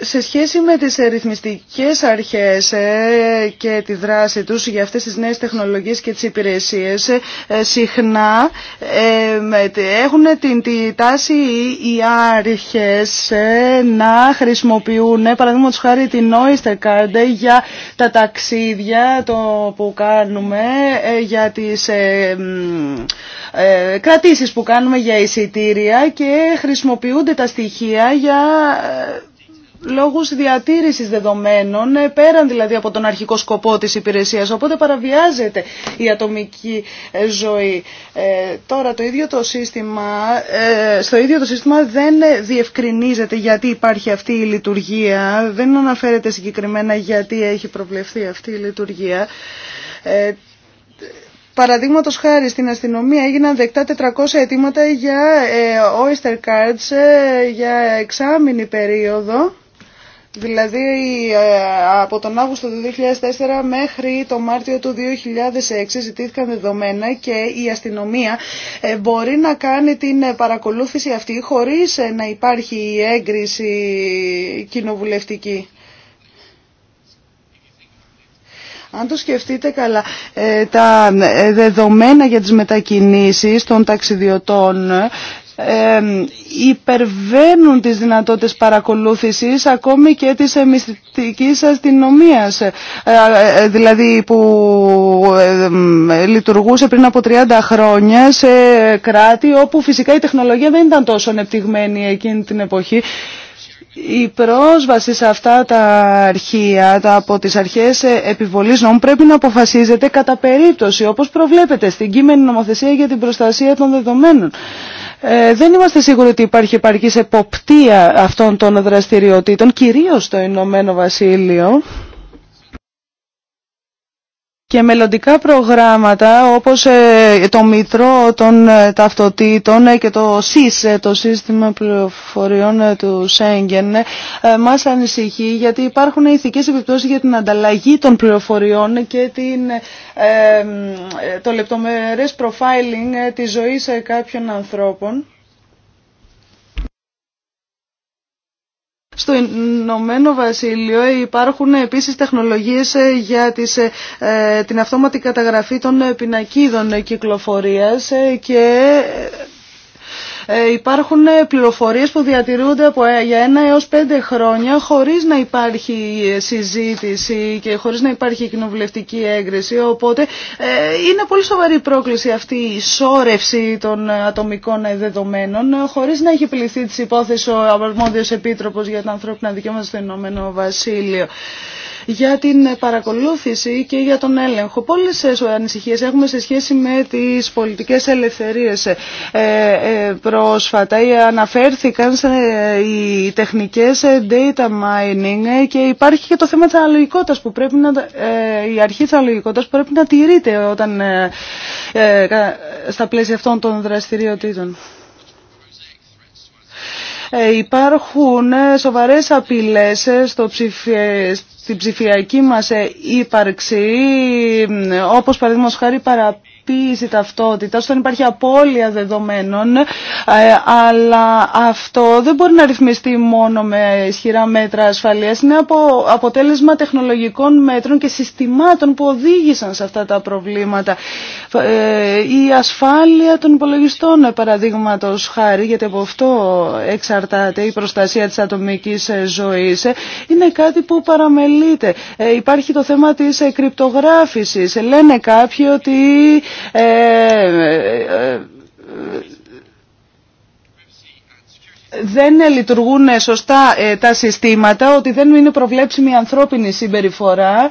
σε σχέση με τις ρυθμιστικές αρχές ε, και τη δράση τους για αυτές τις νέες τεχνολογίες και τις υπηρεσίες, ε, συχνά ε, έχουν την τη τάση οι άρχες να χρησιμοποιούν, παραδείγματος χάρη την Oyster Card για τα ταξίδια το που κάνουμε, για τις κρατήσεις που κάνουμε για εισιτήρια και χρησιμοποιούνται τα στοιχεία για λόγους διατήρησης δεδομένων, ε, πέραν δηλαδή από τον αρχικό σκοπό της υπηρεσίας, οπότε παραβιάζεται η ατομική ε, ζωή. Ε, τώρα το ίδιο το σύστημα, στο ίδιο το σύστημα δεν διευκρινίζεται γιατί υπάρχει αυτή η λειτουργία, δεν αναφέρεται συγκεκριμένα γιατί έχει προβλεφθεί αυτή η λειτουργία. Ε, Παραδείγματο χάρη στην αστυνομία έγιναν δεκτά 400 αιτήματα για ε, Oyster Cards για εξάμηνη περίοδο Δηλαδή ε, από τον Αύγουστο του 2004 μέχρι τον Μάρτιο του 2006 ζητήθηκαν δεδομένα και η αστυνομία ε, μπορεί να κάνει την ε, παρακολούθηση αυτή χωρίς να υπάρχει η έγκριση κοινοβουλευτική. Αν το σκεφτείτε καλά, τα δεδομένα για τις μετακινήσεις των ταξιδιωτών υπερβαίνουν τις δυνατότητες παρακολούθησης ακόμη και της μυστικής αστυνομίας ε, ε, δηλαδή που λειτουργούσε πριν από 30 χρόνια σε κράτη όπου φυσικά η τεχνολογία δεν ήταν τόσο ανεπτυγμένη εκείνη την εποχή η πρόσβαση σε αυτά τα αρχεία τα, από τις αρχές επιβολής νόμου πρέπει να αποφασίζεται κατά περίπτωση όπως προβλέπεται στην κείμενη νομοθεσία για την προστασία των δεδομένων. Ε, δεν είμαστε σίγουροι ότι υπάρχει επαρκή εποπτεία αυτών των δραστηριοτήτων, κυρίως στο Ηνωμένο Βασίλειο και μελλοντικά προγράμματα όπως ε, το Μητρό των ε, Ταυτοτήτων ε, και το ΣΥΣ, το Σύστημα Πληροφοριών του Σέγγεν, μας ανησυχεί γιατί υπάρχουν ηθικές επιπτώσεις για την ανταλλαγή των πληροφοριών και την, το λεπτομερές profiling της ζωής κάποιων ανθρώπων. Στο Ηνωμένο Βασίλειο υπάρχουν επίσης τεχνολογίες ε, για ε, ε, την αυτόματη καταγραφή των πινακίδων κυκλοφορίας και ε, υπάρχουν ε, πληροφορίες που διατηρούνται από, ε, για ένα έως πέντε χρόνια χωρίς να υπάρχει συζήτηση και χωρίς να υπάρχει κοινοβουλευτική έγκριση. Οπότε είναι πολύ σοβαρή πρόκληση αυτή η σώρευση των ατομικών δεδομένων χωρίς να έχει πληθεί της υπόθεση ο αρμόδιος επίτροπος για τα ανθρώπινα δικαιώματα στο Ηνωμένο Βασίλειο για την παρακολούθηση και για τον έλεγχο. Πολλές ε, ανησυχίες έχουμε σε σχέση με τις πολιτικές ελευθερίες ε, ε, πρόσφατα. Αναφέρθηκαν σε οι τεχνικές data mining και υπάρχει και το θέμα της αλογικότητας που πρέπει να, η αρχή πρέπει να τηρείται όταν, στα πλαίσια αυτών των δραστηριοτήτων. Ε, υπάρχουν ε, σοβαρές απειλές ε, στο στην ψηφιακή μας ύπαρξη, όπως παραδείγματος χάρη παραπέμπει ταυτότητα. όταν υπάρχει απώλεια δεδομένων, ε, αλλά αυτό δεν μπορεί να ρυθμιστεί μόνο με ισχυρά μέτρα ασφαλείας. Είναι από αποτέλεσμα τεχνολογικών μέτρων και συστημάτων που οδήγησαν σε αυτά τα προβλήματα. Ε, η ασφάλεια των υπολογιστών, παραδείγματο χάρη, γιατί από αυτό εξαρτάται η προστασία της ατομικής ζωής, ε, είναι κάτι που παραμελείται. Υπάρχει το θέμα της κρυπτογράφησης. Λένε κάποιοι ότι ε, ε, δεν λειτουργούν σωστά ε, τα συστήματα, ότι δεν είναι προβλέψιμη η ανθρώπινη συμπεριφορά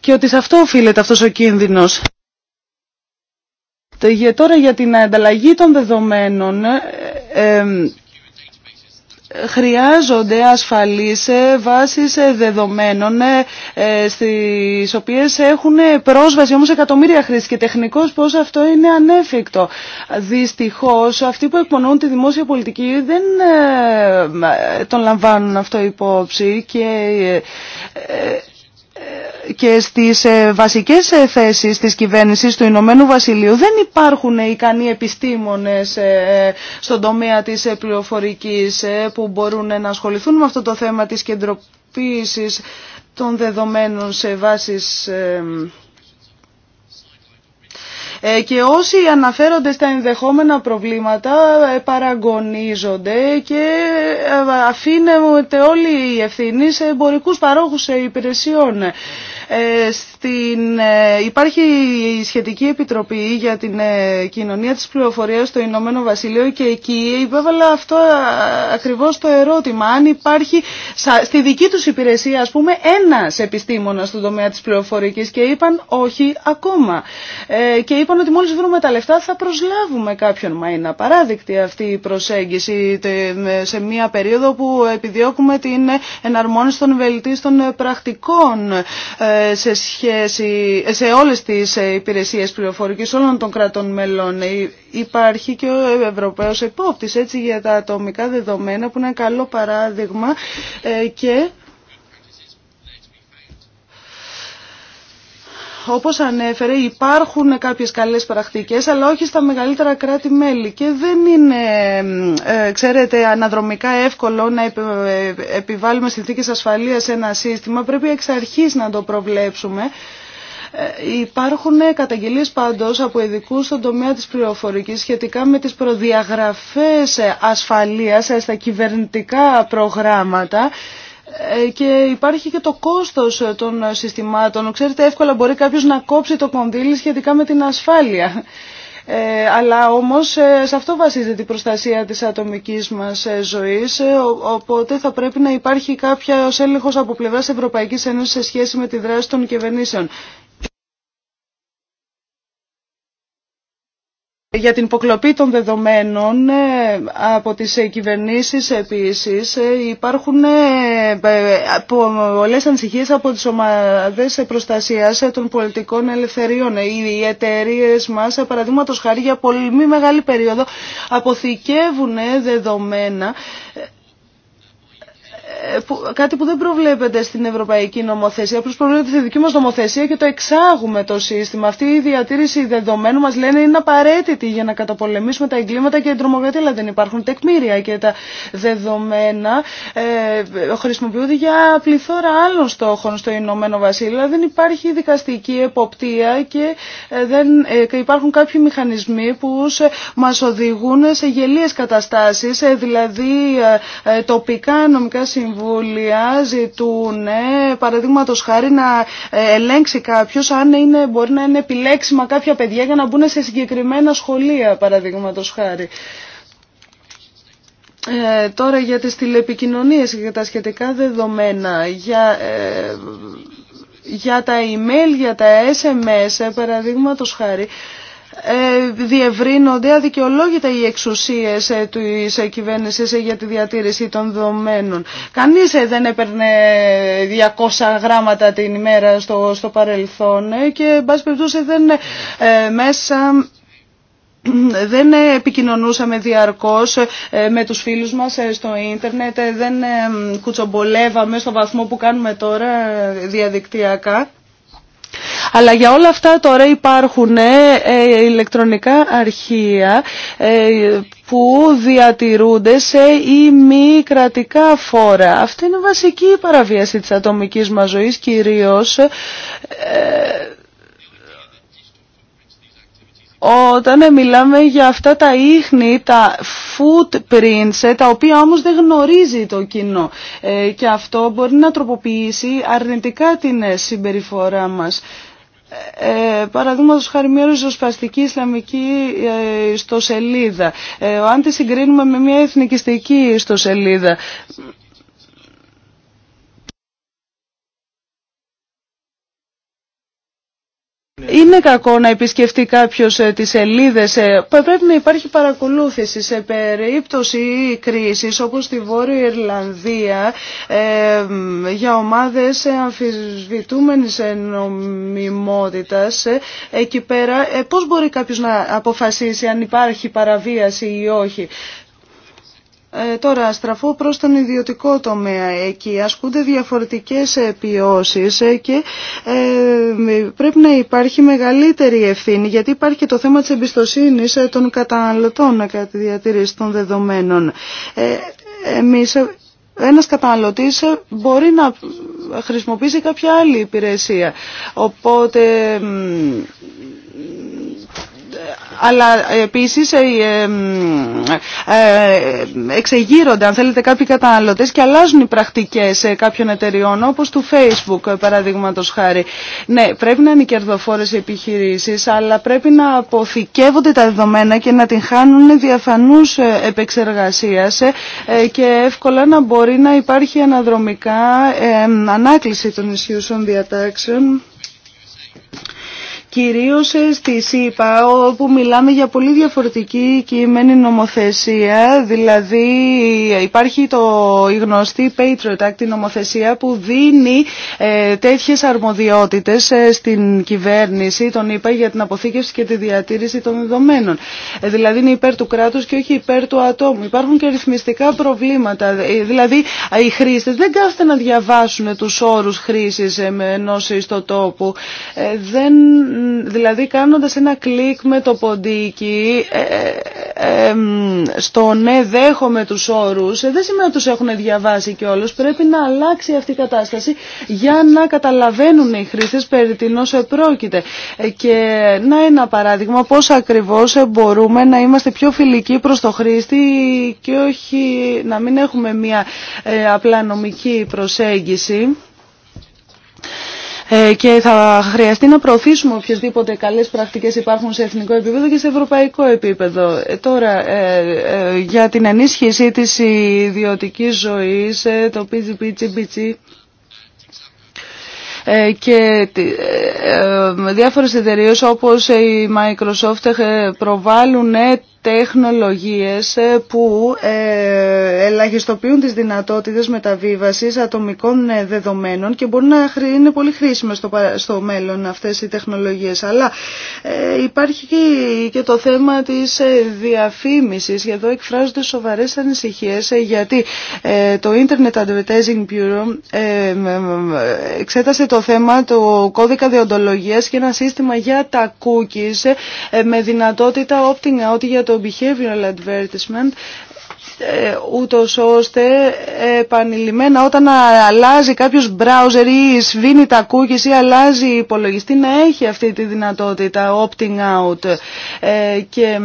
και ότι σε αυτό οφείλεται αυτός ο κίνδυνος. Τώρα για την ανταλλαγή των δεδομένων, χρειάζονται ασφαλείς ε, βάσεις ε, δεδομένων ε, στις οποίες έχουν πρόσβαση όμως εκατομμύρια χρήση και τεχνικώς πώς αυτό είναι ανέφικτο. Δυστυχώς αυτοί που εκπονούν τη δημόσια πολιτική δεν τον λαμβάνουν αυτό υπόψη και και στις ε, βασικές ε, θέσεις της κυβέρνησης του Ηνωμένου Βασιλείου δεν υπάρχουν ικανοί επιστήμονες ε, στον τομέα της πληροφορικής που μπορούν να ασχοληθούν με αυτό το θέμα της κεντροποίησης των δεδομένων σε βάσεις ε, και όσοι αναφέρονται στα ενδεχόμενα προβλήματα ε, παραγωνίζονται και ε, αφήνεται όλη η ευθύνη σε εμπορικούς παρόχους υπηρεσιών. Ε, στην, ε, υπάρχει η σχετική επιτροπή για την ε, κοινωνία της πληροφορίας στο Ηνωμένο Βασίλειο και εκεί υπέβαλα αυτό ακριβώς το ερώτημα. Αν υπάρχει στη δική τους υπηρεσία ας πούμε ένας επιστήμονας στον τομέα της πληροφορικής και είπαν όχι ακόμα. και είπαν ότι μόλις βρούμε τα λεφτά θα προσλάβουμε κάποιον. Μα είναι απαράδεικτη αυτή η προσέγγιση σε μια περίοδο που επιδιώκουμε την εναρμόνιση των βελτίστων πρακτικών σε, σχέση, σε όλες τις υπηρεσίες πληροφορικής όλων των κρατών μελών. Ε, υπάρχει και ο Ευρωπαίος Επόπτης έτσι, για τα ατομικά δεδομένα που είναι ένα καλό παράδειγμα ε, και... όπως ανέφερε υπάρχουν κάποιες καλές πρακτικές αλλά όχι στα μεγαλύτερα κράτη-μέλη και δεν είναι, ε, ξέρετε, αναδρομικά εύκολο να ε, επιβάλλουμε συνθήκες ασφαλείας σε ένα σύστημα. Πρέπει εξ αρχής να το προβλέψουμε. Ε, υπάρχουν καταγγελίες πάντως από ειδικού στον τομέα της πληροφορικής σχετικά με τις προδιαγραφές ασφαλείας στα κυβερνητικά προγράμματα ε, και υπάρχει και το κόστος ε, των ε, συστημάτων. Ξέρετε, εύκολα μπορεί κάποιος να κόψει το κονδύλι σχετικά με την ασφάλεια. αλλά όμως σε αυτό βασίζεται η προστασία της ατομικής μας ε, ζωής, οπότε θα πρέπει να υπάρχει κάποια ως έλεγχος από πλευράς Ευρωπαϊκής Ένωσης σε σχέση με τη δράση των κυβερνήσεων. για την υποκλοπή των δεδομένων ε, από τις ε, κυβερνήσεις επίσης ε, υπάρχουν πολλές ανησυχίες από τις ομάδες προστασίας των πολιτικών ελευθεριών. Οι εταιρείε μας, παραδείγματος χάρη για πολύ μεγάλη περίοδο, αποθηκεύουν δεδομένα ε, κάτι που δεν προβλέπεται στην ευρωπαϊκή νομοθεσία, απλώς προβλέπεται στη δική μας νομοθεσία και το εξάγουμε το σύστημα. Αυτή η διατήρηση δεδομένου μας λένε είναι απαραίτητη για να καταπολεμήσουμε τα εγκλήματα και την τρομοκρατία, αλλά δεν υπάρχουν τεκμήρια και τα δεδομένα ε, χρησιμοποιούνται για πληθώρα άλλων στόχων στο Ηνωμένο Βασίλειο. Δηλαδή, δεν υπάρχει δικαστική εποπτεία και, ε, δεν, ε, και υπάρχουν κάποιοι μηχανισμοί που μας οδηγούν σε γελίες καταστάσεις, δηλαδή τοπικά νομικά συμβούλια ζητούν, παραδείγματο χάρη, να ε, ελέγξει κάποιο αν είναι, μπορεί να είναι επιλέξιμα κάποια παιδιά για να μπουν σε συγκεκριμένα σχολεία, παραδείγματο χάρη. Ε, τώρα για τις τηλεπικοινωνίες και τα σχετικά δεδομένα, για, ε, για τα email, για τα SMS, παραδείγματος χάρη, ε, διευρύνονται αδικαιολόγητα οι εξουσίες ε, της ε, κυβέρνησης για τη διατήρηση των δομένων. Κανείς δεν έπαιρνε 200 γράμματα την ημέρα στο, στο παρελθόν και εν περιπτώσει δεν μέσα δεν επικοινωνούσαμε διαρκώς με τους φίλους μας στο ίντερνετ, δεν κουτσομπολεύαμε στο βαθμό που κάνουμε τώρα διαδικτυακά. Αλλά για όλα αυτά τώρα υπάρχουν ε, ε, ηλεκτρονικά αρχεία ε, που διατηρούνται σε ή μη κρατικά φόρα. Αυτή είναι ημικρατικά κρατικα φορα αυτη παραβίαση της ατομικής μας ζωής, κυρίως όταν μιλάμε για αυτά τα ίχνη, τα footprints, ε, τα οποία όμως δεν γνωρίζει το κοινό. Ε, και αυτό μπορεί να τροποποιήσει αρνητικά την ε, συμπεριφορά μας. Ε, Παραδείγματο χάρη μια ριζοσπαστική Ισλαμική ε, ιστοσελίδα. Ε, αν τη συγκρίνουμε με μια εθνικιστική ιστοσελίδα, Είναι κακό να επισκεφτεί κάποιο ε, τι σελίδε. Ε, πρέπει να υπάρχει παρακολούθηση σε περίπτωση κρίση όπω στη Βόρεια Ιρλανδία ε, για ομάδε αμφισβητούμενη νομιμότητα. Εκεί πέρα πώ μπορεί κάποιο να αποφασίσει αν υπάρχει παραβίαση ή όχι. Ε, τώρα στραφώ προς τον ιδιωτικό τομέα εκεί. Ασκούνται διαφορετικές επιώσεις ε, και ε, πρέπει να υπάρχει μεγαλύτερη ευθύνη γιατί υπάρχει και το θέμα της εμπιστοσύνης των καταναλωτών κατά τη διατήρηση των δεδομένων. Εμείς ένας καταναλωτής μπορεί να χρησιμοποιήσει κάποια άλλη υπηρεσία. Οπότε αλλά επίσης ε, ε, ε, εξεγείρονται αν θέλετε κάποιοι καταναλωτές και αλλάζουν οι πρακτικές κάποιων εταιριών όπως του Facebook παραδείγματο χάρη. Ναι, πρέπει να είναι κερδοφόρες οι επιχειρήσεις αλλά πρέπει να αποθηκεύονται τα δεδομένα και να την χάνουν διαφανούς επεξεργασίας και εύκολα να μπορεί να υπάρχει αναδρομικά ανάκληση των ισχύουσων διατάξεων κυρίως ε, στη ΣΥΠΑ όπου μιλάμε για πολύ διαφορετική κειμένη νομοθεσία δηλαδή υπάρχει το, η γνωστή Patriot Act, η νομοθεσία που δίνει ε, τέτοιες αρμοδιότητες ε, στην κυβέρνηση τον είπα για την αποθήκευση και τη διατήρηση των δεδομένων ε, δηλαδή είναι υπέρ του κράτους και όχι υπέρ του ατόμου υπάρχουν και ρυθμιστικά προβλήματα δηλαδή οι χρήστες δεν κάθεται να διαβάσουν τους όρους χρήσης ενός ιστοτόπου δεν δηλαδή κάνοντας ένα κλικ με το ποντίκι ε, ε, ε στο ναι δέχομαι τους όρους, ε, δεν σημαίνει ότι τους έχουν διαβάσει και όλους, πρέπει να αλλάξει αυτή η κατάσταση για να καταλαβαίνουν οι χρήστες περί όσο επρόκειται. Ε, και να ένα παράδειγμα πώς ακριβώς μπορούμε να είμαστε πιο φιλικοί προς το χρήστη και όχι να μην έχουμε μια απλά νομική προσέγγιση. Ε, και θα χρειαστεί να προωθήσουμε οποιασδήποτε καλές πρακτικές υπάρχουν σε εθνικό επίπεδο και σε ευρωπαϊκό επίπεδο. Ε, τώρα, ε, για την ενίσχυσή της ιδιωτικής ζωής, το PGP, και διάφορες εταιρείες όπως η Microsoft προβάλλουν τεχνολογίες που ελαχιστοποιούν τις δυνατότητες μεταβίβασης ατομικών ε, δεδομένων και μπορεί να είναι πολύ χρήσιμε στο μέλλον αυτές οι τεχνολογίες. Αλλά ε, υπάρχει και το θέμα της ε, διαφήμισης. Εδώ εκφράζονται σοβαρές ανησυχίες γιατί το Internet Advertising Bureau εξέτασε το θέμα του κώδικα διοντολογίας και ένα σύστημα για τα cookies με δυνατότητα opting out για το behavioral advertisement ε, ούτως ώστε επανειλημμένα όταν αλλάζει κάποιος browser ή σβήνει τα cookies ή αλλάζει υπολογιστή να έχει αυτή τη δυνατότητα opting out ε, και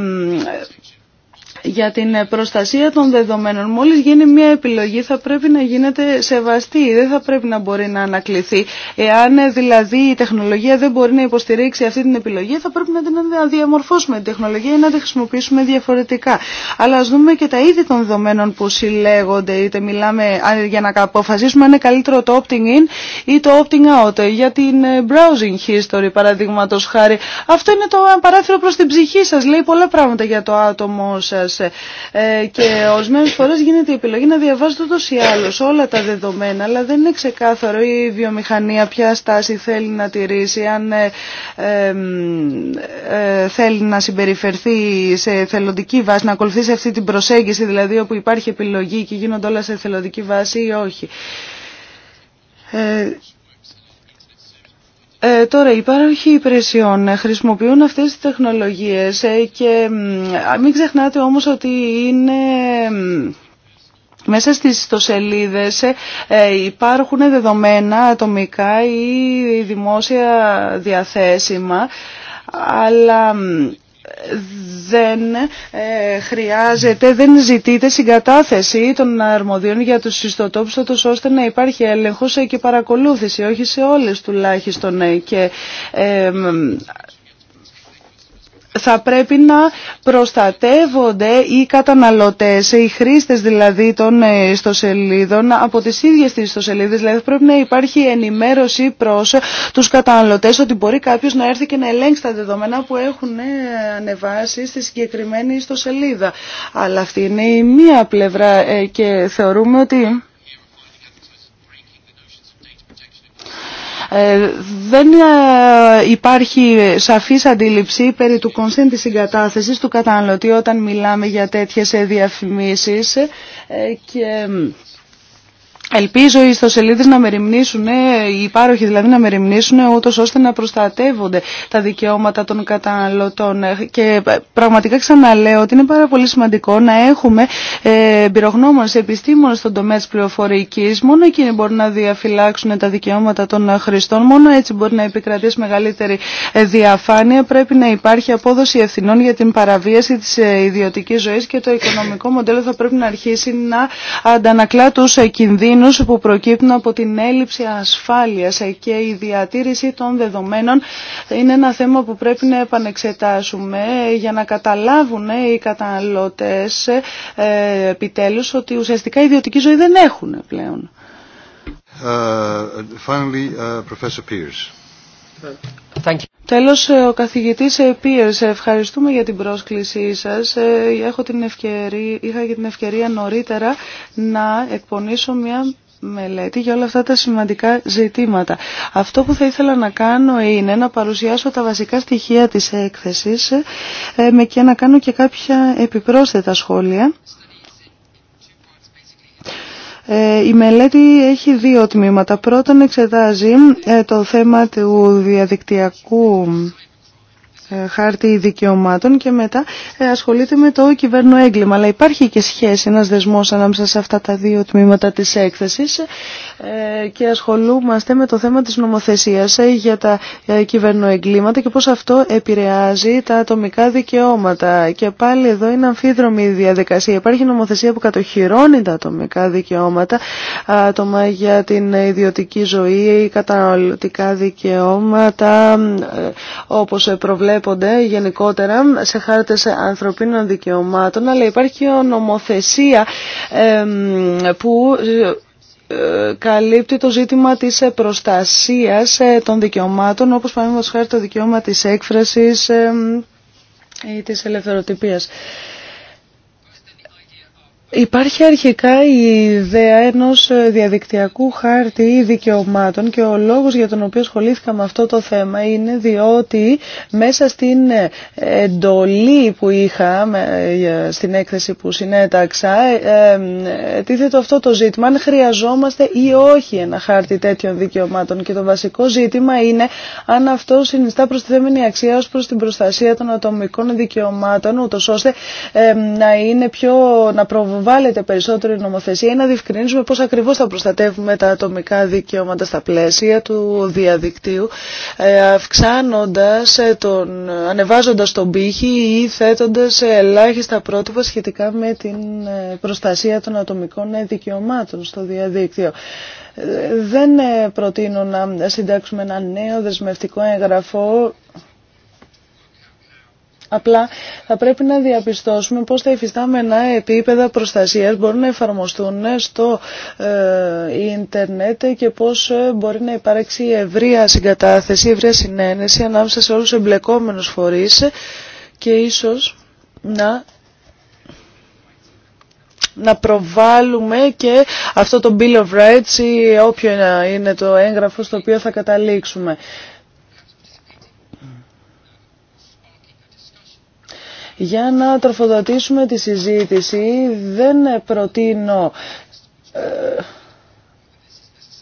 για την προστασία των δεδομένων. Μόλις γίνει μια επιλογή θα πρέπει να γίνεται σεβαστή, δεν θα πρέπει να μπορεί να ανακληθεί. Εάν ε, δηλαδή η τεχνολογία δεν μπορεί να υποστηρίξει αυτή την επιλογή θα πρέπει να την διαμορφώσουμε την τεχνολογία ή να τη χρησιμοποιήσουμε διαφορετικά. Αλλά ας δούμε και τα είδη των δεδομένων που συλλέγονται, είτε μιλάμε για να αποφασίσουμε αν είναι καλύτερο το opting in ή το opting out, για την ε, browsing history παραδείγματος χάρη. Αυτό είναι το παράθυρο προς την ψυχή σας, λέει πολλά πράγματα για το άτομό σας. Ε, ε, και ορισμένε φορέ γίνεται η επιλογή να διαβάζει ούτως ή άλλως όλα τα δεδομένα, αλλά δεν είναι ξεκάθαρο η βιομηχανία ποια στάση θέλει να τηρήσει, αν ε, θέλει να συμπεριφερθεί σε θελοντική βάση, να ακολουθήσει αυτή την προσέγγιση, δηλαδή όπου υπάρχει επιλογή και γίνονται όλα σε θελοντική βάση ή όχι. Ε, τώρα υπάρχει υπηρεσιών, ε, χρησιμοποιούν αυτές τις τεχνολογίες ε, και μην ξεχνάτε όμως ότι είναι... Μέσα στις ιστοσελίδες ε, υπάρχουν δεδομένα ατομικά ή δημόσια διαθέσιμα, αλλά δεν ε, χρειάζεται, δεν ζητείται συγκατάθεση των αρμοδίων για τους ιστοτόπους ώστε να υπάρχει έλεγχος και παρακολούθηση, όχι σε όλες τουλάχιστον ε, και ε, θα πρέπει να προστατεύονται οι καταναλωτές, οι χρήστες δηλαδή των ε, ιστοσελίδων από τις ίδιες τις ιστοσελίδες. Δηλαδή πρέπει να υπάρχει ενημέρωση προς τους καταναλωτές ότι μπορεί κάποιος να έρθει και να ελέγξει τα δεδομένα που έχουν ε, ανεβάσει στη συγκεκριμένη ιστοσελίδα. Αλλά αυτή είναι η μία πλευρά ε, και θεωρούμε ότι Ε, δεν ε, υπάρχει σαφής αντίληψη περί του κονσέν της συγκατάθεσης του καταναλωτή όταν μιλάμε για τέτοιες ε, διαφημίσεις και Ελπίζω οι ιστοσελίδες να μεριμνήσουν, ε, οι υπάροχοι δηλαδή να μεριμνήσουν ούτως ώστε να προστατεύονται τα δικαιώματα των καταναλωτών και ε, πραγματικά ξαναλέω ότι είναι πάρα πολύ σημαντικό να έχουμε ε, εμπειρογνώμονες, επιστήμονες στον τομέα της πληροφορικής, μόνο εκείνοι μπορούν να διαφυλάξουν τα δικαιώματα των χρηστών, μόνο έτσι μπορεί να επικρατήσει μεγαλύτερη διαφάνεια, πρέπει να υπάρχει απόδοση ευθυνών για την παραβίαση της ιδιωτικής ζωής και το οικονομικό μοντέλο θα πρέπει να αρχίσει να αντανακλά τους κινδύνους κινδύνους που προκύπτουν από την έλλειψη ασφάλειας και η διατήρηση των δεδομένων είναι ένα θέμα που πρέπει να επανεξετάσουμε για να καταλάβουν οι καταναλωτές ε, επιτέλους ότι ουσιαστικά ιδιωτική ζωή δεν έχουν πλέον. Ε, finally, ε, Professor Thank Τέλος, ε, ο καθηγητής ε, Πίερς, ε, ευχαριστούμε για την πρόσκλησή σας. Έχω την ευκαιρία, είχα και την ευκαιρία νωρίτερα να εκπονήσω μια μελέτη για όλα αυτά τα σημαντικά ζητήματα. Αυτό που θα ήθελα να κάνω είναι να παρουσιάσω τα βασικά στοιχεία της έκθεσης και να κάνω και κάποια επιπρόσθετα σχόλια. Ε, η μελέτη έχει δύο τμήματα. Πρώτον εξετάζει ε, το θέμα του διαδικτυακού ε, χάρτη δικαιωμάτων και μετά ε, ασχολείται με το κυβέρνο έγκλημα. Αλλά υπάρχει και σχέση, ένας δεσμός ανάμεσα σε αυτά τα δύο τμήματα της έκθεσης ε, και ασχολούμαστε με το θέμα της νομοθεσίας για τα κυβέρνο έγκληματα και πώς αυτό επηρεάζει τα ατομικά δικαιώματα. Και πάλι εδώ είναι αμφίδρομη η διαδικασία. Υπάρχει νομοθεσία που κατοχυρώνει τα ατομικά δικαιώματα, άτομα για την ιδιωτική ζωή, καταναλωτικά δικαιώματα, όπως προβλέπεται ποδέ γενικότερα σε χάρτες ανθρωπίνων δικαιωμάτων, αλλά υπάρχει και νομοθεσία που ε, καλύπτει το ζήτημα της προστασίας ε, των δικαιωμάτων, όπως παραδείγματος χάρη το δικαίωμα της έκφρασης ή της ελευθεροτυπίας. Υπάρχει αρχικά η ιδέα ενός ε, διαδικτυακού χάρτη δικαιωμάτων και ο λόγος για τον οποίο ασχολήθηκα με αυτό το θέμα είναι διότι μέσα στην ε, εντολή που είχα ε, στην έκθεση που συνέταξα τίθεται αυτό το ζήτημα αν χρειαζόμαστε ή όχι ένα χάρτη τέτοιων δικαιωμάτων και το βασικό ζήτημα είναι αν αυτό συνιστά προστιθέμενη αξία ως προς την προστασία των ατομικών δικαιωμάτων ούτως ώστε να είναι πιο να Βάλετε περισσότερη νομοθεσία ή να διευκρινίσουμε πώς ακριβώς θα προστατεύουμε τα ατομικά δικαιώματα στα πλαίσια του διαδικτύου, ε, αυξάνοντας, ε, τον, ανεβάζοντας τον πύχη ή θέτοντας ελάχιστα πρότυπα σχετικά με την ε, προστασία των ατομικών δικαιωμάτων στο διαδίκτυο. Δεν προτείνω να συντάξουμε ένα νέο δεσμευτικό έγγραφο Απλά θα πρέπει να διαπιστώσουμε πώς τα υφιστάμενα επίπεδα προστασίας μπορούν να εφαρμοστούν στο ε, ίντερνετ και πώς ε, μπορεί να υπάρξει ευρεία συγκατάθεση, ευρεία συνένεση ανάμεσα σε όλους του εμπλεκόμενους φορείς και ίσως να να προβάλλουμε και αυτό το Bill of Rights ή όποιο είναι το έγγραφο στο οποίο θα καταλήξουμε. Για να τροφοδοτήσουμε τη συζήτηση δεν προτείνω...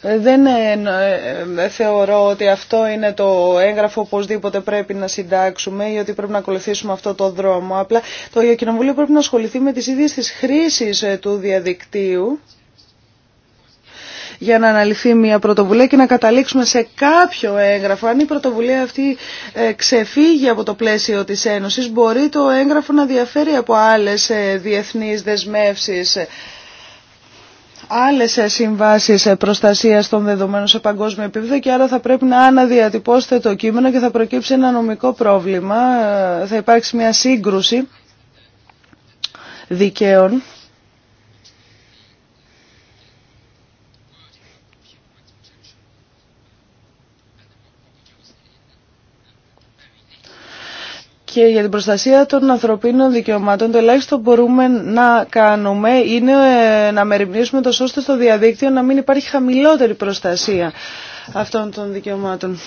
Ε, δεν ε, ε, θεωρώ ότι αυτό είναι το έγγραφο οπωσδήποτε πρέπει να συντάξουμε ή ότι πρέπει να ακολουθήσουμε αυτό το δρόμο. Απλά το Κοινοβούλιο πρέπει να ασχοληθεί με τις ίδιες τις χρήσεις του διαδικτύου για να αναλυθεί μια πρωτοβουλία και να καταλήξουμε σε κάποιο έγγραφο. Αν η πρωτοβουλία αυτή ε, ξεφύγει από το πλαίσιο της Ένωσης, μπορεί το έγγραφο να διαφέρει από άλλες ε, διεθνείς δεσμεύσεις ε, άλλες συμβάσεις προστασίας των δεδομένων σε παγκόσμιο επίπεδο και άρα θα πρέπει να αναδιατυπώσετε το κείμενο και θα προκύψει ένα νομικό πρόβλημα. Θα υπάρξει μια σύγκρουση δικαίων. και για την προστασία των ανθρωπίνων δικαιωμάτων το ελάχιστο που μπορούμε να κάνουμε είναι ε, να μεριμνήσουμε το ώστε στο διαδίκτυο να μην υπάρχει χαμηλότερη προστασία αυτών των δικαιωμάτων.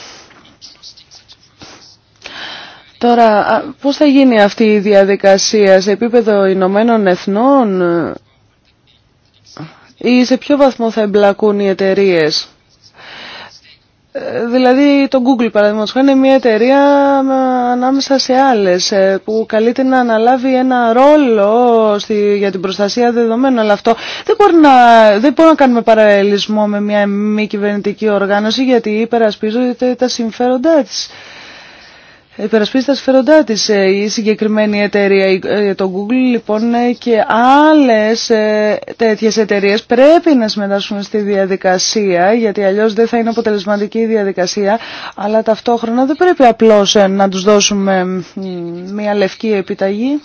Τώρα, πώς θα γίνει αυτή η διαδικασία σε επίπεδο Ηνωμένων Εθνών ή σε ποιο βαθμό θα εμπλακούν οι εταιρείες. Ε, δηλαδή το Google παραδείγματο χάρη είναι μια εταιρεία ανάμεσα σε άλλες ε, που καλείται να αναλάβει ένα ρόλο στη, για την προστασία δεδομένων αλλά αυτό δεν μπορεί να, δεν μπορεί κάνουμε παραλληλισμό με μια μη κυβερνητική οργάνωση γιατί υπερασπίζονται τα συμφέροντά της υπερασπίζεται τα σφαιροντά ε, η συγκεκριμένη εταιρεία. Ε, το Google λοιπόν ε, και άλλες τέτοιες εταιρείες πρέπει να συμμετάσχουν στη διαδικασία γιατί αλλιώς δεν θα είναι αποτελεσματική η διαδικασία αλλά ταυτόχρονα δεν πρέπει απλώς να τους δώσουμε μια λευκή επιταγή.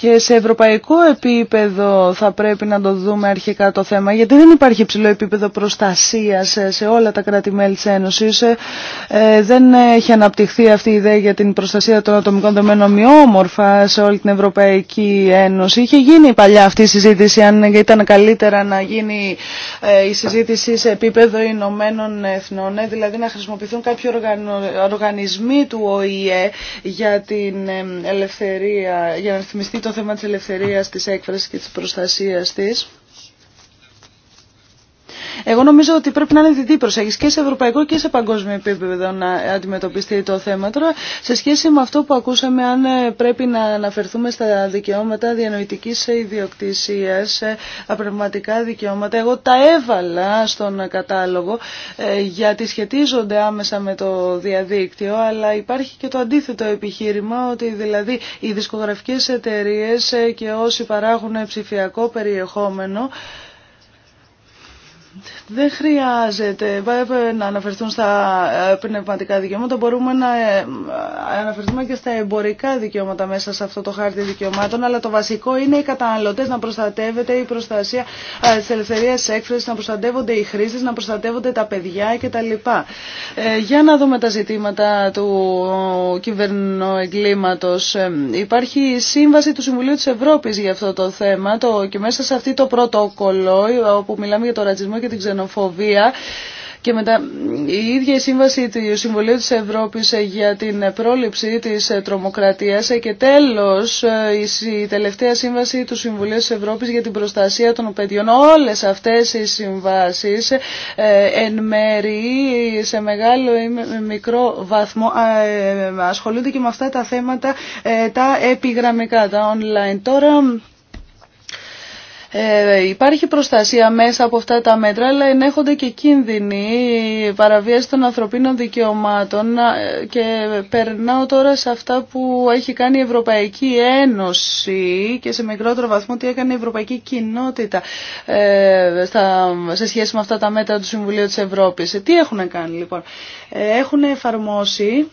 Και σε ευρωπαϊκό επίπεδο θα πρέπει να το δούμε αρχικά το θέμα, γιατί δεν υπάρχει υψηλό επίπεδο προστασίας σε όλα τα κράτη-μέλη της Ένωσης. Ε, δεν έχει αναπτυχθεί αυτή η ιδέα για την προστασία των ατομικών δεδομένων ομοιόμορφα σε όλη την Ευρωπαϊκή Ένωση. Είχε γίνει παλιά αυτή η συζήτηση, αν ήταν καλύτερα να γίνει ε, η συζήτηση σε επίπεδο Ηνωμένων Εθνών, ε, δηλαδή να χρησιμοποιηθούν κάποιοι οργανισμοί του ΟΗΕ για την ελευθερία, για να θυμιστεί θέμα της ελευθερίας της έκφρασης και της προστασίας της. Εγώ νομίζω ότι πρέπει να είναι διδή προσέγγιση και σε ευρωπαϊκό και σε παγκόσμιο επίπεδο να αντιμετωπιστεί το θέμα. Τώρα, σε σχέση με αυτό που ακούσαμε, αν ε, πρέπει να αναφερθούμε στα δικαιώματα διανοητική ιδιοκτησία, ε, τα δικαιώματα, εγώ τα έβαλα στον κατάλογο ε, γιατί σχετίζονται άμεσα με το διαδίκτυο, αλλά υπάρχει και το αντίθετο επιχείρημα ότι δηλαδή οι δισκογραφικές εταιρείες και όσοι παράγουν ψηφιακό περιεχόμενο δεν χρειάζεται να αναφερθούν στα ε, πνευματικά δικαιώματα. Μπορούμε να ε, ε, αναφερθούμε και στα εμπορικά δικαιώματα μέσα σε αυτό το χάρτη δικαιωμάτων. Αλλά το βασικό είναι οι καταναλωτέ να προστατεύεται η προστασία τη ελευθερία έκφραση, να προστατεύονται οι χρήστε, να προστατεύονται τα παιδιά κτλ. Για να δούμε τα ζητήματα του εγκλήματο. Υπάρχει η Σύμβαση του Συμβουλίου τη Ευρώπη για αυτό το θέμα και μέσα σε αυτή το πρωτόκολλο όπου μιλάμε για το ρατσισμό την ξενοφοβία. Και μετά η ίδια η σύμβαση του Συμβουλίου της Ευρώπης ε, για την πρόληψη της ε, τρομοκρατίας ε, και τέλος η τελευταία σύμβαση του Συμβουλίου της Ευρώπης για την προστασία των παιδιών. Όλες αυτές οι συμβάσεις εν μέρη σε μεγάλο ή μικρό βαθμό ασχολούνται και με αυτά τα θέματα τα επιγραμμικά, τα online. Τώρα ε, υπάρχει προστασία μέσα από αυτά τα μέτρα, αλλά ενέχονται και κίνδυνοι παραβίαση των ανθρωπίνων δικαιωμάτων και περνάω τώρα σε αυτά που έχει κάνει η Ευρωπαϊκή Ένωση και σε μικρότερο βαθμό τι έκανε η Ευρωπαϊκή Κοινότητα ε, στα, σε σχέση με αυτά τα μέτρα του Συμβουλίου της Ευρώπης. Τι έχουν κάνει λοιπόν. Ε, έχουν εφαρμόσει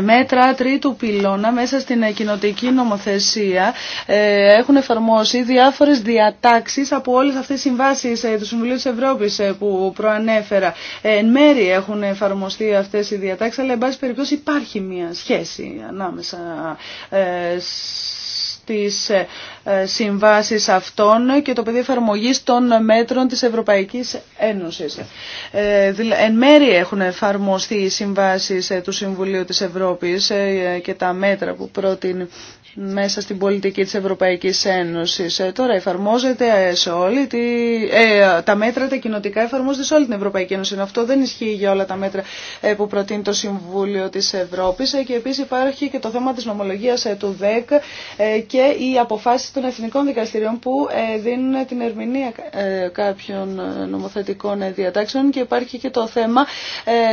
μέτρα τρίτου πυλώνα μέσα στην ε, κοινοτική νομοθεσία ε, έχουν εφαρμόσει διάφορες διατάξεις από όλες αυτές τις συμβάσεις ε, του Συμβουλίου της Ευρώπης που προανέφερα. εν μέρη έχουν εφαρμοστεί αυτές οι διατάξεις, αλλά εν πάση περιπτώσει υπάρχει μια σχέση ανάμεσα στις ε, συμβάσεις αυτών και το πεδίο εφαρμογή των μέτρων της Ευρωπαϊκής Ένωσης. Ε, εν μέρη έχουν εφαρμοστεί οι συμβάσεις ε, του Συμβουλίου της Ευρώπης και τα μέτρα που πρότεινε μέσα στην πολιτική της Ευρωπαϊκής Ένωσης. Ε, τώρα εφαρμόζεται σε όλη τη... Ε, τα μέτρα τα κοινοτικά εφαρμόζονται σε όλη την Ευρωπαϊκή Ένωση. Αυτό δεν ισχύει για όλα τα μέτρα ε, που προτείνει το Συμβούλιο της Ευρώπης και επίσης υπάρχει και το θέμα της νομολογίας του ΔΕΚ και οι αποφάσεις των εθνικών δικαστηριών που δίνουν την ερμηνεία κάποιων νομοθετικών διατάξεων και υπάρχει και το θέμα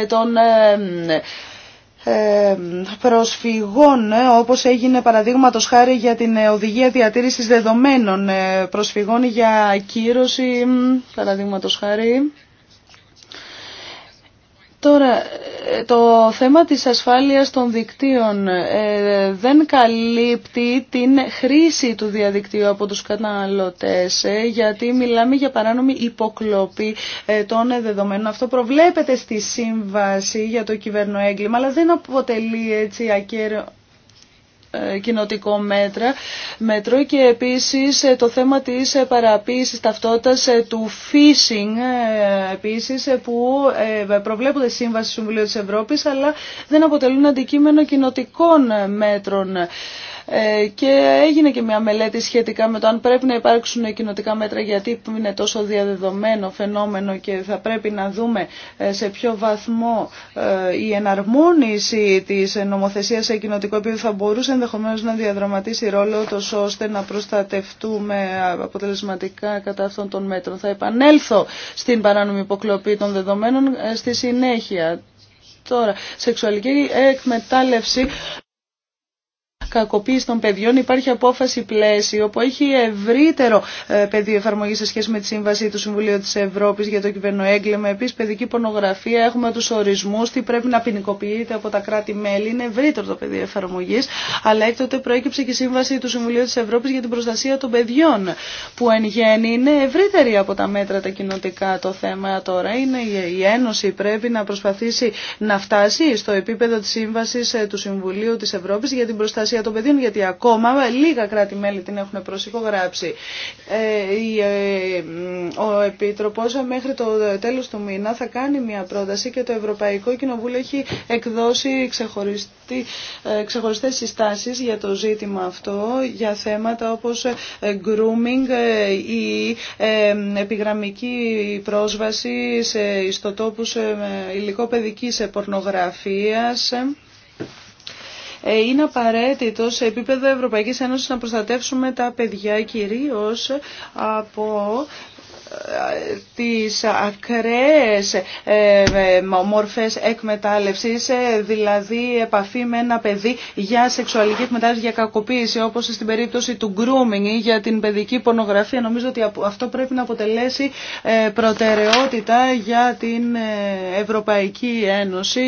των ε, προσφυγών ε, όπως έγινε παραδείγματος χάρη για την ε, οδηγία διατήρησης δεδομένων προσφυγών για ακύρωση παραδείγματος χάρη Τώρα, το θέμα της ασφάλειας των δικτύων ε, δεν καλύπτει την χρήση του διαδικτύου από τους καταναλωτές ε, γιατί μιλάμε για παράνομη υποκλοπή ε, των δεδομένων. Αυτό προβλέπεται στη σύμβαση για το κυβερνοέγκλημα αλλά δεν αποτελεί έτσι ακέραιο ε, κοινοτικό μέτρα, μέτρο και επίσης ε, το θέμα της ε, παραποίησης ταυτότητας του phishing επίσης που προβλέπονται σύμβαση του Συμβουλίου της Ευρώπης αλλά δεν αποτελούν αντικείμενο κοινοτικών μέτρων. Ε, και έγινε και μια μελέτη σχετικά με το αν πρέπει να υπάρξουν κοινοτικά μέτρα γιατί είναι τόσο διαδεδομένο φαινόμενο και θα πρέπει να δούμε ε, σε ποιο βαθμό ε, η εναρμόνιση της νομοθεσίας σε κοινοτικό επίπεδο θα μπορούσε ενδεχομένως να διαδραματίσει ρόλο τόσο ώστε να προστατευτούμε αποτελεσματικά κατά αυτών των μέτρων. Θα επανέλθω στην παράνομη υποκλοπή των δεδομένων στη συνέχεια. Τώρα, σεξουαλική εκμετάλλευση κακοποίηση των παιδιών υπάρχει απόφαση πλαίσιο που έχει ευρύτερο ε, πεδίο εφαρμογή σε σχέση με τη Σύμβαση του Συμβουλίου τη Ευρώπη για το κυβερνοέγκλημα. Επίση, παιδική πονογραφία, έχουμε του ορισμού, τι πρέπει να ποινικοποιείται από τα κράτη-μέλη. Είναι ευρύτερο το πεδίο εφαρμογή, αλλά έκτοτε προέκυψε και η Σύμβαση του Συμβουλίου τη Ευρώπη για την προστασία των παιδιών, που εν γέννη είναι ευρύτερη από τα μέτρα τα κοινοτικά το θέμα τώρα. Είναι η Ένωση πρέπει να προσπαθήσει να φτάσει στο επίπεδο τη Σύμβαση ε, του Συμβουλίου τη Ευρώπη για την προστασία για το παιδιών, γιατί ακόμα λίγα κράτη-μέλη την έχουν προσυχογράψει. Ε, ε, ο Επίτροπος μέχρι το τέλος του μήνα θα κάνει μια πρόταση και το Ευρωπαϊκό Κοινοβούλιο έχει εκδώσει ε, ξεχωριστές συστάσεις για το ζήτημα αυτό, για θέματα όπως grooming ή επιγραμμική πρόσβαση σε ιστοτόπους υλικό παιδικής πορνογραφίας. Ε, είναι απαραίτητο σε επίπεδο Ευρωπαϊκής Ένωσης να προστατεύσουμε τα παιδιά κυρίως από τις ακραίες ε, μορφές εκμετάλλευσης, ε, δηλαδή επαφή με ένα παιδί για σεξουαλική εκμετάλλευση, για κακοποίηση, όπως στην περίπτωση του grooming ή για την παιδική πορνογραφία. Νομίζω ότι αυτό πρέπει να αποτελέσει ε, προτεραιότητα για την Ευρωπαϊκή Ένωση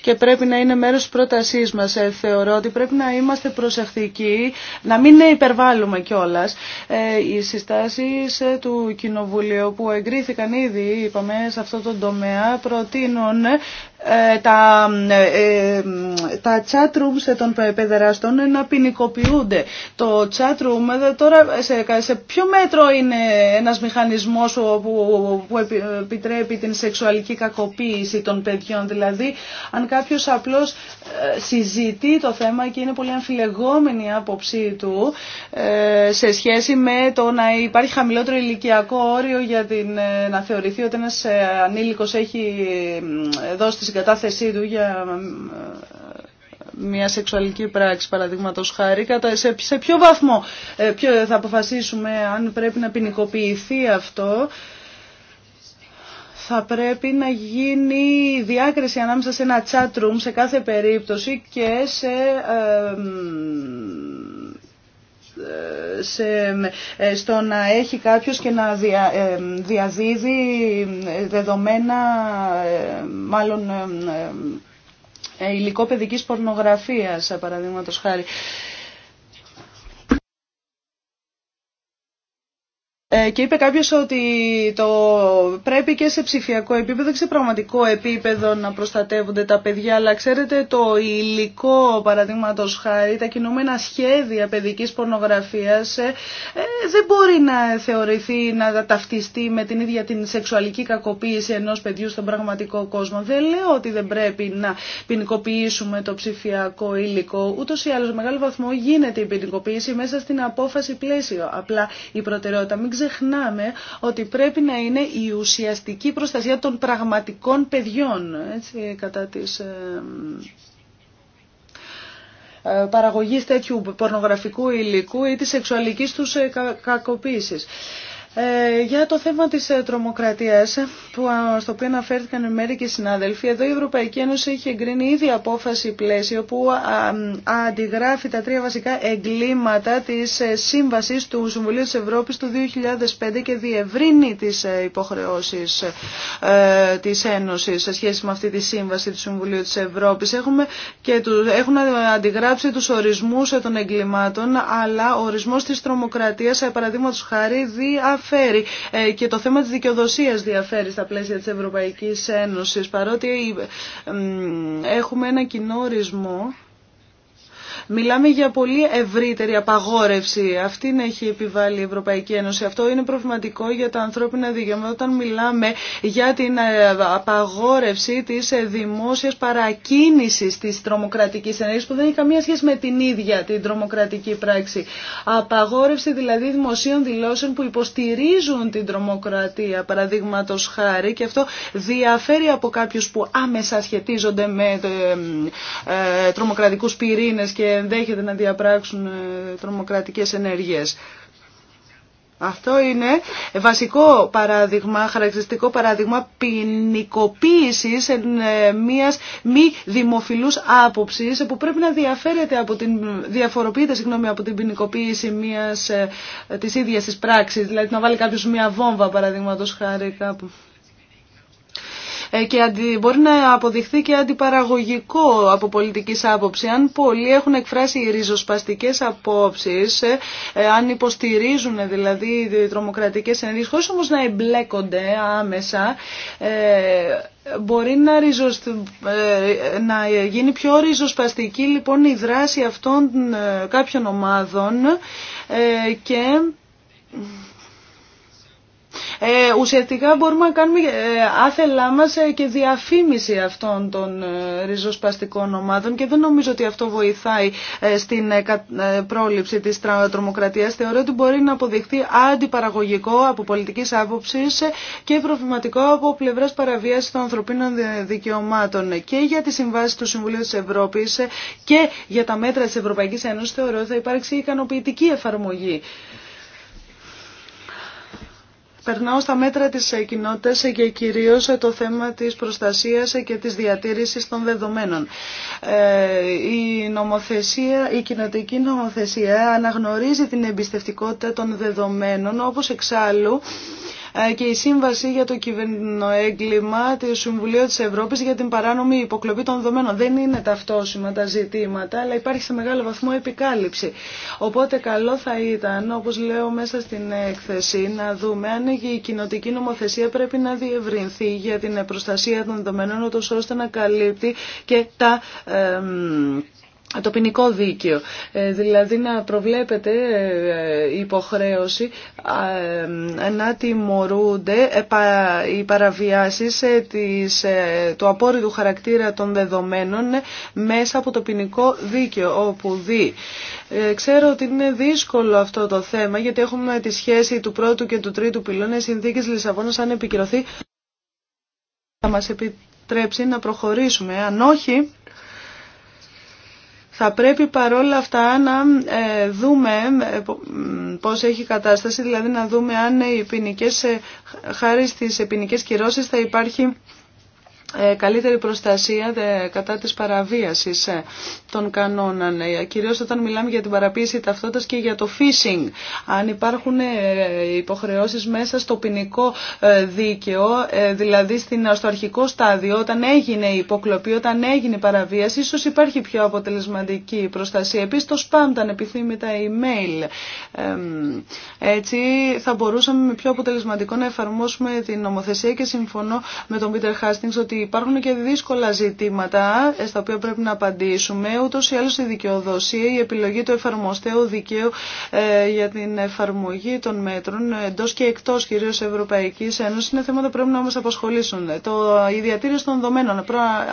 και πρέπει να είναι μέρος της πρότασής μας. Θεωρώ ότι πρέπει να είμαστε προσεκτικοί, να μην υπερβάλλουμε κιόλας. Οι συστάσεις του κοινωνικού Κοινοβούλιο που εγκρίθηκαν ήδη, είπαμε, σε αυτό το τομέα προτείνουν ε, τα, ε, ε, τα chat rooms των παιδεραστών να ποινικοποιούνται. Το chat room τώρα σε, σε ποιο μέτρο είναι ένας μηχανισμός που, που επιτρέπει την σεξουαλική κακοποίηση των παιδιών. Δηλαδή αν κάποιος απλώς συζητεί το θέμα και είναι πολύ αμφιλεγόμενη η άποψή του σε σχέση με το να υπάρχει χαμηλότερο ηλικιακό όριο για την, ε, να θεωρηθεί ότι ένας ε, ανήλικος έχει ε, δώσει τη συγκατάθεσή του για μια σεξουαλική πράξη παραδείγματο χάρη, σε, σε ποιο βαθμό ποιο, θα αποφασίσουμε αν πρέπει να ποινικοποιηθεί αυτό θα πρέπει να γίνει διάκριση ανάμεσα σε ένα chat room σε κάθε περίπτωση και σε σε, ε, στο να έχει κάποιος και να δια, ε, διαδίδει ε, δεδομένα μάλλον υλικό παιδικής πορνογραφίας, παραδείγματος χάρη. Ε, και είπε κάποιο ότι το πρέπει και σε ψηφιακό επίπεδο και σε πραγματικό επίπεδο να προστατεύονται τα παιδιά, αλλά ξέρετε το υλικό παραδείγματο χάρη, τα κινούμενα σχέδια παιδική πορνογραφία ε, ε, δεν μπορεί να θεωρηθεί να ταυτιστεί με την ίδια την σεξουαλική κακοποίηση ενό παιδιού στον πραγματικό κόσμο. Δεν λέω ότι δεν πρέπει να ποινικοποιήσουμε το ψηφιακό υλικό, ούτως ή άλλως μεγάλο βαθμό γίνεται η μέσα μέσα στην απόφαση πλαίσιο. Απλά η προτεραιότητα μην ξεχνάμε ότι πρέπει να είναι η ουσιαστική προστασία των πραγματικών παιδιών έτσι, κατά της ε, ε, παραγωγής τέτοιου πορνογραφικού υλικού ή της σεξουαλικής τους ε, κακοποίησης. Ε, για το θέμα της ε, τρομοκρατίας, που, στο οποίο αναφέρθηκαν οι και οι συνάδελφοι, εδώ η Ευρωπαϊκή Ένωση έχει εγκρίνει ήδη απόφαση πλαίσιο που αντιγράφει τα τρία βασικά εγκλήματα της ε, Σύμβασης του Συμβουλίου της Ευρώπης του 2005 και διευρύνει τις υποχρεώσεις της Ένωσης σε σχέση με αυτή τη Σύμβαση του Συμβουλίου της Ευρώπης. Έχουμε και έχουν αντιγράψει τους ορισμούς των εγκλημάτων, αλλά ο ορισμός της τρομοκρατίας, παραδείγματος χάρη, διαφέρει ε, και το θέμα της δικαιοδοσίας διαφέρει στα πλαίσια της Ευρωπαϊκής Ένωσης παρότι έχουμε ένα κοινό ορισμό Μιλάμε για πολύ ευρύτερη απαγόρευση. Αυτήν έχει επιβάλει η Ευρωπαϊκή Ένωση. Αυτό είναι προβληματικό για τα ανθρώπινα δικαιώματα όταν μιλάμε για την ε, απαγόρευση τη ε, δημόσια παρακίνηση τη τρομοκρατική ενέργεια που δεν έχει καμία σχέση με την ίδια την τρομοκρατική πράξη. Απαγόρευση δηλαδή δημοσίων δηλώσεων που υποστηρίζουν την τρομοκρατία παραδείγματο χάρη και αυτό διαφέρει από κάποιου που άμεσα σχετίζονται με ε, τρομοκρατικού πυρήνε και ενδέχεται να διαπράξουν ε, τρομοκρατικές ενέργειες. Αυτό είναι βασικό παράδειγμα, χαρακτηριστικό παράδειγμα ποινικοποίηση ε, ε, μιας μη δημοφιλούς αποψη που πρέπει να διαφέρεται από την, διαφοροποιείται συγγνώμη, από την ποινικοποίηση μιας, της ίδιας της πράξης. Δηλαδή να βάλει κάποιος μια βόμβα παραδείγματος χάρη κάπου. Ε, και μπορεί να αποδειχθεί και αντιπαραγωγικό από πολιτικής άποψη. Αν πολλοί έχουν εκφράσει ριζοσπαστικές απόψεις, ε, ε, αν υποστηρίζουν δηλαδή τρομοκρατικές ενέργειε. χωρί όμως να εμπλέκονται άμεσα, μπορεί να, να γίνει πιο ριζοσπαστική λοιπόν η δράση αυτών κάποιων ομάδων και ε, ουσιαστικά μπορούμε να κάνουμε ε, άθελά μας ε, και διαφήμιση αυτών των ριζοσπαστικών ομάδων και δεν νομίζω ότι αυτό βοηθάει στην πρόληψη της τρομοκρατίας. Θεωρώ ότι μπορεί να αποδειχθεί αντιπαραγωγικό από πολιτικής άποψης και προβληματικό από πλευράς παραβίασης των ανθρωπίνων δικαιωμάτων και για τις συμβάσει του Συμβουλίου της Ευρώπης και για τα μέτρα της Ευρωπαϊκής Ένωσης θεωρώ ότι θα υπάρξει ικανοποιητική εφαρμογή. Περνάω στα μέτρα της κοινότητα και κυρίως το θέμα της προστασίας και της διατήρησης των δεδομένων. Ε, η, νομοθεσία, η κοινοτική νομοθεσία αναγνωρίζει την εμπιστευτικότητα των δεδομένων όπως εξάλλου ε, και η Σύμβαση για το Κυβερνοέγκλημα του Συμβουλίου της Ευρώπης για την παράνομη υποκλοπή των δεδομένων. Δεν είναι ταυτόσημα τα ζητήματα, αλλά υπάρχει σε μεγάλο βαθμό επικάλυψη. Οπότε καλό θα ήταν, όπως λέω μέσα στην έκθεση, να δούμε αν η κοινοτική νομοθεσία πρέπει να διευρυνθεί για την προστασία των δεδομένων, ώστε να καλύπτει και τα το ποινικό δίκαιο. Ε, δηλαδή να προβλέπεται η ε, υποχρέωση ε, να τιμωρούνται οι παραβιάσεις της, του απόρριτου χαρακτήρα των δεδομένων μέσα από το ποινικό δίκαιο όπου δει. ξέρω ότι είναι δύσκολο αυτό το θέμα γιατί έχουμε τη σχέση του πρώτου και του τρίτου πυλώνα συνθήκες Λισαβόνας αν επικυρωθεί θα μας επιτρέψει να προχωρήσουμε. Αν όχι, θα πρέπει παρόλα αυτά να ε, δούμε ε, πώς έχει η κατάσταση, δηλαδή να δούμε αν οι ποινικές, ε, χάρη στις ποινικές κυρώσεις θα υπάρχει ε, καλύτερη προστασία κατά της παραβίασης ε, των κανόνων, ε, κυρίως όταν μιλάμε για την παραποίηση ταυτότητας και για το phishing. Αν υπάρχουν υποχρεώσεις μέσα στο ποινικό δίκαιο, δηλαδή στο αρχικό στάδιο, όταν έγινε η υποκλοπή, όταν έγινε η παραβίαση, ίσως υπάρχει πιο αποτελεσματική προστασία. Επίσης το spam, τα ανεπιθύμητα email. Έτσι θα μπορούσαμε με πιο αποτελεσματικό να εφαρμόσουμε την νομοθεσία και συμφωνώ με τον Peter Hastings ότι υπάρχουν και δύσκολα ζητήματα ε, στα οποία πρέπει να απαντήσουμε. Ούτως ή άλλω η δικαιοδοσία, η επιλογή του εφαρμοστέου δικαίου ε, για την εφαρμογή των μέτρων ε, εντό και εκτό κυρίω Ευρωπαϊκή Ένωση είναι θέματα που πρέπει να μα απασχολήσουν. Το, η διατήρηση των δεδομένων,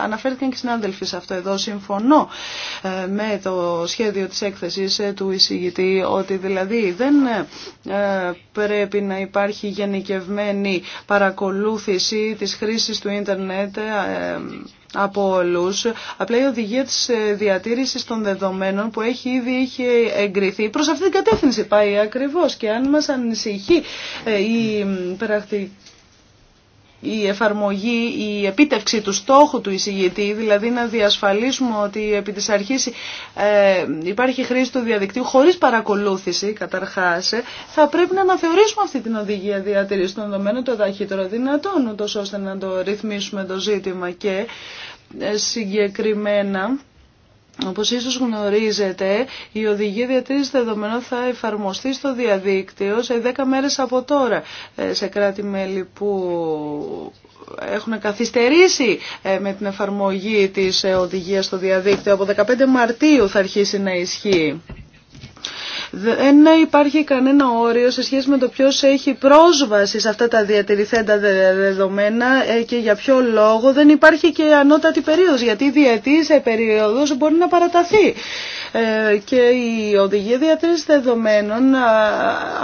αναφέρθηκαν και οι συνάδελφοι σε αυτό εδώ, συμφωνώ με το σχέδιο της έκθεσης του εισηγητή ότι δηλαδή δεν πρέπει να υπάρχει γενικευμένη παρακολούθηση της χρήσης του ίντερνετ ε, από όλους. Απλά η οδηγία της ε, διατήρησης των δεδομένων που έχει ήδη είχε εγκριθεί προς αυτή την κατεύθυνση πάει ακριβώς και αν μας ανησυχεί ε, η πρακτική η εφαρμογή, η επίτευξη του στόχου του εισηγητή, δηλαδή να διασφαλίσουμε ότι επί της αρχής ε, υπάρχει χρήση του διαδικτύου χωρίς παρακολούθηση καταρχάς, ε, θα πρέπει να αναθεωρήσουμε αυτή την οδηγία διατηρήσης των δεδομένων το ταχύτερο δυνατόν, ούτως ώστε να το ρυθμίσουμε το ζήτημα και ε, συγκεκριμένα όπως ίσως γνωρίζετε, η οδηγία διατήρησης δεδομένων θα εφαρμοστεί στο διαδίκτυο σε 10 μέρες από τώρα ε, σε κράτη-μέλη που έχουν καθυστερήσει ε, με την εφαρμογή της ε, οδηγίας στο διαδίκτυο. Από 15 Μαρτίου θα αρχίσει να ισχύει. Δεν υπάρχει κανένα όριο σε σχέση με το ποιο έχει πρόσβαση σε αυτά τα διατηρηθέντα δεδομένα ε, και για ποιο λόγο. Δεν υπάρχει και ανώτατη περίοδος, γιατί η σε περίοδος μπορεί να παραταθεί. Ε, και η οδηγία διατήρηση δεδομένων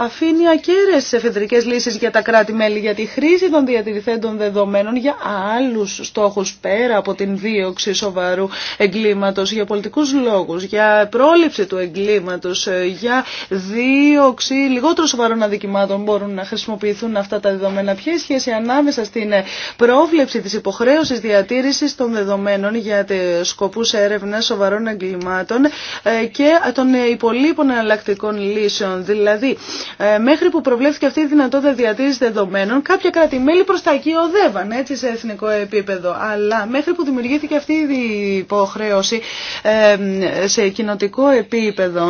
αφήνει ακέραιες εφεδρικές λύσεις για τα κράτη-μέλη για τη χρήση των διατηρηθέντων δεδομένων για άλλους στόχους πέρα από την δίωξη σοβαρού εγκλήματος, για πολιτικούς λόγους, για πρόληψη του εγκλήματος, ε, για δίωξη λιγότερο σοβαρών αδικημάτων μπορούν να χρησιμοποιηθούν αυτά τα δεδομένα. Ποια σχέση ανάμεσα στην ε, πρόβλεψη της υποχρέωσης διατήρησης των δεδομένων για σκοπούς έρευνας σοβαρών εγκλημάτων ε, και των υπολείπων εναλλακτικών λύσεων. Δηλαδή, ε, μέχρι που προβλέφθηκε αυτή η δυνατότητα διατήρηση δεδομένων, κάποια κράτη-μέλη προ τα εκεί οδεύαν έτσι, σε εθνικό επίπεδο. Αλλά μέχρι που δημιουργήθηκε αυτή η υποχρέωση ε, σε κοινοτικό επίπεδο,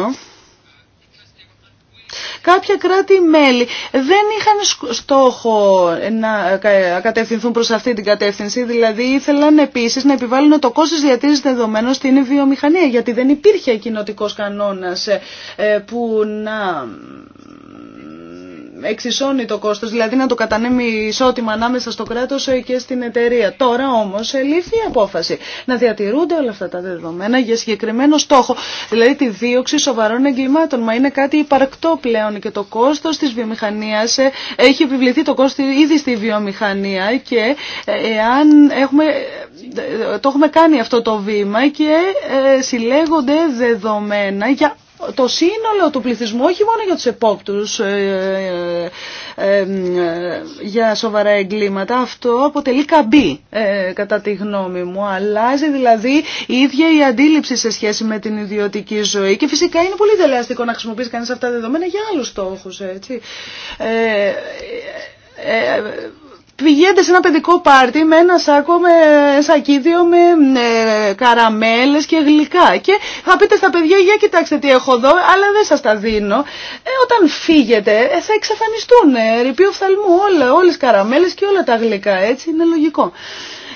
κάποια κράτη-μέλη δεν είχαν στόχο να κατευθυνθούν προς αυτή την κατεύθυνση, δηλαδή ήθελαν επίσης να επιβάλλουν το κόστος διατήρησης δεδομένων στην βιομηχανία, γιατί δεν υπήρχε κοινοτικός κανόνας ε, ε, που να εξισώνει το κόστος, δηλαδή να το κατανέμει ισότιμα ανάμεσα στο κράτος και στην εταιρεία. Τώρα όμως λήφθη η απόφαση να διατηρούνται όλα αυτά τα δεδομένα για συγκεκριμένο στόχο, δηλαδή τη δίωξη σοβαρών εγκλημάτων. Μα είναι κάτι υπαρκτό πλέον και το κόστος της βιομηχανίας ε, έχει επιβληθεί το κόστος ήδη στη βιομηχανία και ε, έχουμε, ε, το έχουμε κάνει αυτό το βήμα και συλλέγονται δεδομένα για το σύνολο του πληθυσμού, όχι μόνο για τους επόπτους, ε, ε, ε, ε για σοβαρά εγκλήματα. Αυτό αποτελεί καμπή, ε, κατά τη γνώμη μου. Αλλάζει δηλαδή η ίδια η αντίληψη σε σχέση με την ιδιωτική ζωή και φυσικά είναι πολύ δελεαστικό να χρησιμοποιήσει κανείς αυτά τα δεδομένα για άλλους στόχους, έτσι. Ε, πηγαίνετε σε ένα παιδικό πάρτι με ένα σάκο, με σακίδιο, με ε, καραμέλες και γλυκά. Και θα πείτε στα παιδιά, για κοιτάξτε τι έχω εδώ, αλλά δεν σας τα δίνω. Ε, όταν φύγετε ε, θα εξαφανιστούν, ε, ρηπεί φθαλμού, όλα, όλες καραμέλες και όλα τα γλυκά, έτσι είναι λογικό.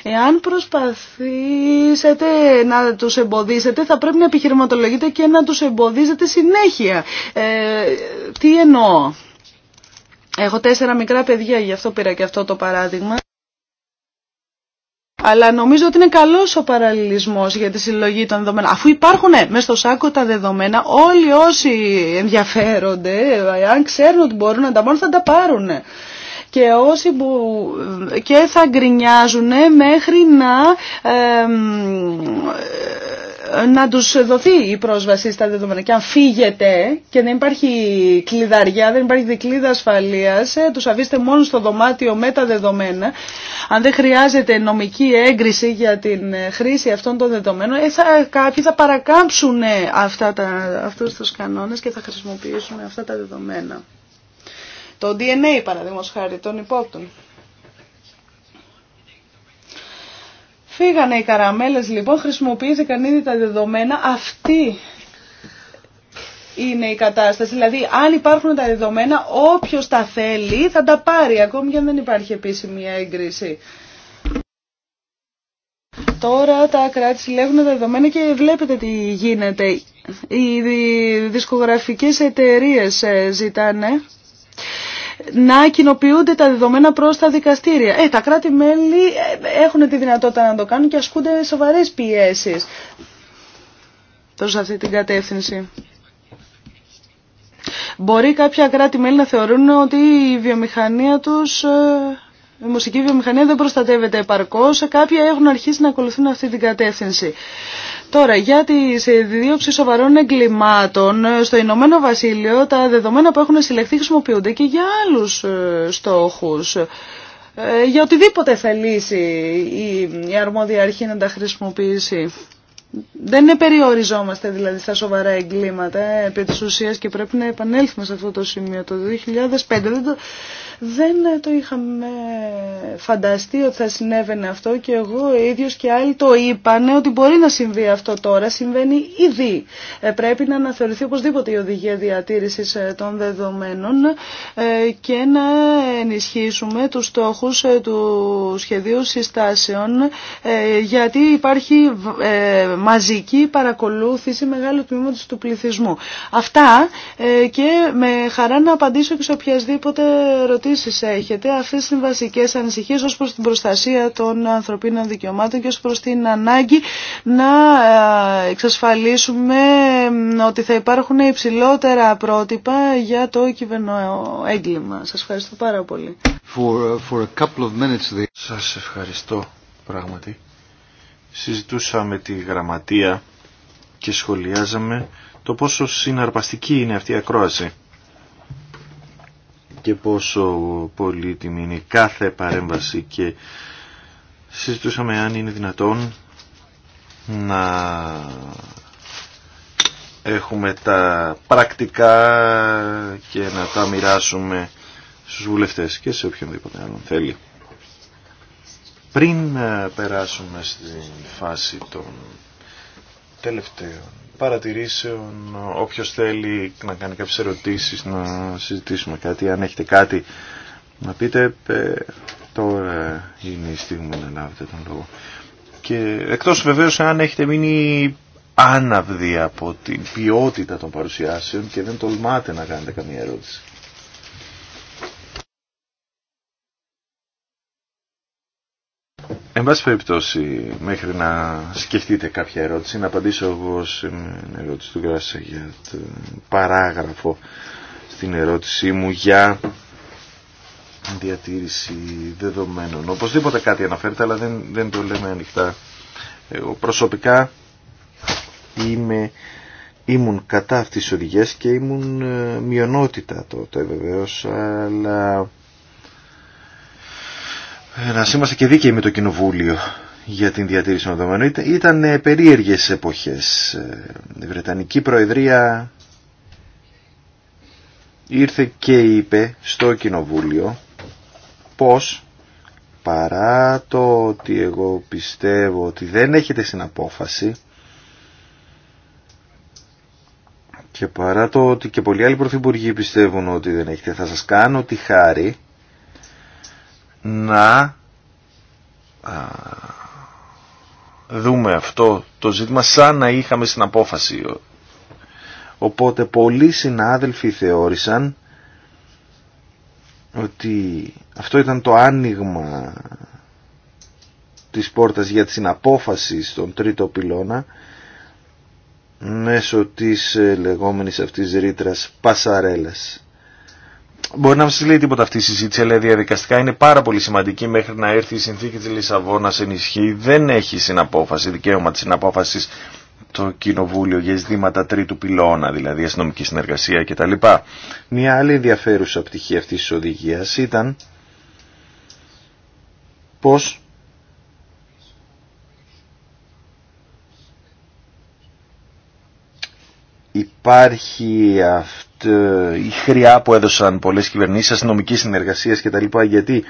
Εάν προσπαθήσετε να τους εμποδίσετε, θα πρέπει να επιχειρηματολογείτε και να τους εμποδίζετε συνέχεια. Ε, τι εννοώ. Έχω τέσσερα μικρά παιδιά, γι' αυτό πήρα και αυτό το παράδειγμα. Αλλά νομίζω ότι είναι καλό ο παραλληλισμός για τη συλλογή των δεδομένων. Αφού υπάρχουν ναι, ε, μέσα στο σάκο τα δεδομένα, όλοι όσοι ενδιαφέρονται, ε, αν ξέρουν ότι μπορούν να τα πάρουν, θα τα πάρουν. Και όσοι που ε, και θα γκρινιάζουν μέχρι να να τους δοθεί η πρόσβαση στα δεδομένα και αν φύγετε και δεν υπάρχει κλειδαριά, δεν υπάρχει δικλείδα ασφαλείας, ε, τους αφήστε μόνο στο δωμάτιο με τα δεδομένα, αν δεν χρειάζεται νομική έγκριση για την ε, χρήση αυτών των δεδομένων, ε, κάποιοι θα παρακάμψουν ε, αυτά τα, αυτούς τους κανόνες και θα χρησιμοποιήσουν αυτά τα δεδομένα. Το DNA παραδείγματος χάρη των υπόπτων. Φύγανε οι καραμέλες λοιπόν, χρησιμοποιήθηκαν ήδη τα δεδομένα. Αυτή είναι η κατάσταση. Δηλαδή, αν υπάρχουν τα δεδομένα, όποιος τα θέλει θα τα πάρει, ακόμη και αν δεν υπάρχει επίσημη έγκριση. Τώρα τα κράτη συλλέγουν τα δεδομένα και βλέπετε τι γίνεται. Οι δισκογραφικές εταιρείες ε, ζητάνε να κοινοποιούνται τα δεδομένα προ τα δικαστήρια. Ε, τα κράτη-μέλη ε, έχουν τη δυνατότητα να το κάνουν και ασκούνται σοβαρές πιέσεις σε αυτή την κατεύθυνση. Μπορεί κάποια κράτη-μέλη να θεωρούν ότι η βιομηχανία τους ε, η μουσική βιομηχανία δεν προστατεύεται επαρκώ, κάποια έχουν αρχίσει να ακολουθούν αυτή την κατεύθυνση. Τώρα, για τη διδίωξη σοβαρών εγκλημάτων στο Ηνωμένο Βασίλειο, τα δεδομένα που έχουν συλλεχθεί χρησιμοποιούνται και για άλλου ε, στόχους. Ε, για οτιδήποτε λύσει η αρμόδια αρχή να τα χρησιμοποιήσει. Δεν περιοριζόμαστε δηλαδή στα σοβαρά εγκλήματα επί της ουσίας και πρέπει να επανέλθουμε σε αυτό το σημείο. Το 2005 δεν δεν ε, το είχαμε φανταστεί ότι θα συνέβαινε αυτό και εγώ ίδιος και άλλοι το είπανε ότι μπορεί να συμβεί αυτό τώρα, συμβαίνει ήδη. Ε, πρέπει να αναθεωρηθεί οπωσδήποτε η οδηγία διατήρησης ε, των δεδομένων και να ενισχύσουμε τους στόχους του σχεδίου συστάσεων γιατί υπάρχει μαζική παρακολούθηση μεγάλου τμήματος του πληθυσμού. Αυτά και με χαρά να απαντήσω και σε οποιασδήποτε ερωτήσεις έχετε, αυτές είναι βασικές ανησυχίες ως προς την προστασία των ανθρωπίνων δικαιωμάτων και ως προς την ανάγκη να ε, εξασφαλίσουμε ότι θα υπάρχουν υψηλότερα πρότυπα για το κυβερνό έγκλημα. Σας ευχαριστώ πάρα πολύ. For, ε, for a couple of minutes... Σας ευχαριστώ πράγματι. Συζητούσαμε τη γραμματεία και σχολιάζαμε το πόσο συναρπαστική είναι αυτή η ακρόαση και πόσο πολύτιμη είναι κάθε παρέμβαση και συζητούσαμε αν είναι δυνατόν να έχουμε τα πρακτικά και να τα μοιράσουμε στους βουλευτές και σε οποιονδήποτε άλλον θέλει. Πριν περάσουμε στην φάση των τελευταίων παρατηρήσεων. όποιο θέλει να κάνει κάποιε ερωτήσει να συζητήσουμε κάτι, αν έχετε κάτι να πείτε, ε, τώρα είναι η στιγμή να λάβετε τον λόγο. Και εκτός βεβαίως αν έχετε μείνει άναυδοι από την ποιότητα των παρουσιάσεων και δεν τολμάτε να κάνετε καμία ερώτηση. Εν πάση περιπτώσει, μέχρι να σκεφτείτε κάποια ερώτηση, να απαντήσω εγώ σε μια ερώτηση του Γκράσα για το παράγραφο στην ερώτησή μου για διατήρηση δεδομένων. Οπωσδήποτε κάτι αναφέρεται, αλλά δεν, δεν το λέμε ανοιχτά. Εγώ προσωπικά είμαι, ήμουν κατά αυτής της οδηγίας και ήμουν ε, μειονότητα τότε βεβαίως, αλλά να είμαστε και δίκαιοι με το Κοινοβούλιο για την διατήρηση των δεδομένων. Ήταν ε, περίεργες εποχές. Ε, η Βρετανική Προεδρία ήρθε και είπε στο Κοινοβούλιο πως παρά το ότι εγώ πιστεύω ότι δεν έχετε απόφαση και παρά το ότι και πολλοί άλλοι πρωθυπουργοί πιστεύουν ότι δεν έχετε θα σας κάνω τη χάρη να δούμε αυτό το ζήτημα σαν να είχαμε στην απόφαση. Οπότε πολλοί συνάδελφοι θεώρησαν ότι αυτό ήταν το άνοιγμα της πόρτας για την απόφαση στον τρίτο πυλώνα μέσω της ε, λεγόμενης αυτής ρήτρας πασαρέλας. Μπορεί να μην σα λέει τίποτα αυτή η συζήτηση, αλλά διαδικαστικά είναι πάρα πολύ σημαντική μέχρι να έρθει η συνθήκη τη λισαβόνα ενισχύει. Δεν έχει συναπόφαση, δικαίωμα τη συναπόφασης το Κοινοβούλιο για ζητήματα τρίτου πυλώνα, δηλαδή αστυνομική συνεργασία κτλ. Μια άλλη ενδιαφέρουσα πτυχή αυτή τη οδηγία ήταν πώς υπάρχει η χρειά που έδωσαν πολλές κυβερνήσεις, αστυνομική τα λοιπά. Γιατί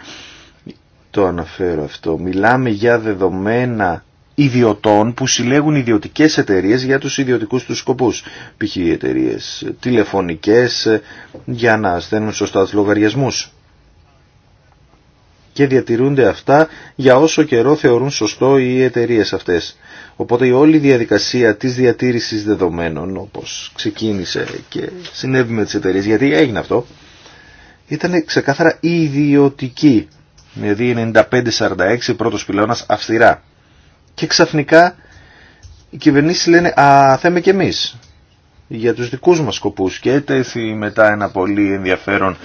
το αναφέρω αυτό. Μιλάμε για δεδομένα ιδιωτών που συλλέγουν ιδιωτικές εταιρείες για τους ιδιωτικούς τους σκοπούς. Π.χ. εταιρείες τηλεφωνικές ε, για να στέλνουν σωστά τους λογαριασμούς και διατηρούνται αυτά για όσο καιρό θεωρούν σωστό οι εταιρείε αυτές. Οπότε η όλη διαδικασία της διατήρησης δεδομένων όπως ξεκίνησε και συνέβη με τις εταιρείε, γιατί έγινε αυτό, ήταν ξεκάθαρα ιδιωτική. Δηλαδή 95-46 πρώτος πυλώνας αυστηρά. Και ξαφνικά οι κυβερνήσεις λένε «Α, θέμε κι εμείς» για τους δικούς μας σκοπούς και έτεθη μετά ένα πολύ ενδιαφέρον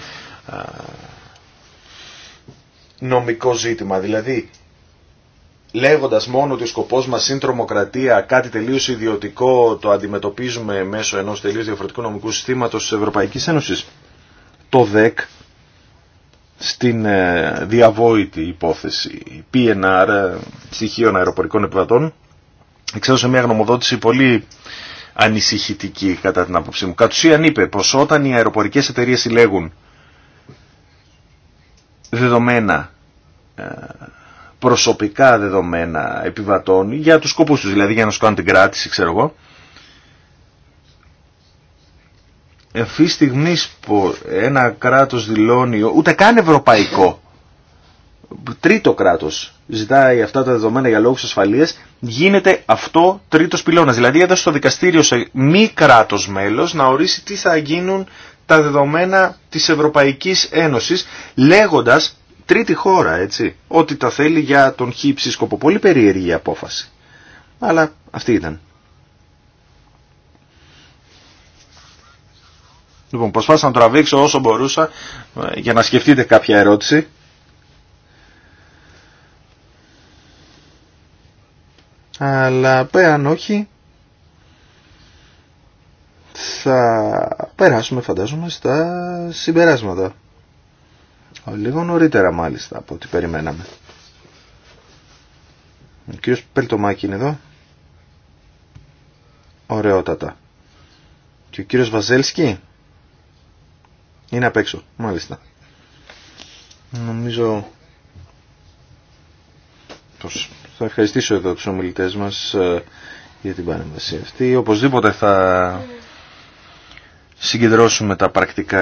νομικό ζήτημα. Δηλαδή, λέγοντας μόνο ότι ο σκοπό μα είναι τρομοκρατία, κάτι τελείως ιδιωτικό, το αντιμετωπίζουμε μέσω ενός τελείω διαφορετικού νομικού συστήματος τη Ευρωπαϊκής Ένωση. Το ΔΕΚ στην ε, διαβόητη υπόθεση PNR ψυχείων ε, αεροπορικών επιβατών εξέδωσε μια γνωμοδότηση πολύ ανησυχητική κατά την άποψή μου. Κατ' ουσίαν είπε πως όταν οι αεροπορικές εταιρείες συλλέγουν δεδομένα ε, προσωπικά δεδομένα επιβατών για τους σκοπούς τους, δηλαδή για να σου την κράτηση, ξέρω εγώ. Εφή στιγμή που ένα κράτος δηλώνει, ούτε καν ευρωπαϊκό, τρίτο κράτος ζητάει αυτά τα δεδομένα για λόγους ασφαλείας, γίνεται αυτό τρίτος πυλώνας. Δηλαδή έδωσε το δικαστήριο σε μη κράτος μέλος να ορίσει τι θα γίνουν τα δεδομένα της Ευρωπαϊκής Ένωσης λέγοντας τρίτη χώρα έτσι ότι τα θέλει για τον χύψη σκοπό. Πολύ περίεργη απόφαση. Αλλά αυτή ήταν. Λοιπόν, προσπάθησα να τραβήξω όσο μπορούσα ε, για να σκεφτείτε κάποια ερώτηση. Αλλά πέραν όχι, θα περάσουμε φαντάζομαι στα συμπεράσματα. Λίγο νωρίτερα μάλιστα από ό,τι περιμέναμε. Ο κύριος Πελτομάκη είναι εδώ. Ωραιότατα. Και ο κύριος Βαζέλσκι είναι απ' έξω, μάλιστα. Νομίζω πως θα ευχαριστήσω εδώ τους ομιλητές μας ε, για την παρέμβαση αυτή. Οπωσδήποτε θα συγκεντρώσουμε τα πρακτικά